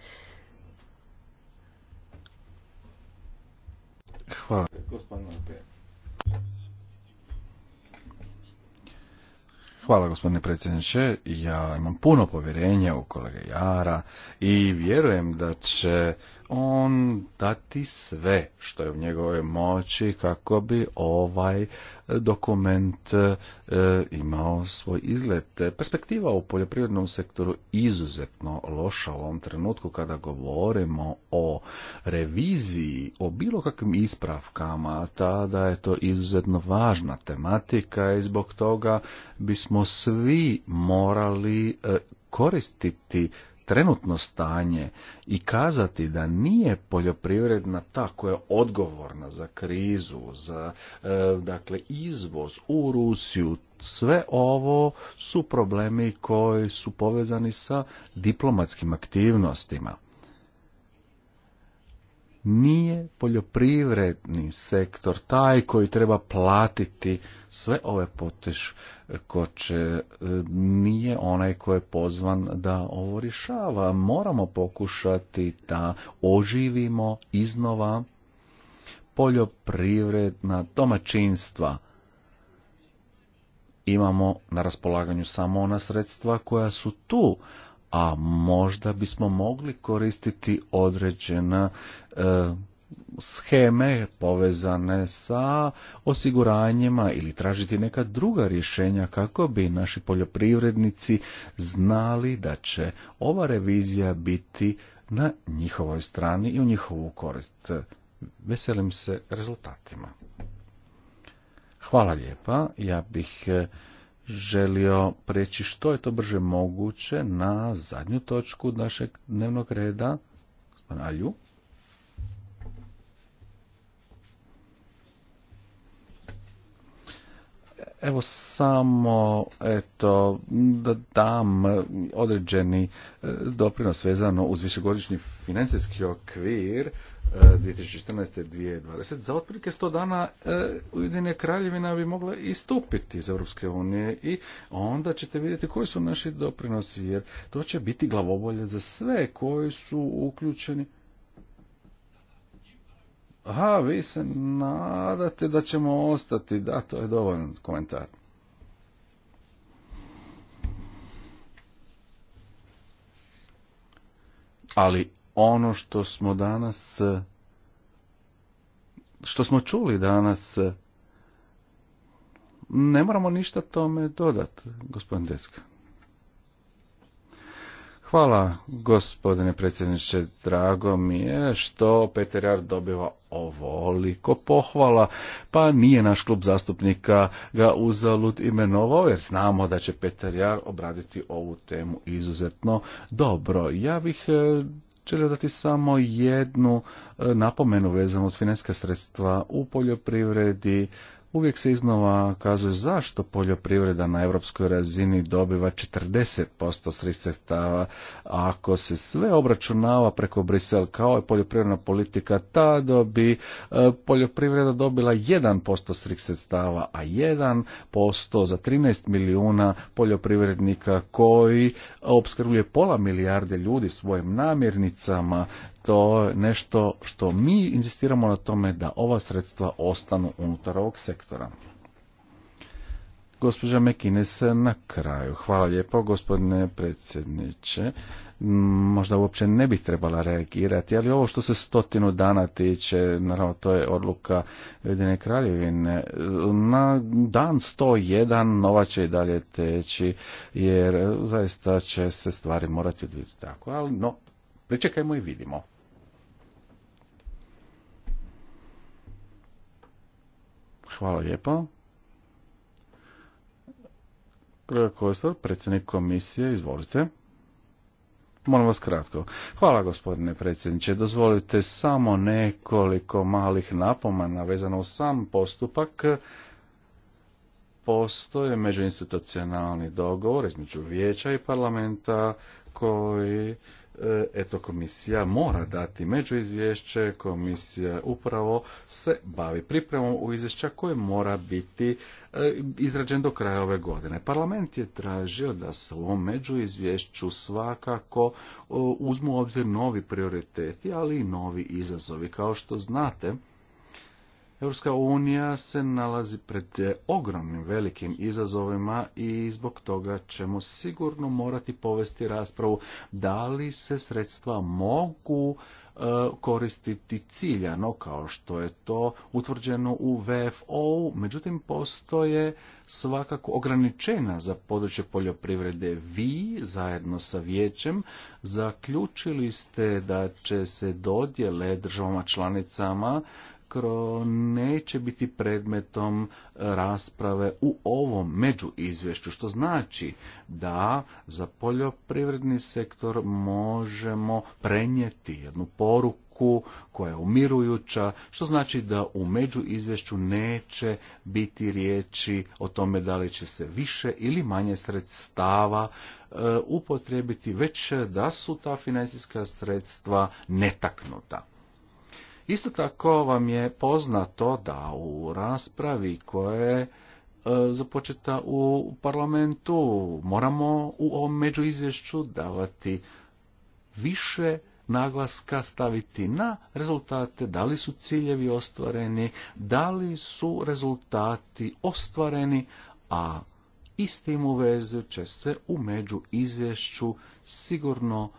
Hvala. Hvala gospodine predsjedniče. Ja imam puno povjerenja u kolege Jara i vjerujem da će on dati sve što je u njegovoj moći kako bi ovaj dokument e, imao svoj izgled. Perspektiva u poljoprivrednom sektoru izuzetno loša u ovom trenutku kada govorimo o reviziji, o bilo kakvim ispravkama, tada je to izuzetno važna tematika i zbog toga bismo svi morali e, koristiti trenutno stanje i kazati da nije poljoprivredna ta koja je odgovorna za krizu, za e, dakle izvoz u Rusiju, sve ovo su problemi koji su povezani sa diplomatskim aktivnostima nije poljoprivredni sektor taj koji treba platiti sve ove poteškoće, e, nije onaj koji je pozvan da ovo rješava. Moramo pokušati da oživimo iznova poljoprivredna domaćinstva. Imamo na raspolaganju samo ona sredstva koja su tu, a možda bismo mogli koristiti određena e, scheme povezane sa osiguranjima ili tražiti neka druga rješenja kako bi naši poljoprivrednici znali da će ova revizija biti na njihovoj strani i u njihovu korist. Veselim se rezultatima. Hvala lijepa. Ja bih e, želio preći što je to brže moguće na zadnju točku našeg dnevnog reda. Alju. Evo samo eto, da dam određeni e, doprinos vezano uz višegodišnji financijski okvir 2014. 2020. Za otprilike sto dana e, Ujedinje kraljevina bi mogla istupiti iz Europske unije i onda ćete vidjeti koji su naši doprinosi, jer to će biti glavobolje za sve koji su uključeni. Aha, vi se nadate da ćemo ostati. Da, to je dovoljno komentar. Ali ono što smo danas što smo čuli danas ne moramo ništa tome dodati, gospodin Deska. Hvala, gospodine predsjedniče, drago mi je što Peter Jar dobiva ovoliko pohvala, pa nije naš klub zastupnika ga uzalud imenovao, jer znamo da će Peter Jar obraditi ovu temu izuzetno dobro. Ja bih eh, želio dati samo jednu e, napomenu vezano s financijska sredstva u poljoprivredi uvijek se iznova kazuje zašto poljoprivreda na europskoj razini dobiva 40% sredstava, a ako se sve obračunava preko Brisel kao je poljoprivredna politika, tada bi e, poljoprivreda dobila 1% sredstava, a 1% za 13 milijuna poljoprivrednika koji opskrbljuje pola milijarde ljudi svojim namirnicama, to je nešto što mi insistiramo na tome da ova sredstva ostanu unutar ovog sektora sektora. Gospođa Mekines na kraju. Hvala lijepo, gospodine predsjedniče. Možda uopće ne bih trebala reagirati, ali ovo što se stotinu dana tiče, naravno to je odluka Ujedine kraljevine. Na dan 101 nova će i dalje teći, jer zaista će se stvari morati odvijeti tako, ali no, pričekajmo i vidimo. Hvala lijepo. Kolega Kostor, predsjednik komisije, izvolite. Molim vas kratko. Hvala gospodine predsjedniče. Dozvolite samo nekoliko malih napomena vezano u sam postupak. Postoje međuinstitucionalni dogovor između vijeća i parlamenta koji E, eto komisija mora dati međuizvješće, komisija upravo se bavi pripremom u izvješća koje mora biti e, izrađen do kraja ove godine. Parlament je tražio da se u ovom međuizvješću svakako e, uzmu u obzir novi prioriteti, ali i novi izazovi. Kao što znate, Europska unija se nalazi pred ogromnim velikim izazovima i zbog toga ćemo sigurno morati povesti raspravu da li se sredstva mogu e, koristiti ciljano kao što je to utvrđeno u VFO-u, međutim postoje svakako ograničena za područje poljoprivrede. Vi zajedno sa vijećem zaključili ste da će se dodjele državama članicama neće biti predmetom rasprave u ovom među izvješću, što znači da za poljoprivredni sektor možemo prenijeti jednu poruku koja je umirujuća, što znači da u među izvješću neće biti riječi o tome da li će se više ili manje sredstava e, upotrijebiti, već da su ta financijska sredstva netaknuta. Isto tako vam je poznato da u raspravi koja je e, započeta u parlamentu moramo u ovom međuizvješću davati više naglaska staviti na rezultate, da li su ciljevi ostvareni, da li su rezultati ostvareni, a istim u vezi će se u među izvješću sigurno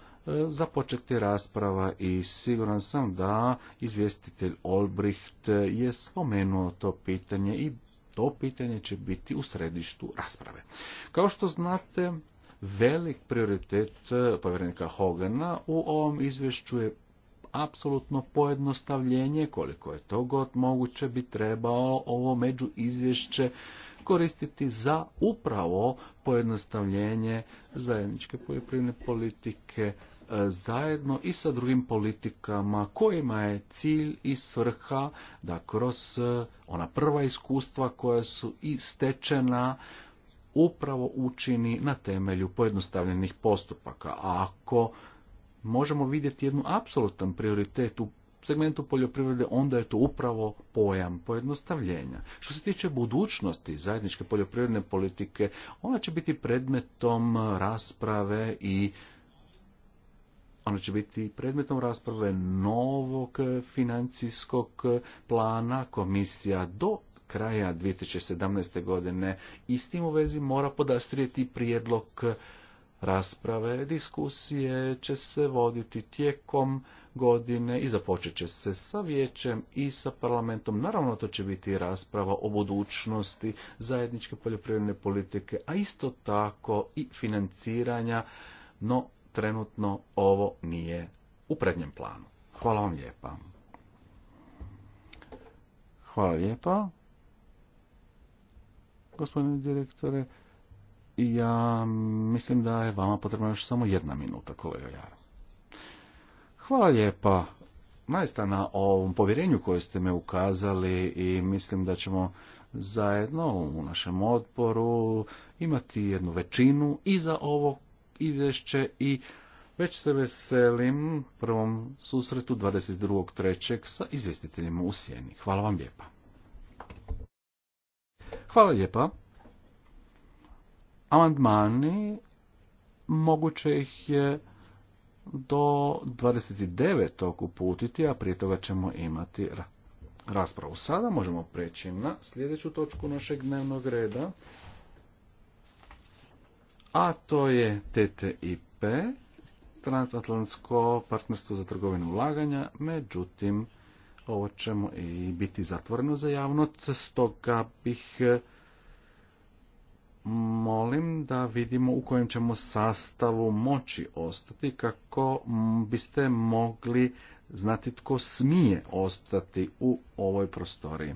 započeti rasprava i siguran sam da izvjestitelj Olbricht je spomenuo to pitanje i to pitanje će biti u središtu rasprave. Kao što znate, velik prioritet eh, povjerenika Hogana u ovom izvješću je apsolutno pojednostavljenje, koliko je to god moguće bi trebao ovo među izvješće koristiti za upravo pojednostavljenje zajedničke poljoprivredne politike E, zajedno i sa drugim politikama kojima je cilj i svrha da kroz e, ona prva iskustva koja su i stečena upravo učini na temelju pojednostavljenih postupaka. A ako možemo vidjeti jednu apsolutan prioritet u segmentu poljoprivrede, onda je to upravo pojam pojednostavljenja. Što se tiče budućnosti zajedničke poljoprivredne politike, ona će biti predmetom rasprave i ono će biti predmetom rasprave novog financijskog plana komisija do kraja 2017. godine i s tim u vezi mora podastrijeti prijedlog rasprave. Diskusije će se voditi tijekom godine i započet će se sa vijećem i sa parlamentom. Naravno to će biti rasprava o budućnosti zajedničke poljoprivredne politike, a isto tako i financiranja, no trenutno ovo nije u prednjem planu. Hvala vam lijepa. Hvala lijepa. Gospodine direktore, ja mislim da je vama potrebna još samo jedna minuta, kolega Jar. Hvala lijepa najsta na ovom povjerenju koje ste me ukazali i mislim da ćemo zajedno u našem odboru imati jednu većinu i za ovo izvješće i već se veselim prvom susretu 22.3. sa izvjestiteljima u Sjeni. Hvala vam lijepa. Hvala lijepa. Amandmani moguće ih je do 29. uputiti, a prije toga ćemo imati raspravu. Sada možemo preći na sljedeću točku našeg dnevnog reda a to je TTIP, transatlantsko partnerstvo za trgovinu ulaganja, međutim, ovo ćemo i biti zatvoreno za javnost, stoga bih e, molim da vidimo u kojem ćemo sastavu moći ostati kako biste mogli znati tko smije ostati u ovoj prostoriji.